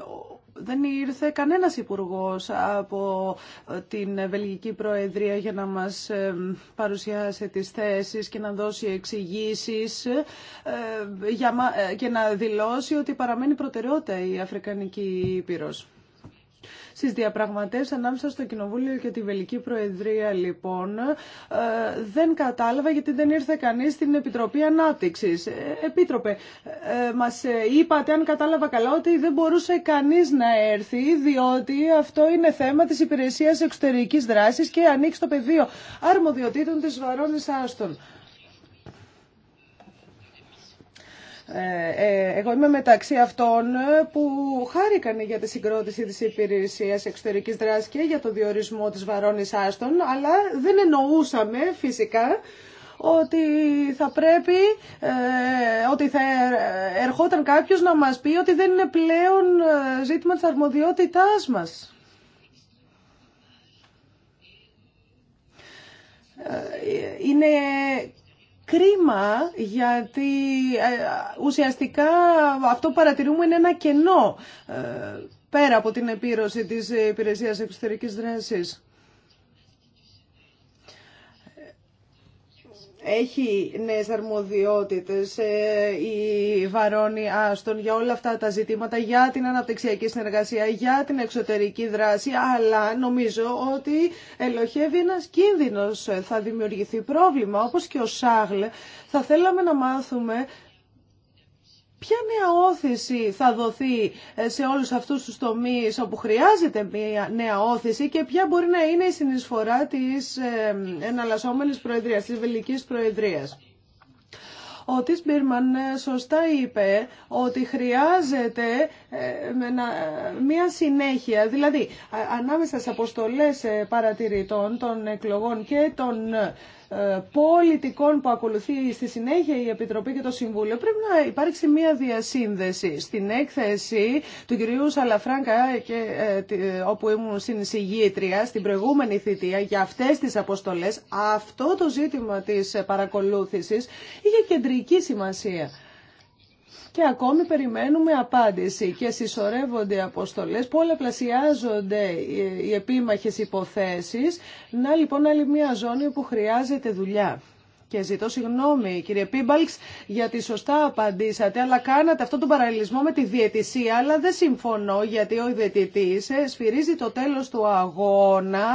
δεν ήρθε κανένας υπουργός από ε, την Βελγική Προεδρία για να μας ε, παρουσιάσει τις θέσεις και να δώσει εξηγήσει ε, και να δηλώσει ότι παραμένει προτεραιότητα η Αφρικανική Ήπειρος στις διαπραγματεύσεις ανάμεσα στο Κοινοβούλιο και τη Βελική Προεδρία λοιπόν ε, δεν κατάλαβα γιατί δεν ήρθε κανείς στην Επιτροπή Ανάπτυξης. Ε, Επίτροπε, ε, μας είπατε αν κατάλαβα καλά ότι δεν μπορούσε κανείς να έρθει διότι αυτό είναι θέμα της υπηρεσίας εξωτερικής δράσης και ανοίξει το πεδίο αρμοδιοτήτων της Βαρόνης Άστον. Ε, ε, εγώ είμαι μεταξύ αυτών που χάρηκαν για τη συγκρότηση της υπηρεσίας εξωτερικής δράσης και για το διορισμό της Βαρόνης Άστον, αλλά δεν εννοούσαμε φυσικά ότι θα πρέπει, ε, ότι θα ερχόταν κάποιος να μας πει ότι δεν είναι πλέον ζήτημα της αρμοδιότητάς μας. Είναι κρίμα γιατί ε, ουσιαστικά αυτό που παρατηρούμε είναι ένα κενό ε, πέρα από την επίρρωση της υπηρεσίας εξωτερικής δράσης. έχει νέες αρμοδιότητες ε, η Βαρόνη Άστον για όλα αυτά τα ζητήματα, για την αναπτυξιακή συνεργασία, για την εξωτερική δράση, αλλά νομίζω ότι ελοχεύει ένας κίνδυνος, θα δημιουργηθεί πρόβλημα, όπως και ο Σάγλ. Θα θέλαμε να μάθουμε Ποια νέα όθηση θα δοθεί ε, σε όλους αυτούς τους τομείς όπου χρειάζεται μια νέα όθηση και ποια μπορεί να είναι η συνεισφορά της ε, εναλλασσόμενης προεδρίας, της Βελικής Προεδρίας. Ο Τις Μπίρμαν ε, σωστά είπε ότι χρειάζεται μία συνέχεια, δηλαδή ανάμεσα στις αποστολές παρατηρητών των εκλογών και των ε, πολιτικών που ακολουθεί στη συνέχεια η Επιτροπή και το Συμβούλιο πρέπει να υπάρξει μια διασύνδεση. Στην έκθεση του κυρίου Σαλαφράνκα και, ε, ε, όπου ήμουν στην στην προηγούμενη θητεία για αυτές τις αποστολές αυτό το ζήτημα της παρακολούθησης είχε κεντρική σημασία. Και ακόμη περιμένουμε απάντηση και συσσωρεύονται οι αποστολές, πολλαπλασιάζονται οι επίμαχες υποθέσεις. Να λοιπόν άλλη μια ζώνη που χρειάζεται δουλειά. Και ζητώ συγγνώμη κύριε Πίμπαλξ γιατί σωστά απαντήσατε αλλά κάνατε αυτό τον παραλληλισμό με τη διαιτησία αλλά δεν συμφωνώ γιατί ο διαιτητής ε, σφυρίζει το τέλος του αγώνα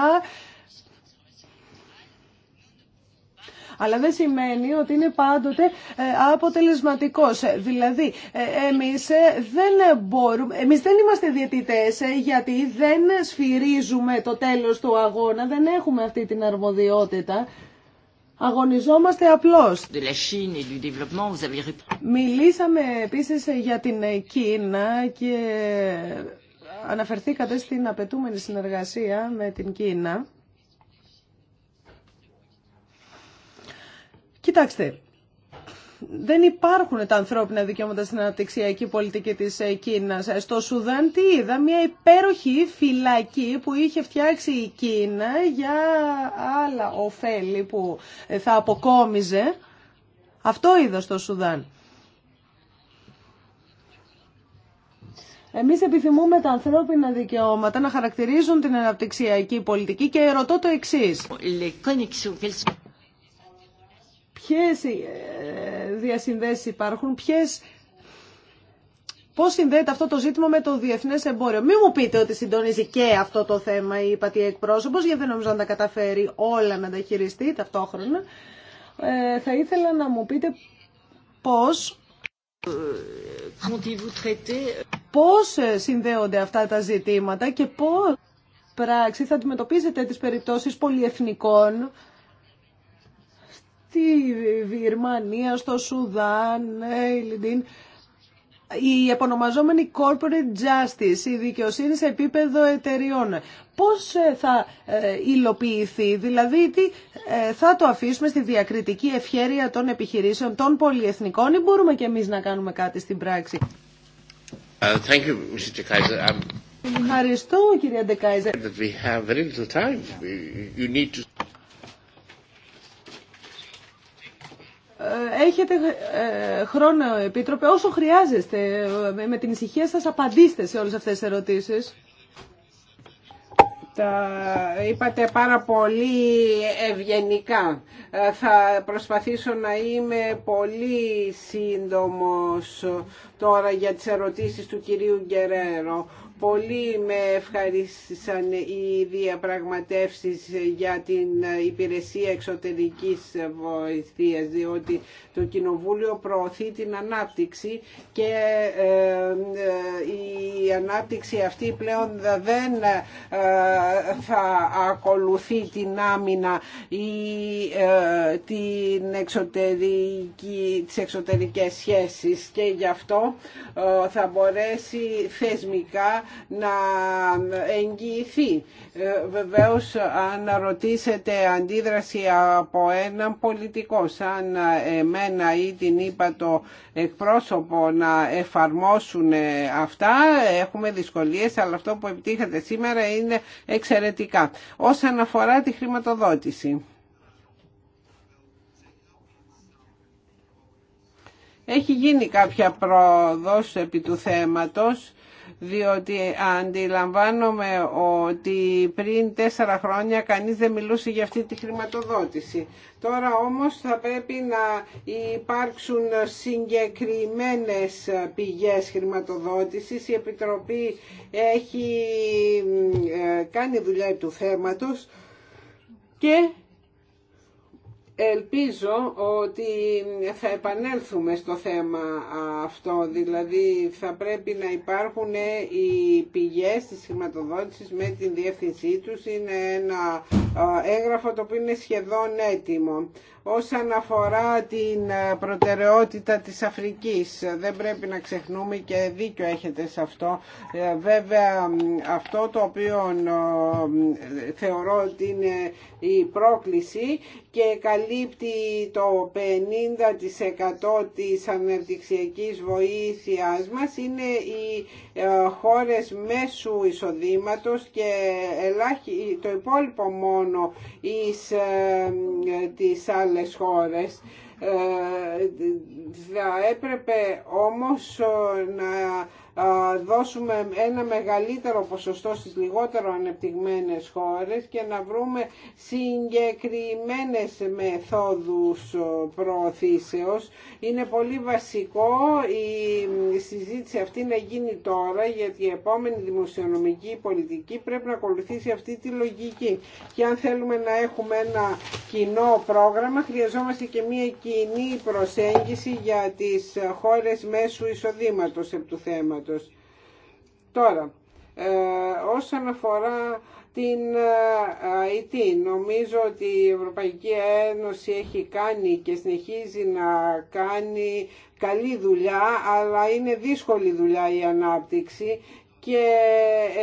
αλλά δεν σημαίνει ότι είναι πάντοτε ε, αποτελεσματικός. Ε, δηλαδή, ε, εμείς δεν μπορούμε, εμείς δεν είμαστε διαιτητές γιατί δεν σφυρίζουμε το τέλος του αγώνα, δεν έχουμε αυτή την αρμοδιότητα. Αγωνιζόμαστε απλώς. Μιλήσαμε επίσης για την Κίνα και αναφερθήκατε στην απαιτούμενη συνεργασία με την Κίνα. Κοιτάξτε, δεν υπάρχουν τα ανθρώπινα δικαιώματα στην αναπτυξιακή πολιτική της ε, Κίνας. Ε, στο Σουδάν τι είδα, μια υπέροχη φυλακή που είχε φτιάξει η Κίνα για άλλα ωφέλη που ε, θα αποκόμιζε. Αυτό είδα στο Σουδάν. Εμείς επιθυμούμε τα ανθρώπινα δικαιώματα να χαρακτηρίζουν την αναπτυξιακή πολιτική και ρωτώ το εξή ποιες ε, διασυνδέσεις υπάρχουν, ποιες Πώ συνδέεται αυτό το ζήτημα με το διεθνές εμπόριο. Μην μου πείτε ότι συντονίζει και αυτό το θέμα η πατή εκπρόσωπο, γιατί δεν νομίζω να τα καταφέρει όλα να τα χειριστεί ταυτόχρονα. Ε, θα ήθελα να μου πείτε πώ. Πώς ε, συνδέονται αυτά τα ζητήματα και πώς πράξη θα αντιμετωπίζετε τις περιπτώσεις πολυεθνικών στη Βιρμανία, στο Σουδάν, ε, η η επωνομαζόμενη corporate justice, η δικαιοσύνη σε επίπεδο εταιριών. Πώς ε, θα ε, υλοποιηθεί, δηλαδή τι θα το αφήσουμε στη διακριτική ευχέρεια των επιχειρήσεων, των πολιεθνικών ή μπορούμε και εμείς να κάνουμε κάτι στην πράξη. thank you, Mr. Um, Ευχαριστώ, κυρία Ντεκάιζερ. Ε, έχετε ε, χρόνο, Επίτροπε, όσο χρειάζεστε. Ε, με την ησυχία σας απαντήστε σε όλες αυτές τις ερωτήσεις. Τα είπατε πάρα πολύ ευγενικά. Θα προσπαθήσω να είμαι πολύ σύντομος τώρα για τις ερωτήσεις του κυρίου Γκερέρο. Πολύ με ευχαρίστησαν οι διαπραγματεύσεις για την υπηρεσία εξωτερικής βοηθείας διότι το Κοινοβούλιο προωθεί την ανάπτυξη και ε, ε, η ανάπτυξη αυτή πλέον δεν ε, θα ακολουθεί την άμυνα ή την εξωτερική, τις εξωτερικές σχέσεις και γι' αυτό θα μπορέσει θεσμικά να εγγυηθεί. Ε, αν ρωτήσετε αντίδραση από έναν πολιτικό σαν εμένα ή την είπα το εκπρόσωπο να εφαρμόσουν αυτά έχουμε δυσκολίες αλλά αυτό που επιτύχατε σήμερα είναι εξαιρετικά. Όσον αφορά τη χρηματοδότηση. Έχει γίνει κάποια πρόοδος επί του θέματος διότι αντιλαμβάνομαι ότι πριν τέσσερα χρόνια κανείς δεν μιλούσε για αυτή τη χρηματοδότηση. Τώρα όμως θα πρέπει να υπάρξουν συγκεκριμένες πηγές χρηματοδότησης. Η Επιτροπή έχει ε, κάνει δουλειά του θέματος και Ελπίζω ότι θα επανέλθουμε στο θέμα αυτό, δηλαδή θα πρέπει να υπάρχουν οι πηγές της χρηματοδότηση με την διεύθυνσή τους, είναι ένα έγγραφο το οποίο είναι σχεδόν έτοιμο όσον αφορά την ε, προτεραιότητα της Αφρικής. Δεν πρέπει να ξεχνούμε και δίκιο έχετε σε αυτό. Ε, βέβαια αυτό το οποίο ε, θεωρώ ότι είναι η πρόκληση και καλύπτει το 50% της ανεπτυξιακής βοήθειάς μας είναι η ε, χώρες μέσου εισοδήματος και ελάχι, το υπόλοιπο μόνο εις ε, τις άλλες χώρες. Ε, θα έπρεπε όμως ε, να δώσουμε ένα μεγαλύτερο ποσοστό στις λιγότερο ανεπτυγμένες χώρες και να βρούμε συγκεκριμένες μεθόδους προωθήσεως. Είναι πολύ βασικό η συζήτηση αυτή να γίνει τώρα γιατί η επόμενη δημοσιονομική πολιτική πρέπει να ακολουθήσει αυτή τη λογική. Και αν θέλουμε να έχουμε ένα κοινό πρόγραμμα χρειαζόμαστε και μια κοινή προσέγγιση για τις χώρες μέσου εισοδήματος του θέματος. Τώρα, ε, όσον αφορά την ΙΤ, ε, νομίζω ότι η Ευρωπαϊκή Ένωση έχει κάνει και συνεχίζει να κάνει καλή δουλειά, αλλά είναι δύσκολη δουλειά η ανάπτυξη και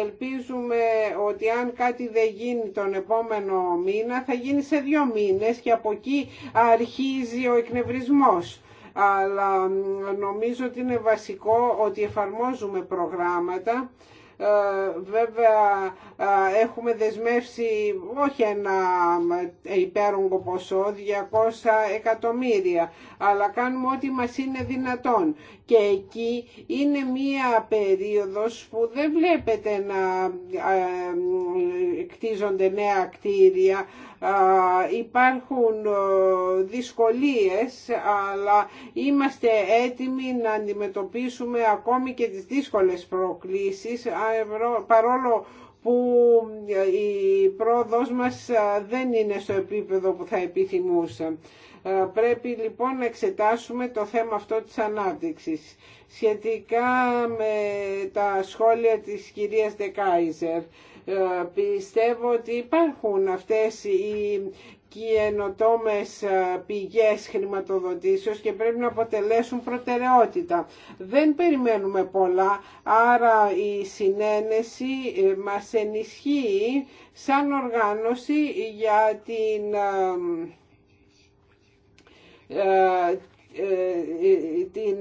ελπίζουμε ότι αν κάτι δεν γίνει τον επόμενο μήνα θα γίνει σε δύο μήνες και από εκεί αρχίζει ο εκνευρισμός αλλά νομίζω ότι είναι βασικό ότι εφαρμόζουμε προγράμματα ε, βέβαια ε, έχουμε δεσμεύσει όχι ένα υπέρογκο ποσό, 200 εκατομμύρια, αλλά κάνουμε ό,τι μας είναι δυνατόν. Και εκεί είναι μία περίοδος που δεν βλέπετε να ε, κτίζονται νέα κτίρια, υπάρχουν ε, δυσκολίες αλλά είμαστε έτοιμοι να αντιμετωπίσουμε ακόμη και τις δύσκολες προκλήσεις παρόλο που ε, η πρόοδος μας ε, δεν είναι στο επίπεδο που θα επιθυμούσα. Πρέπει λοιπόν να εξετάσουμε το θέμα αυτό της ανάπτυξης. Σχετικά με τα σχόλια της κυρίας Δεκάιζερ, ε, πιστεύω ότι υπάρχουν αυτές οι ενοτόμες ε, πηγές χρηματοδοτήσεως και πρέπει να αποτελέσουν προτεραιότητα. Δεν περιμένουμε πολλά, άρα η συνένεση ε, μας ενισχύει σαν οργάνωση για την την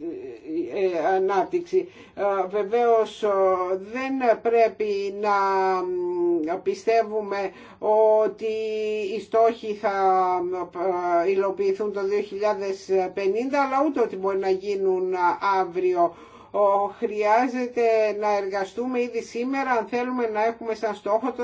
ε, ε, ανάπτυξη. Ε, βεβαίως δεν πρέπει να πιστεύουμε ότι οι στόχοι θα υλοποιηθούν το 2050 αλλά ούτε ότι μπορεί να γίνουν αύριο. Χρειάζεται να εργαστούμε ήδη σήμερα αν θέλουμε να έχουμε σαν στόχο το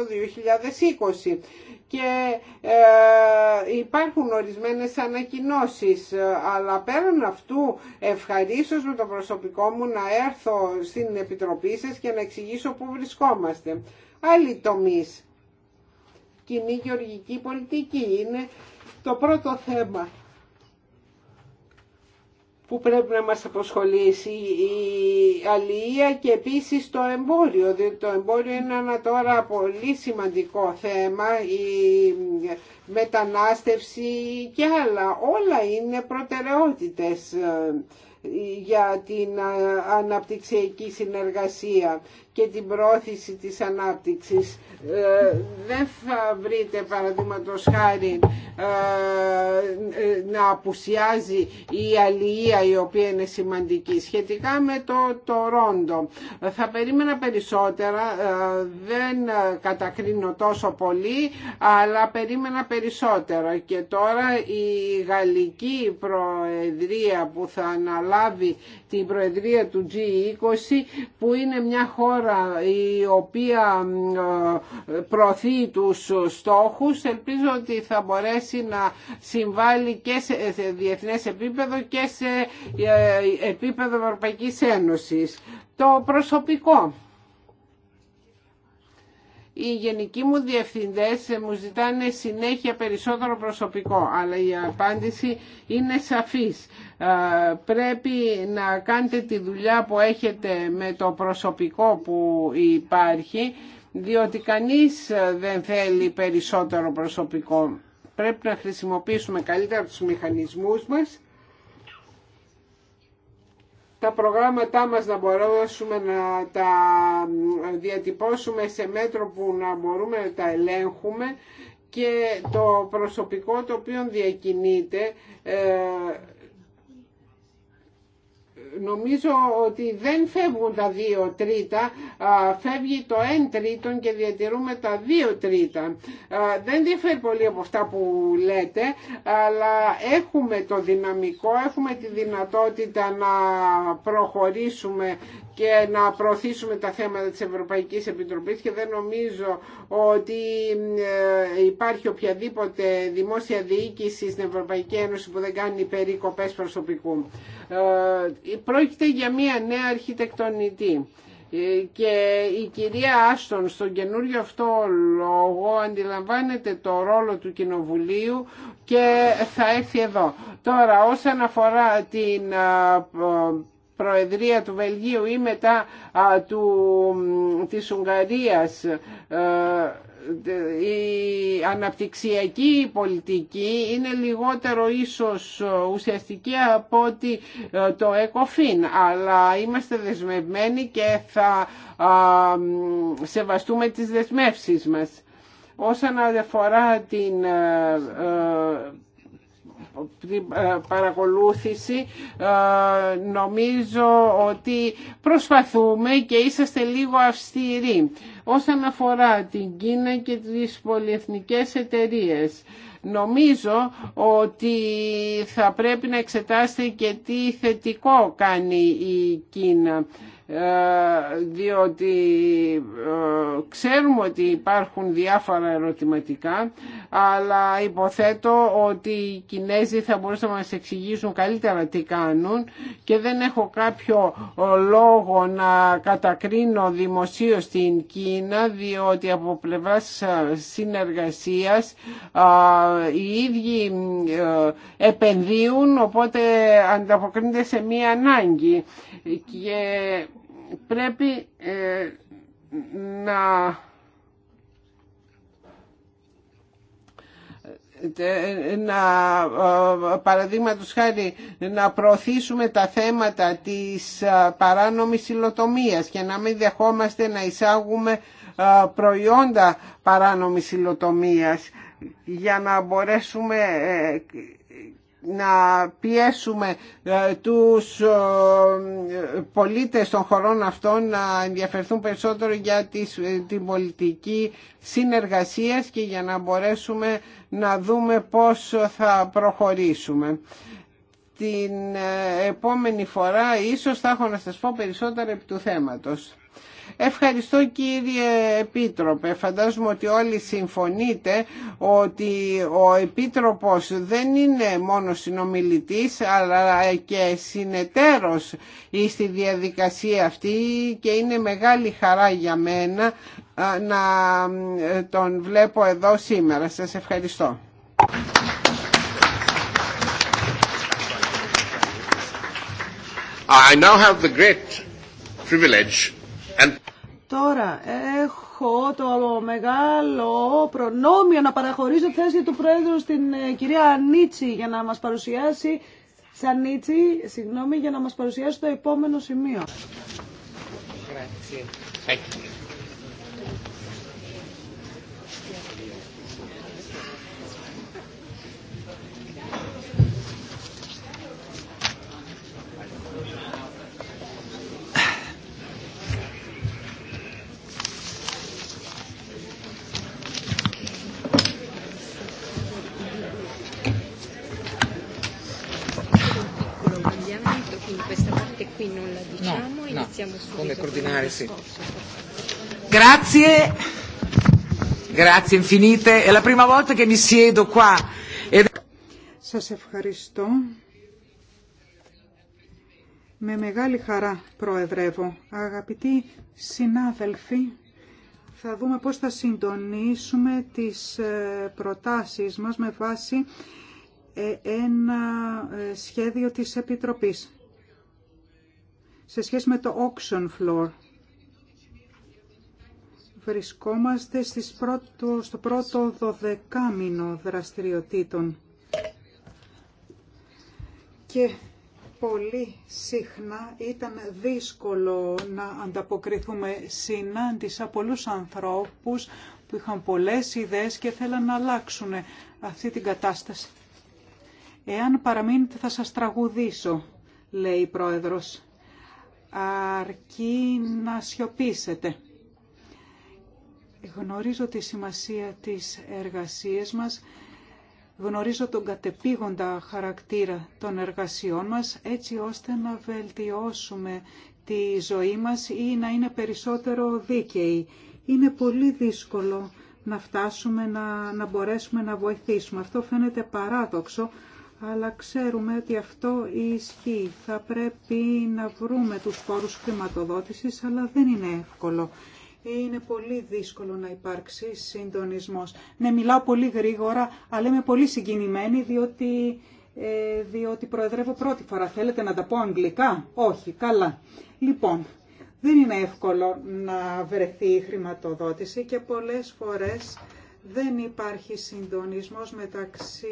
2020 και ε, υπάρχουν ορισμένες ανακοινώσεις ε, αλλά πέραν αυτού ευχαρίσω με το προσωπικό μου να έρθω στην Επιτροπή σας και να εξηγήσω πού βρισκόμαστε. Άλλοι τομείς. Κοινή γεωργική πολιτική είναι το πρώτο θέμα που πρέπει να μας αποσχολήσει η αλληλεία και επίσης το εμπόριο, διότι το εμπόριο είναι ένα τώρα πολύ σημαντικό θέμα, η μετανάστευση και άλλα. Όλα είναι προτεραιότητες ε, για την ε, αναπτυξιακή συνεργασία και την πρόθεση της ανάπτυξης. Ε, δεν θα βρείτε παραδείγματο χάρη ε, να απουσιάζει η αλληλεία η οποία είναι σημαντική. Σχετικά με το, το ρόντο, θα περίμενα περισσότερα, ε, δεν κατακρίνω τόσο πολύ, αλλά περίμενα περισσότερα. Και τώρα η γαλλική προεδρία που θα αναλάβει την προεδρία του G20, που είναι μια χώρα η οποία ε, προωθεί τους στόχους ελπίζω ότι θα μπορέσει να συμβάλλει και σε διεθνές επίπεδο και σε ε, επίπεδο Ευρωπαϊκής Ένωσης. Το προσωπικό. Οι γενικοί μου διευθυντές μου ζητάνε συνέχεια περισσότερο προσωπικό, αλλά η απάντηση είναι σαφής. Ε, πρέπει να κάνετε τη δουλειά που έχετε με το προσωπικό που υπάρχει διότι κανείς δεν θέλει περισσότερο προσωπικό. Πρέπει να χρησιμοποιήσουμε καλύτερα τους μηχανισμούς μας τα προγράμματά μας να μπορέσουμε να τα διατυπώσουμε σε μέτρο που να μπορούμε να τα ελέγχουμε και το προσωπικό το οποίο διακινείται ε, νομίζω ότι δεν φεύγουν τα δύο τρίτα, φεύγει το εν τρίτον και διατηρούμε τα δύο τρίτα. Δεν διαφέρει πολύ από αυτά που λέτε, αλλά έχουμε το δυναμικό, έχουμε τη δυνατότητα να προχωρήσουμε και να προωθήσουμε τα θέματα της Ευρωπαϊκής Επιτροπής και δεν νομίζω ότι ε, υπάρχει οποιαδήποτε δημόσια διοίκηση στην Ευρωπαϊκή Ένωση που δεν κάνει περίκοπες προσωπικού. Ε, πρόκειται για μια νέα αρχιτεκτονική ε, και η κυρία Άστον στον καινούριο αυτό λόγο αντιλαμβάνεται το ρόλο του Κοινοβουλίου και θα έρθει εδώ. Τώρα όσον αφορά την Προεδρία του Βελγίου ή μετά του, της Ουγγαρίας ε, η αναπτυξιακή πολιτική είναι λιγότερο ίσως ουσιαστική από ότι ε, το ΕΚΟΦΗΝ αλλά είμαστε δεσμευμένοι και θα σεβαστούμε τις δεσμεύσεις μας. Όσον αφορά την ε, παρακολούθηση ε, νομίζω ότι προσπαθούμε και είσαστε λίγο αυστηροί όσον αφορά την Κίνα και τις πολυεθνικές εταιρείες. Νομίζω ότι θα πρέπει να εξετάσετε και τι θετικό κάνει η Κίνα ε, διότι ε, ξέρουμε ότι υπάρχουν διάφορα ερωτηματικά αλλά υποθέτω ότι οι Κινέζοι θα μπορούσαν να μας εξηγήσουν καλύτερα τι κάνουν και δεν έχω κάποιο ε, λόγο να κατακρίνω δημοσίως την Κίνα διότι από πλευράς συνεργασίας οι ίδιοι επενδύουν οπότε ανταποκρίνεται σε μία ανάγκη και πρέπει ε, να ε, να ε, παραδείγματος χάρη να προωθήσουμε τα θέματα της παράνομης υλοτομίας και να μην δεχόμαστε να εισάγουμε προϊόντα παράνομης υλοτομίας για να μπορέσουμε να πιέσουμε ε, τους ε, πολίτες των χωρών αυτών να ενδιαφερθούν περισσότερο για ε, την πολιτική συνεργασία και για να μπορέσουμε να δούμε πώς θα προχωρήσουμε. Την επόμενη φορά ίσως θα έχω να σας πω περισσότερα επί του θέματος. Ευχαριστώ κύριε Επίτροπε. Φαντάζομαι ότι όλοι συμφωνείτε ότι ο Επίτροπος δεν είναι μόνο συνομιλητής αλλά και συνεταίρος στη διαδικασία αυτή και είναι μεγάλη χαρά για μένα να τον βλέπω εδώ σήμερα. Σας ευχαριστώ. I now have the great Τώρα έχω το μεγάλο προνόμιο να παραχωρήσω θέση του Πρόεδρου στην ε, κυρία Ανίτσι για να μας παρουσιάσει Σανίτσι, συγγνώμη, για να μας παρουσιάσει το επόμενο σημείο. come coordinare, sì. Grazie, grazie infinite. È la prima volta che mi siedo qua. Σας ευχαριστώ. Με μεγάλη χαρά προεδρεύω. Αγαπητοί συνάδελφοι, θα δούμε πώς θα συντονίσουμε τις ε, προτάσεις μας με βάση ε, ένα ε, σχέδιο της Επιτροπής σε σχέση με το auction floor. Βρισκόμαστε στις πρώτο, στο πρώτο δωδεκάμινο δραστηριοτήτων και πολύ συχνά ήταν δύσκολο να ανταποκριθούμε. Συνάντησα πολλούς ανθρώπους που είχαν πολλές ιδέες και θέλαν να αλλάξουν αυτή την κατάσταση. «Εάν παραμείνετε θα σας τραγουδήσω», λέει η πρόεδρος αρκεί να σιωπήσετε. Γνωρίζω τη σημασία της εργασίας μας, γνωρίζω τον κατεπήγοντα χαρακτήρα των εργασιών μας, έτσι ώστε να βελτιώσουμε τη ζωή μας ή να είναι περισσότερο δίκαιοι. Είναι πολύ δύσκολο να φτάσουμε να, να μπορέσουμε να βοηθήσουμε. Αυτό φαίνεται παράδοξο, αλλά ξέρουμε ότι αυτό ισχύει. Θα πρέπει να βρούμε τους πόρους χρηματοδότησης, αλλά δεν είναι εύκολο. Είναι πολύ δύσκολο να υπάρξει συντονισμός. Ναι, μιλάω πολύ γρήγορα, αλλά είμαι πολύ συγκινημένη, διότι, ε, διότι προεδρεύω πρώτη φορά. Θέλετε να τα πω αγγλικά? Όχι, καλά. Λοιπόν, δεν είναι εύκολο να βρεθεί η χρηματοδότηση και πολλές φορές δεν υπάρχει συντονισμός μεταξύ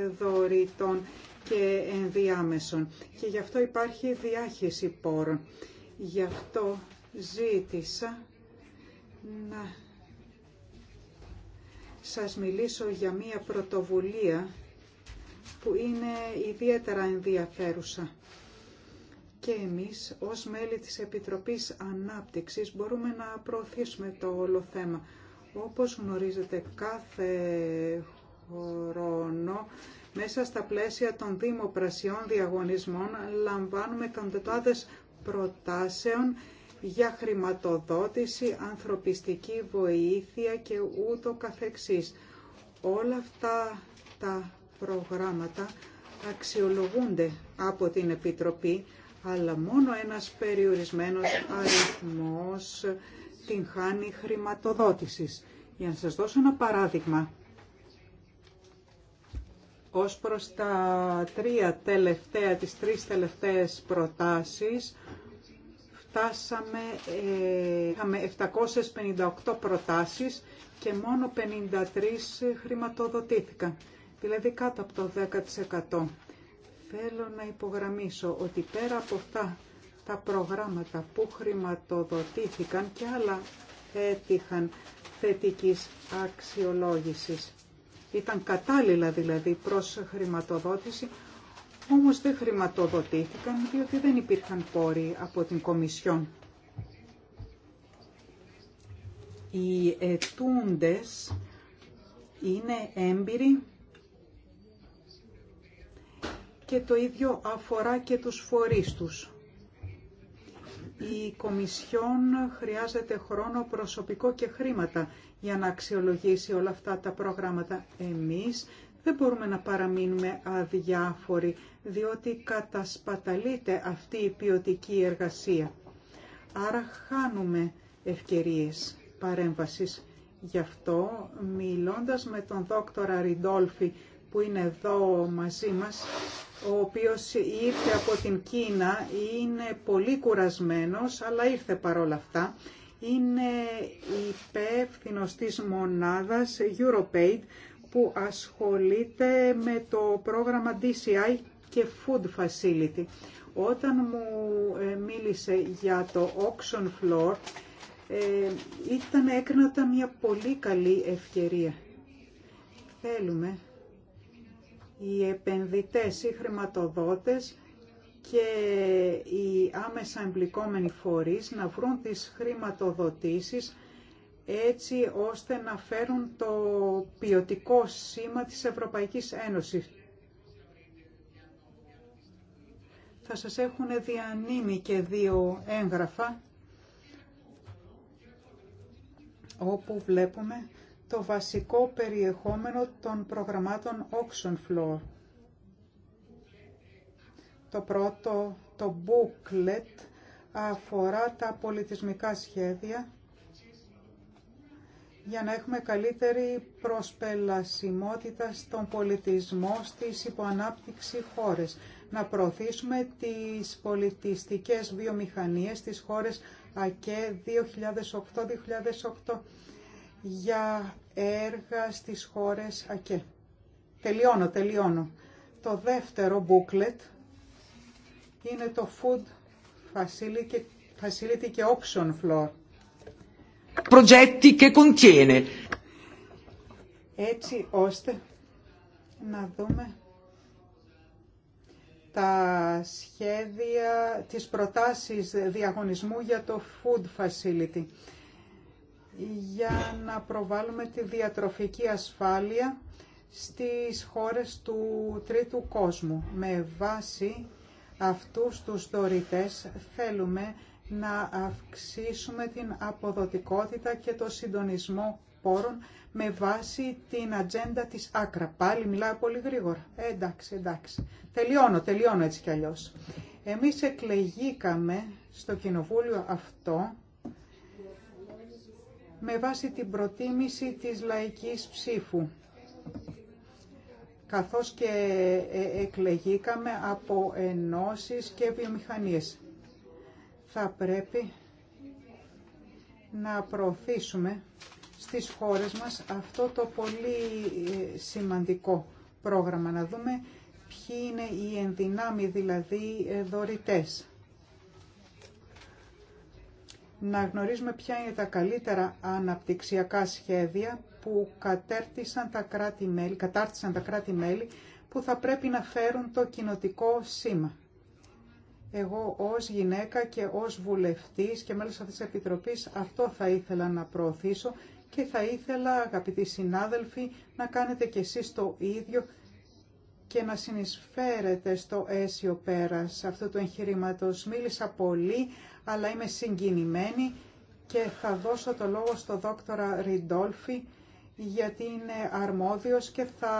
ε, δωρητών και ενδιάμεσων και γι' αυτό υπάρχει διάχυση πόρων. Γι' αυτό ζήτησα να σας μιλήσω για μία πρωτοβουλία που είναι ιδιαίτερα ενδιαφέρουσα. Και εμείς ως μέλη της Επιτροπής Ανάπτυξης μπορούμε να προωθήσουμε το όλο θέμα. Όπως γνωρίζετε, κάθε χρόνο μέσα στα πλαίσια των δημοπρασιών διαγωνισμών λαμβάνουμε εκατοντάδες προτάσεων για χρηματοδότηση, ανθρωπιστική βοήθεια και ούτω καθεξής. Όλα αυτά τα προγράμματα αξιολογούνται από την Επιτροπή, αλλά μόνο ένας περιορισμένος αριθμός την χάνει χρηματοδότησης. Για να σας δώσω ένα παράδειγμα, ως προς τα τρία τελευταία, τις τρεις τελευταίες προτάσεις, φτάσαμε, ε, είχαμε 758 προτάσεις και μόνο 53 χρηματοδοτήθηκαν, δηλαδή κάτω από το 10%. Θέλω να υπογραμμίσω ότι πέρα από αυτά τα προγράμματα που χρηματοδοτήθηκαν και άλλα έτυχαν θετικής αξιολόγησης. Ήταν κατάλληλα δηλαδή προς χρηματοδότηση, όμως δεν χρηματοδοτήθηκαν διότι δεν υπήρχαν πόροι από την Κομισιόν. Οι ετούντες είναι έμπειροι και το ίδιο αφορά και τους φορείς τους η Κομισιόν χρειάζεται χρόνο, προσωπικό και χρήματα για να αξιολογήσει όλα αυτά τα προγράμματα. Εμείς δεν μπορούμε να παραμείνουμε αδιάφοροι, διότι κατασπαταλείται αυτή η ποιοτική εργασία. Άρα χάνουμε ευκαιρίες παρέμβασης. Γι' αυτό, μιλώντας με τον δόκτορα Ριντόλφη, που είναι εδώ μαζί μας, ο οποίος ήρθε από την Κίνα, είναι πολύ κουρασμένος, αλλά ήρθε παρόλα αυτά. Είναι υπεύθυνο της μονάδας EuroPaid που ασχολείται με το πρόγραμμα DCI και Food Facility. Όταν μου ε, μίλησε για το auction floor, ε, ήταν έκρινα μια πολύ καλή ευκαιρία. Θέλουμε οι επενδυτές, οι χρηματοδότες και οι άμεσα εμπλικόμενοι φορείς να βρουν τις χρηματοδοτήσεις έτσι ώστε να φέρουν το ποιοτικό σήμα της Ευρωπαϊκής Ένωσης. Θα σας έχουν διανύμει και δύο έγγραφα όπου βλέπουμε το βασικό περιεχόμενο των προγραμμάτων Oxenfloor. Το πρώτο, το booklet, αφορά τα πολιτισμικά σχέδια για να έχουμε καλύτερη προσπελασιμότητα στον πολιτισμό στις υποανάπτυξη χώρες. Να προωθήσουμε τις πολιτιστικές βιομηχανίες στις χώρες ΑΚΕ 2008-2008 για έργα στις χώρες ΑΚΕ. Τελειώνω, τελειώνω. Το δεύτερο booklet είναι το Food Facility, facility και Option Floor. Έτσι ώστε να δούμε τα σχέδια, τις προτάσεις διαγωνισμού για το Food Facility για να προβάλλουμε τη διατροφική ασφάλεια στις χώρες του τρίτου κόσμου. Με βάση αυτούς τους δωρητές θέλουμε να αυξήσουμε την αποδοτικότητα και το συντονισμό πόρων με βάση την ατζέντα της άκρα. Πάλι μιλάω πολύ γρήγορα. Ε, εντάξει, εντάξει. Τελειώνω, τελειώνω έτσι κι αλλιώς. Εμείς εκλεγήκαμε στο κοινοβούλιο αυτό με βάση την προτίμηση της λαϊκής ψήφου καθώς και ε, ε, εκλεγήκαμε από ενώσεις και βιομηχανίες. Θα πρέπει να προωθήσουμε στις χώρες μας αυτό το πολύ ε, σημαντικό πρόγραμμα, να δούμε ποιοι είναι οι ενδυνάμοι δηλαδή δωρητές να γνωρίζουμε ποια είναι τα καλύτερα αναπτυξιακά σχέδια που κατέρτισαν τα κράτη-μέλη, κατάρτισαν τα κράτη-μέλη που θα πρέπει να φέρουν το κοινοτικό σήμα. Εγώ ως γυναίκα και ως βουλευτής και μέλος αυτής της Επιτροπής αυτό θα ήθελα να προωθήσω και θα ήθελα αγαπητοί συνάδελφοι να κάνετε κι εσείς το ίδιο και να συνεισφέρετε στο αίσιο πέρας αυτού του εγχειρήματο. Μίλησα πολύ, αλλά είμαι συγκινημένη και θα δώσω το λόγο στο δόκτωρα Ριντόλφη γιατί είναι αρμόδιος και θα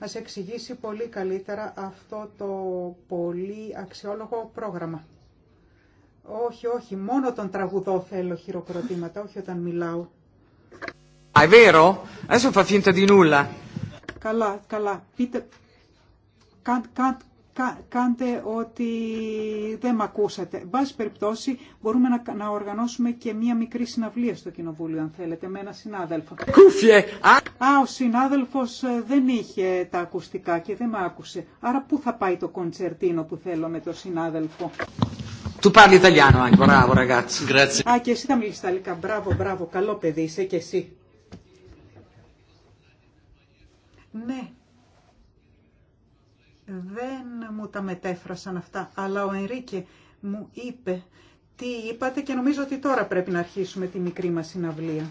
μας εξηγήσει πολύ καλύτερα αυτό το πολύ αξιόλογο πρόγραμμα. Όχι, όχι, μόνο τον τραγουδό θέλω χειροκροτήματα, όχι όταν μιλάω. vero? Adesso fa finta di Καλά, καλά. Πείτε, κάν, κάντε ότι δεν με ακούσατε. Εν περιπτώσει μπορούμε να, οργανώσουμε και μία μικρή συναυλία στο Κοινοβούλιο αν θέλετε με έναν συνάδελφο. Κούφιε! Α, ο συνάδελφος ε, δεν είχε τα ακουστικά και δεν με άκουσε. Άρα πού θα πάει το κοντσερτίνο που θέλω με τον συνάδελφο. Του πάλι Ιταλιάνο, αν ragazzi. Grazie. Α, και εσύ θα μιλήσει Ιταλικά. Μπράβο, μπράβο. Καλό παιδί είσαι και εσύ. Ναι δεν μου τα μετέφρασαν αυτά, αλλά ο Ενρίκε μου είπε τι είπατε και νομίζω ότι τώρα πρέπει να αρχίσουμε τη μικρή μας συναυλία.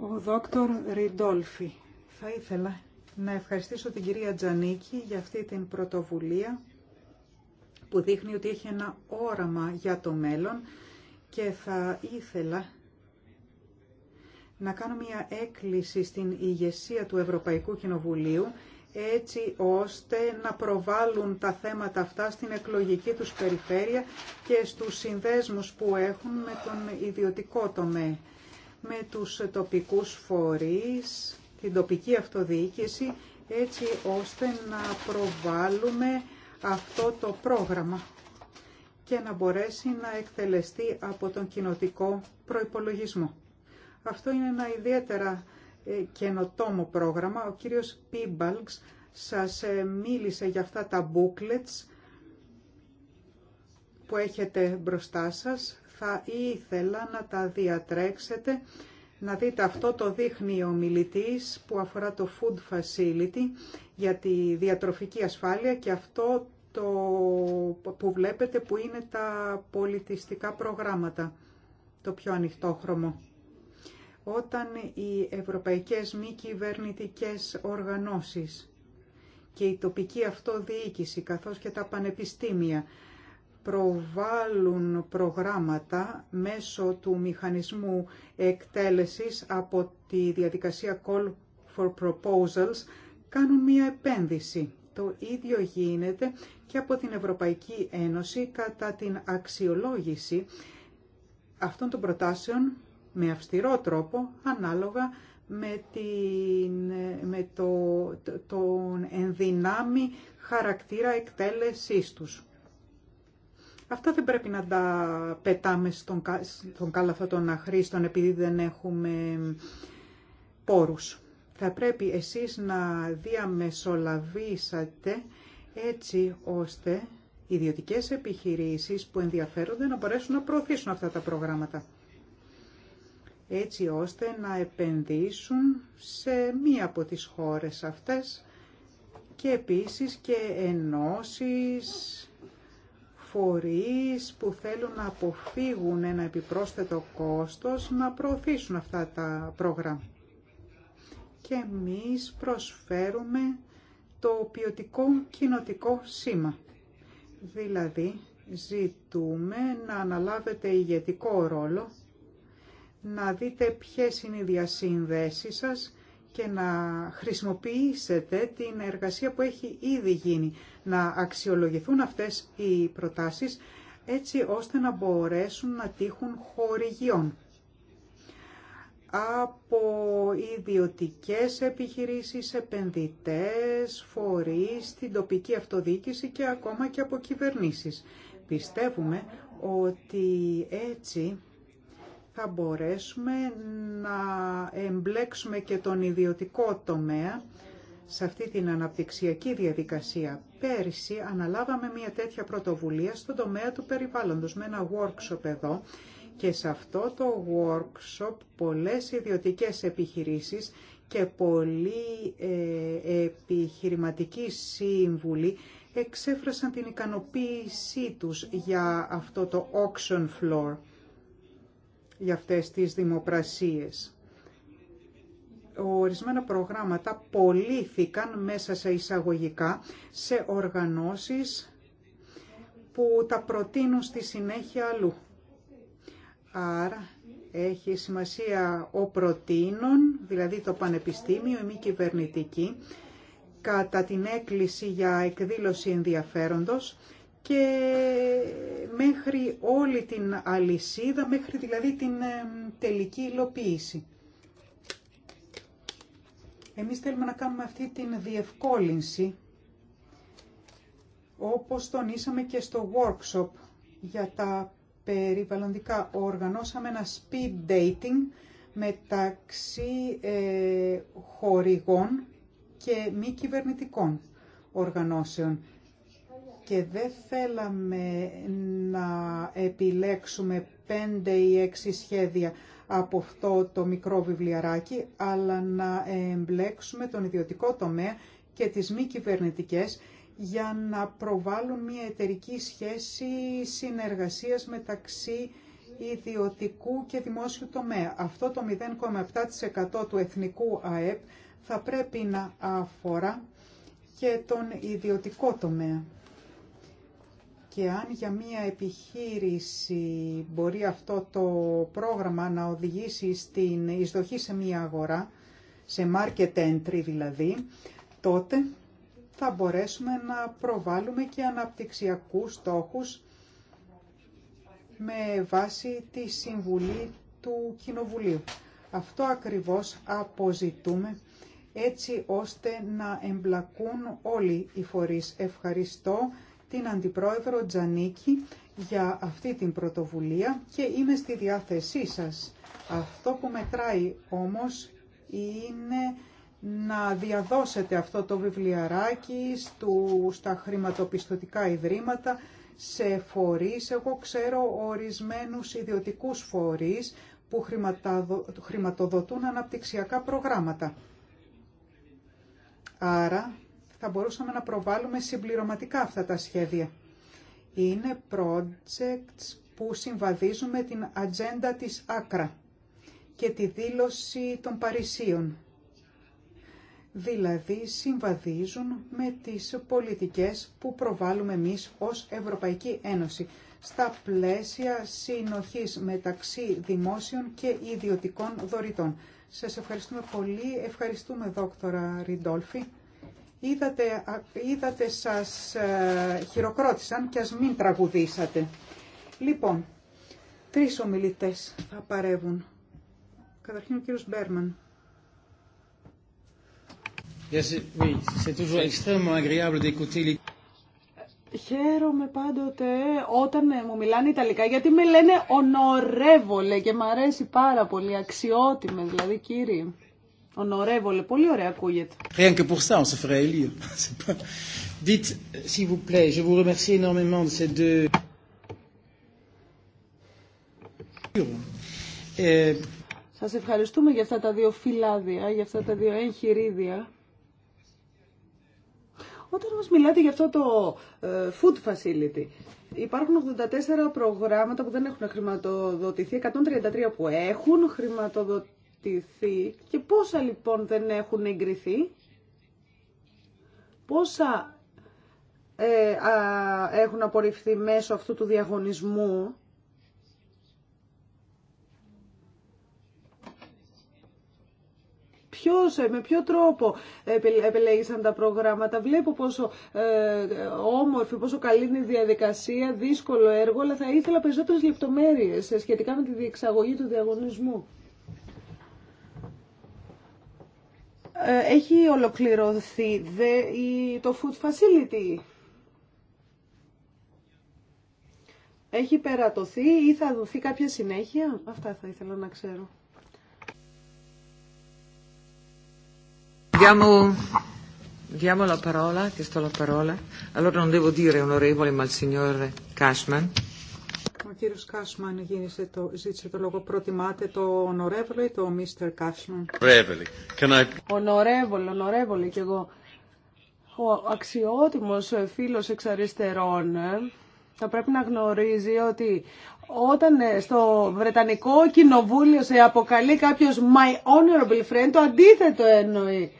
Ο δόκτωρ Ριντόλφι. Θα ήθελα να ευχαριστήσω την κυρία Τζανίκη για αυτή την πρωτοβουλία που δείχνει ότι έχει ένα όραμα για το μέλλον και θα ήθελα να κάνω μια έκκληση στην ηγεσία του Ευρωπαϊκού Κοινοβουλίου έτσι ώστε να προβάλλουν τα θέματα αυτά στην εκλογική τους περιφέρεια και στους συνδέσμους που έχουν με τον ιδιωτικό τομέα, με τους τοπικούς φορείς, την τοπική αυτοδιοίκηση, έτσι ώστε να προβάλλουμε αυτό το πρόγραμμα και να μπορέσει να εκτελεστεί από τον κοινοτικό προϋπολογισμό. Αυτό είναι ένα ιδιαίτερα ε, καινοτόμο πρόγραμμα. Ο κύριος Πίμπαλξ σας ε, μίλησε για αυτά τα booklets που έχετε μπροστά σας. Θα ήθελα να τα διατρέξετε. Να δείτε αυτό το δείχνει ο μιλητής που αφορά το Food Facility για τη διατροφική ασφάλεια και αυτό το που βλέπετε που είναι τα πολιτιστικά προγράμματα, το πιο ανοιχτόχρωμο όταν οι ευρωπαϊκές μη κυβερνητικέ οργανώσεις και η τοπική αυτοδιοίκηση καθώς και τα πανεπιστήμια προβάλλουν προγράμματα μέσω του μηχανισμού εκτέλεσης από τη διαδικασία Call for Proposals κάνουν μία επένδυση. Το ίδιο γίνεται και από την Ευρωπαϊκή Ένωση κατά την αξιολόγηση αυτών των προτάσεων με αυστηρό τρόπο ανάλογα με, την, με το, τον ενδυνάμει χαρακτήρα εκτέλεσής τους. Αυτά δεν πρέπει να τα πετάμε στον, στον κάλαθο των αχρήστων επειδή δεν έχουμε πόρους. Θα πρέπει εσείς να διαμεσολαβήσατε έτσι ώστε ιδιωτικές επιχειρήσεις που ενδιαφέρονται να μπορέσουν να προωθήσουν αυτά τα προγράμματα έτσι ώστε να επενδύσουν σε μία από τις χώρες αυτές και επίσης και ενώσεις, φορείς που θέλουν να αποφύγουν ένα επιπρόσθετο κόστος να προωθήσουν αυτά τα πρόγραμμα. Και εμείς προσφέρουμε το ποιοτικό κοινοτικό σήμα. Δηλαδή ζητούμε να αναλάβετε ηγετικό ρόλο να δείτε ποιες είναι οι διασύνδέσεις σας και να χρησιμοποιήσετε την εργασία που έχει ήδη γίνει. Να αξιολογηθούν αυτές οι προτάσεις έτσι ώστε να μπορέσουν να τύχουν χορηγιών από ιδιωτικές επιχειρήσεις, επενδυτές, φορείς, την τοπική αυτοδιοίκηση και ακόμα και από κυβερνήσεις. Πιστεύουμε ότι έτσι θα μπορέσουμε να εμπλέξουμε και τον ιδιωτικό τομέα σε αυτή την αναπτυξιακή διαδικασία. Πέρυσι αναλάβαμε μια τέτοια πρωτοβουλία στον τομέα του περιβάλλοντος με ένα workshop εδώ και σε αυτό το workshop πολλές ιδιωτικές επιχειρήσεις και πολλοί ε, επιχειρηματικοί σύμβουλοι εξέφρασαν την ικανοποίησή τους για αυτό το auction floor για αυτές τις δημοπρασίες. Ορισμένα προγράμματα πολίθηκαν μέσα σε εισαγωγικά σε οργανώσεις που τα προτείνουν στη συνέχεια αλλού. Άρα έχει σημασία ο προτείνων, δηλαδή το πανεπιστήμιο, η μη κυβερνητική, κατά την έκκληση για εκδήλωση ενδιαφέροντος, και μέχρι όλη την αλυσίδα, μέχρι δηλαδή την ε, τελική υλοποίηση. Εμείς θέλουμε να κάνουμε αυτή την διευκόλυνση, όπως τονίσαμε και στο workshop για τα περιβαλλοντικά. Οργανώσαμε ένα speed dating μεταξύ ε, χορηγών και μη κυβερνητικών οργανώσεων και δεν θέλαμε να επιλέξουμε πέντε ή έξι σχέδια από αυτό το μικρό βιβλιαράκι, αλλά να εμπλέξουμε τον ιδιωτικό τομέα και τις μη κυβερνητικέ για να προβάλλουν μια εταιρική σχέση συνεργασίας μεταξύ ιδιωτικού και δημόσιου τομέα. Αυτό το 0,7% του εθνικού ΑΕΠ θα πρέπει να αφορά και τον ιδιωτικό τομέα και αν για μία επιχείρηση μπορεί αυτό το πρόγραμμα να οδηγήσει στην εισδοχή σε μία αγορά, σε market entry δηλαδή, τότε θα μπορέσουμε να προβάλλουμε και αναπτυξιακούς στόχους με βάση τη Συμβουλή του Κοινοβουλίου. Αυτό ακριβώς αποζητούμε έτσι ώστε να εμπλακούν όλοι οι φορείς. Ευχαριστώ την Αντιπρόεδρο Τζανίκη για αυτή την πρωτοβουλία και είμαι στη διάθεσή σας. Αυτό που μετράει όμως είναι να διαδώσετε αυτό το βιβλιαράκι στου, στα χρηματοπιστωτικά ιδρύματα, σε φορείς, εγώ ξέρω ορισμένους ιδιωτικούς φορείς που χρηματοδοτούν αναπτυξιακά προγράμματα. Άρα θα μπορούσαμε να προβάλλουμε συμπληρωματικά αυτά τα σχέδια. Είναι projects που συμβαδίζουν με την ατζέντα της άκρα και τη δήλωση των Παρισίων. Δηλαδή συμβαδίζουν με τις πολιτικές που προβάλλουμε εμείς ως Ευρωπαϊκή Ένωση στα πλαίσια συνοχής μεταξύ δημόσιων και ιδιωτικών δωρητών. Σας ευχαριστούμε πολύ. Ευχαριστούμε δόκτωρα Ριντόλφη. Είδατε, είδατε σας ε, χειροκρότησαν και ας μην τραγουδήσατε. Λοιπόν, τρεις ομιλητές θα παρεύουν. Καταρχήν ο κύριος Μπέρμαν. Χαίρομαι πάντοτε όταν μου μιλάνε Ιταλικά, γιατί με λένε ονορεύολε και μου αρέσει πάρα πολύ, αξιότιμε δηλαδή κύριε Honorable, πολύ ωραία ακούγεται. Rien Σας ευχαριστούμε για αυτά τα δύο φυλάδια, για αυτά τα δύο εγχειρίδια. Όταν όμως μιλάτε για αυτό το ε, food facility, υπάρχουν 84 προγράμματα που δεν έχουν χρηματοδοτηθεί, 133 που έχουν χρηματοδοτηθεί και πόσα λοιπόν δεν έχουν εγκριθεί, πόσα ε, α, έχουν απορριφθεί μέσω αυτού του διαγωνισμού. Ποιος, ε, με ποιο τρόπο επιλέγησαν τα προγράμματα. Βλέπω πόσο ε, όμορφη, πόσο καλή είναι η διαδικασία, δύσκολο έργο, αλλά θα ήθελα περισσότερες λεπτομέρειες ε, σχετικά με τη διεξαγωγή του διαγωνισμού. έχει ολοκληρωθεί δε, το food facility. Έχει περατωθεί ή θα δοθεί κάποια συνέχεια. Αυτά θα ήθελα να ξέρω. Diamo, diamo la parola, che sto la parola. Allora non devo dire onorevole ma il signor Cashman κύριος Κάσμαν γίνησε το, ζήτησε το λόγο. Προτιμάτε το ονορεύολο ή το Μίστερ Κάσμαν. Ονορεύολο, ονορεύολο κι εγώ. Ο αξιότιμος φίλος εξ αριστερών ε, θα πρέπει να γνωρίζει ότι όταν ε, στο Βρετανικό Κοινοβούλιο σε αποκαλεί κάποιος my honorable friend, το αντίθετο εννοεί.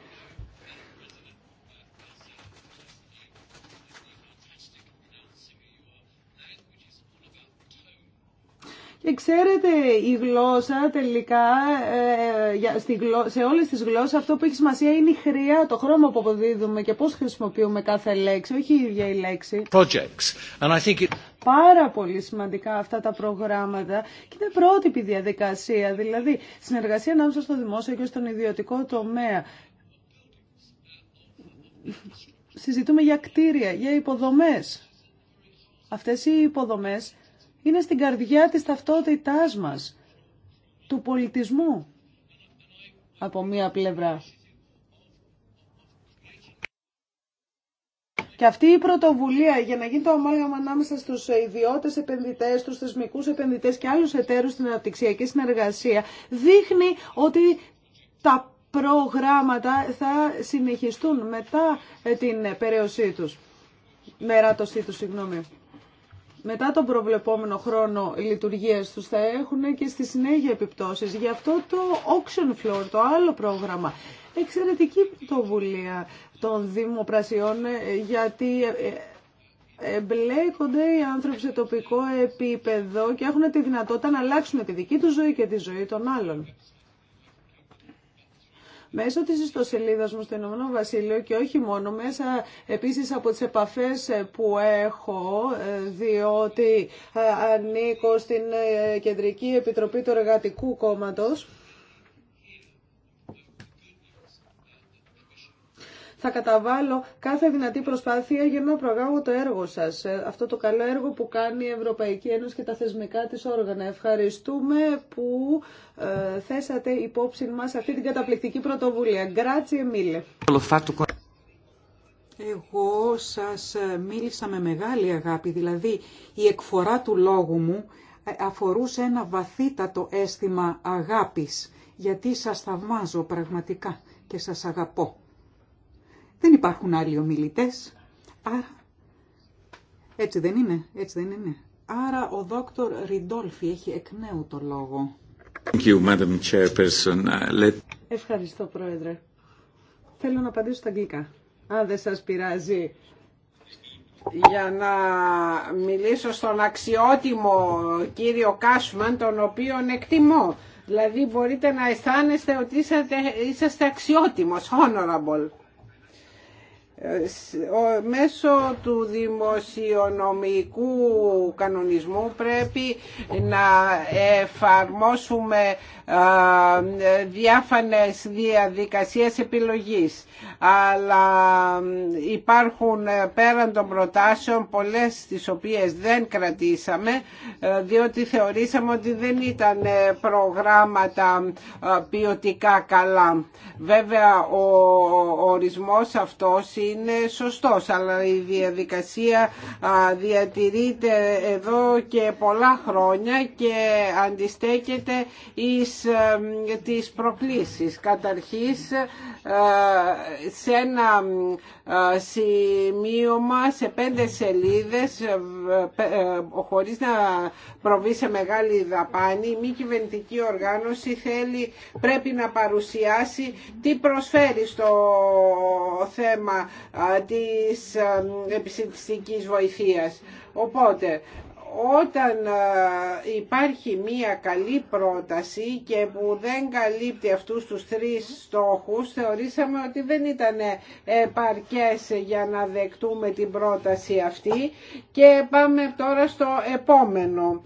Ε, ξέρετε η γλώσσα τελικά, ε, σε όλες τις γλώσσες αυτό που έχει σημασία είναι η χρειά, το χρώμα που αποδίδουμε και πώς χρησιμοποιούμε κάθε λέξη, όχι η ίδια η λέξη. And I think it... Πάρα πολύ σημαντικά αυτά τα προγράμματα και είναι πρότυπη διαδικασία, δηλαδή συνεργασία ανάμεσα στο δημόσιο και στον ιδιωτικό τομέα. Συζητούμε για κτίρια, για υποδομές. Αυτές οι υποδομές είναι στην καρδιά της ταυτότητάς μας, του πολιτισμού, από μία πλευρά. Και αυτή η πρωτοβουλία για να γίνει το αμάλγαμα ανάμεσα στους ιδιώτες επενδυτές, στους θεσμικούς επενδυτές και άλλους εταίρους στην αναπτυξιακή συνεργασία δείχνει ότι τα προγράμματα θα συνεχιστούν μετά ε, την ε, περαιωσή τους. Μεράτωσή τους, συγγνώμη μετά τον προβλεπόμενο χρόνο λειτουργίας τους θα έχουν και στη συνέχεια επιπτώσεις. Γι' αυτό το Auction Floor, το άλλο πρόγραμμα, εξαιρετική πρωτοβουλία των Δημοπρασιών ε, γιατί ε, ε, εμπλέκονται οι άνθρωποι σε τοπικό επίπεδο και έχουν τη δυνατότητα να αλλάξουν τη δική τους ζωή και τη ζωή των άλλων. Μέσω της ιστοσελίδας μου στο Ηνωμένο Βασίλειο και όχι μόνο, μέσα επίσης από τις επαφές ε, που έχω, ε, διότι ε, ανήκω στην Κεντρική Επιτροπή του Εργατικού Κόμματος, θα καταβάλω κάθε δυνατή προσπάθεια για να προαγάγω το έργο σας. Ε, αυτό το καλό έργο που κάνει η Ευρωπαϊκή Ένωση και τα θεσμικά της όργανα. Ευχαριστούμε που ε, θέσατε υπόψη μας αυτή την καταπληκτική πρωτοβουλία. Γκράτσι Εμίλε. Εγώ σας ε, μίλησα με μεγάλη αγάπη, δηλαδή η εκφορά του λόγου μου αφορούσε ένα βαθύτατο αίσθημα αγάπης, γιατί σας θαυμάζω πραγματικά και σας αγαπώ. Δεν υπάρχουν άλλοι ομιλητές. Άρα... Έτσι δεν είναι, έτσι δεν είναι. Άρα ο δόκτωρ Ριντόλφι έχει εκ νέου το λόγο. Thank you, Madam Chairperson. Uh, Ευχαριστώ, Πρόεδρε. Θέλω να απαντήσω στα αγγλικά. Αν δεν σας πειράζει για να μιλήσω στον αξιότιμο κύριο Κάσμαν, τον οποίον εκτιμώ. Δηλαδή μπορείτε να αισθάνεστε ότι είσαστε, είσαστε αξιότιμος, honorable μέσω του δημοσιονομικού κανονισμού πρέπει να εφαρμόσουμε διάφανες διαδικασίες επιλογής αλλά υπάρχουν πέραν των προτάσεων πολλές τις οποίες δεν κρατήσαμε ε, διότι θεωρήσαμε ότι δεν ήταν προγράμματα ε, ποιοτικά καλά βέβαια ο ορισμός αυτός είναι σωστός αλλά η διαδικασία διατηρείται εδώ και πολλά χρόνια και αντιστέκεται εις τις προκλήσεις. Καταρχής σε ένα σημείωμα σε πέντε σελίδες ε, ε, χωρίς να προβεί σε μεγάλη δαπάνη η μη κυβερνητική οργάνωση θέλει, πρέπει να παρουσιάσει τι προσφέρει στο θέμα της επιστημιστικής βοηθείας. Οπότε όταν ε, υπάρχει μία καλή πρόταση και που δεν καλύπτει αυτούς τους τρεις στόχους θεωρήσαμε ότι δεν ήταν επαρκές για να δεκτούμε την πρόταση αυτή και πάμε τώρα στο επόμενο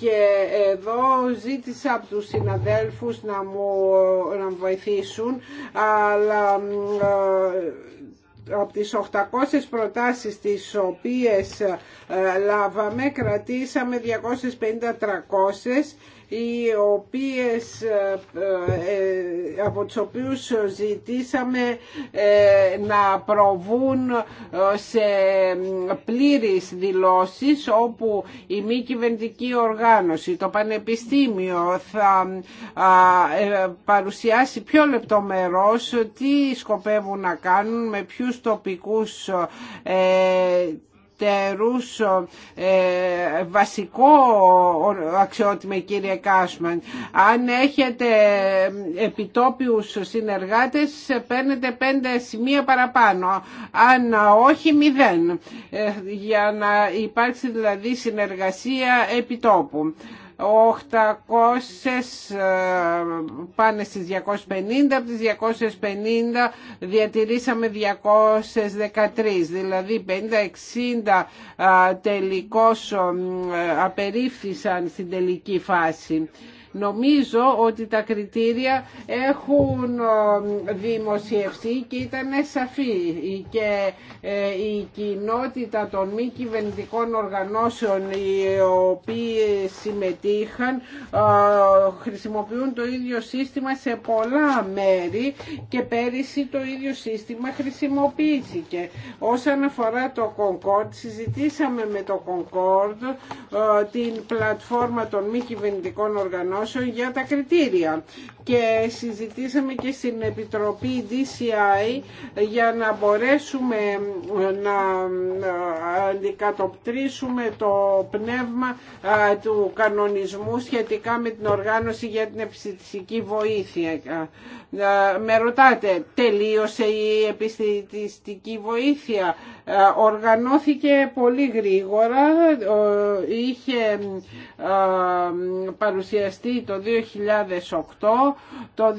και εδώ ζήτησα από τους συναδέλφους να μου, να βοηθήσουν αλλά ε, από τις 800 προτάσεις τις οποίες ε, λάβαμε κρατήσαμε 250-300 οι οποίες, ε, ε, από τους οποίους ζητήσαμε ε, να προβούν σε πλήρεις δηλώσεις όπου η μη κυβερνητική οργάνωση, το Πανεπιστήμιο θα παρουσιάσει πιο λεπτομερώς τι σκοπεύουν να κάνουν, με ποιους τοπικούς ε, βασικό αξιότιμε κύριε Κάσμαν αν έχετε επιτόπιους συνεργάτες παίρνετε πέντε σημεία παραπάνω αν όχι μηδέν ε, για να υπάρξει δηλαδή συνεργασία επιτόπου. 800 ε, πάνε στις 250, από τις 250 διατηρήσαμε 213, δηλαδή 50-60 ε, τελικώς ε, απερίφθησαν στην τελική φάση. Νομίζω ότι τα κριτήρια έχουν ε, δημοσιευθεί και ήταν σαφή και ε, η κοινότητα των μη κυβερνητικών οργανώσεων οι οποίοι συμμετείχαν ε, χρησιμοποιούν το ίδιο σύστημα σε πολλά μέρη και πέρυσι το ίδιο σύστημα χρησιμοποιήθηκε. Όσον αφορά το Concord, συζητήσαμε με το Concord την πλατφόρμα των μη κυβερνητικών οργανώσεων για τα κριτήρια. Και συζητήσαμε και στην Επιτροπή DCI για να μπορέσουμε να αντικατοπτρίσουμε το πνεύμα του κανονισμού σχετικά με την οργάνωση για την ψυχική βοήθεια. Ε, με ρωτάτε, τελείωσε η επιστημιστική βοήθεια. Ε, οργανώθηκε πολύ γρήγορα. Είχε ε, παρουσιαστεί το 2008. Το 2009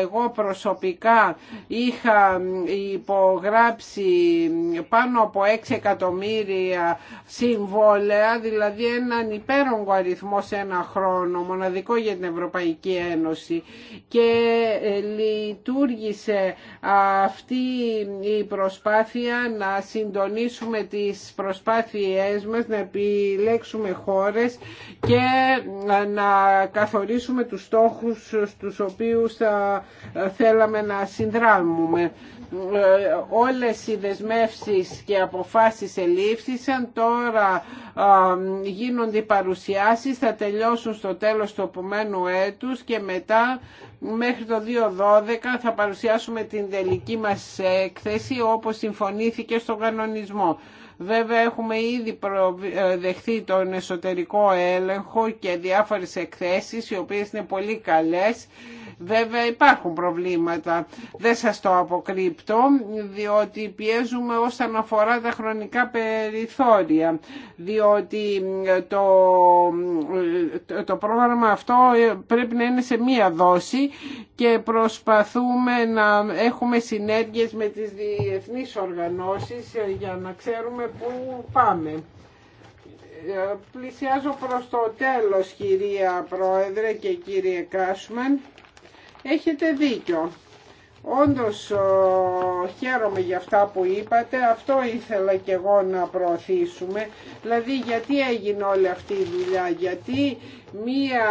εγώ προσωπικά είχα υπογράψει πάνω από 6 εκατομμύρια συμβόλαια, δηλαδή έναν υπέρογκο αριθμό σε ένα χρόνο, μοναδικό για την Ευρωπαϊκή Ένωση και ε, λειτουργήσε αυτή η προσπάθεια να συντονίσουμε τις προσπάθειές μας, να επιλέξουμε χώρες και ε, να καθορίσουμε τους στόχους στους οποίους θα ε, θέλαμε να συνδράμουμε. Ε, όλες οι δεσμεύσεις και αποφάσεις ελήφθησαν, τώρα γίνονται οι παρουσιάσεις, θα τελειώσουν στο τέλος του επομένου έτους και μετά μέχρι το 2012 θα παρουσιάσουμε την τελική μας έκθεση όπως συμφωνήθηκε στον κανονισμό. Βέβαια έχουμε ήδη ε, δεχθεί τον εσωτερικό έλεγχο και διάφορες εκθέσεις οι οποίες είναι πολύ καλές Βέβαια υπάρχουν προβλήματα, δεν σας το αποκρύπτω, διότι πιέζουμε όσον αφορά τα χρονικά περιθώρια, διότι το, το πρόγραμμα αυτό πρέπει να είναι σε μία δόση και προσπαθούμε να έχουμε συνέργειες με τις διεθνείς οργανώσεις για να ξέρουμε πού πάμε. Πλησιάζω προς το τέλος κυρία Πρόεδρε και κύριε Κάσμαν. Έχετε δίκιο. Όντως χαίρομαι για αυτά που είπατε, αυτό ήθελα και εγώ να προωθήσουμε. Δηλαδή γιατί έγινε όλη αυτή η δουλειά, γιατί μία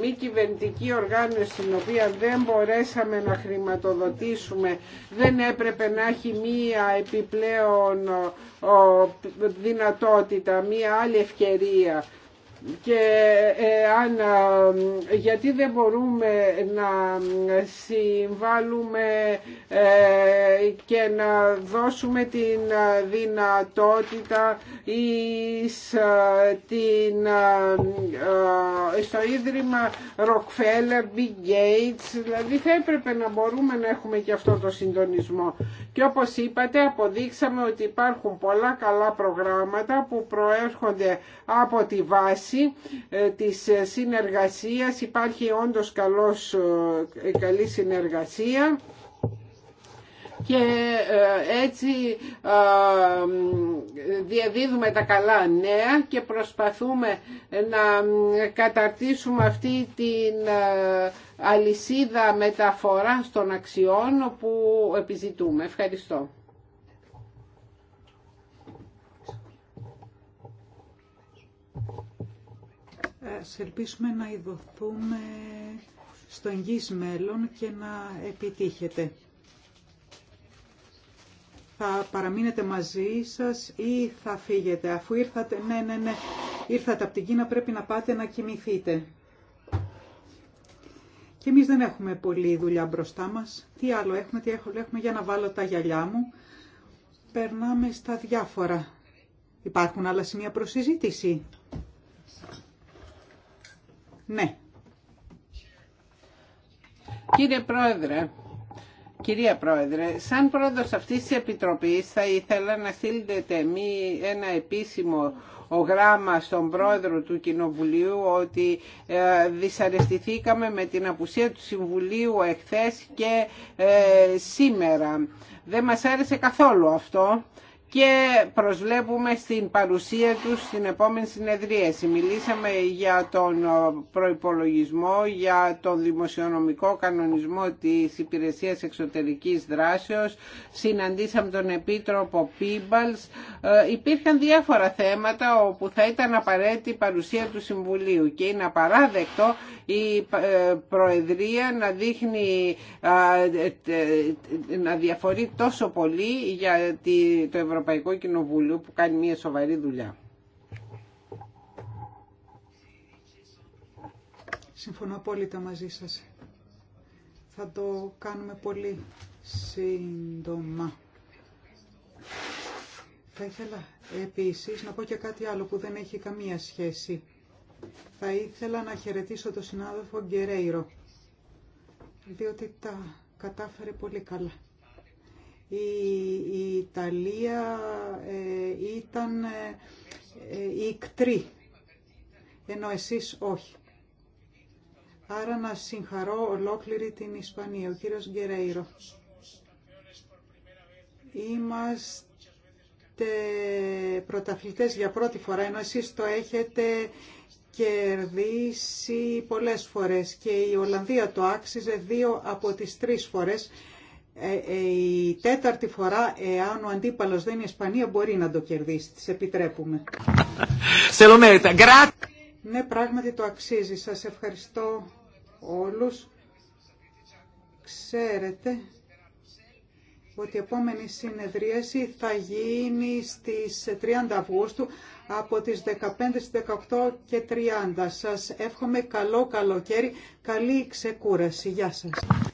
μη κυβερνητική οργάνωση την οποία δεν μπορέσαμε να χρηματοδοτήσουμε δεν έπρεπε να έχει μία επιπλέον δυνατότητα, μία άλλη ευκαιρία και ε, αν, ε, γιατί δεν μπορούμε να συμβάλλουμε ε, και να δώσουμε την δυνατότητα εις, την, στο Ίδρυμα Rockefeller, Big Gates, δηλαδή θα έπρεπε να μπορούμε να έχουμε και αυτό το συντονισμό. Και όπως είπατε αποδείξαμε ότι υπάρχουν πολλά καλά προγράμματα που προέρχονται από τη βάση ε, της ε, συνεργασίας υπάρχει όντως καλός, ε, καλή συνεργασία και έτσι διαδίδουμε τα καλά νέα και προσπαθούμε να καταρτήσουμε αυτή την αλυσίδα μεταφορά των αξιών που επιζητούμε. Ευχαριστώ. Ας ελπίσουμε να ειδωθούμε στο εγγύς μέλλον και να επιτύχετε. Θα παραμείνετε μαζί σας ή θα φύγετε. Αφού ήρθατε, ναι, ναι, ναι, ήρθατε από την Κίνα πρέπει να πάτε να κοιμηθείτε. Και εμείς δεν έχουμε πολλή δουλειά μπροστά μας. Τι άλλο έχουμε, τι έχουμε για να βάλω τα γυαλιά μου. Περνάμε στα διάφορα. Υπάρχουν άλλα σημεία προσυζήτηση. Ναι. Κύριε Πρόεδρε, Κυρία Πρόεδρε, σαν πρόεδρος αυτής της Επιτροπής θα ήθελα να στείλετε μη ένα επίσημο ο γράμμα στον πρόεδρο του Κοινοβουλίου ότι ε, δυσαρεστηθήκαμε με την απουσία του Συμβουλίου εχθές και ε, σήμερα. Δεν μας άρεσε καθόλου αυτό και προσβλέπουμε στην παρουσία τους στην επόμενη συνεδρίαση. Μιλήσαμε για τον ε, προϋπολογισμό, για τον δημοσιονομικό κανονισμό της Υπηρεσίας Εξωτερικής Δράσεως, συναντήσαμε τον Επίτροπο Πίμπαλς. Ε, υπήρχαν διάφορα θέματα όπου θα ήταν απαραίτητη η παρουσία του Συμβουλίου και είναι απαράδεκτο η ε, Προεδρία να δείχνει να διαφορεί τόσο πολύ για το Ευρωπαϊκό Ευρωπαϊκό Κοινοβούλιο που κάνει μια σοβαρή δουλειά. Συμφωνώ απόλυτα μαζί σας. Θα το κάνουμε πολύ σύντομα. Θα ήθελα επίσης να πω και κάτι άλλο που δεν έχει καμία σχέση. Θα ήθελα να χαιρετήσω τον συνάδελφο Γκερέιρο, διότι τα κατάφερε πολύ καλά η Ιταλία ε, ήταν ε, ε, κτρή, ενώ εσείς όχι. Άρα να συγχαρώ ολόκληρη την Ισπανία, ο κύριος Γκερέιρο. Είμαστε πρωταθλητές για πρώτη φορά, ενώ εσείς το έχετε κερδίσει πολλές φορές και η Ολλανδία το άξιζε δύο από τις τρεις φορές ε, ε, η τέταρτη φορά, εάν ο αντίπαλος δεν είναι η Ισπανία, μπορεί να το κερδίσει. Τη επιτρέπουμε. [laughs] Ναι, πράγματι το αξίζει. Σας ευχαριστώ όλους. Ξέρετε ότι η επόμενη συνεδρίαση θα γίνει στις 30 Αυγούστου από τις 15 στις 18 και 30. Σας εύχομαι καλό καλοκαίρι, καλή ξεκούραση. Γεια σας.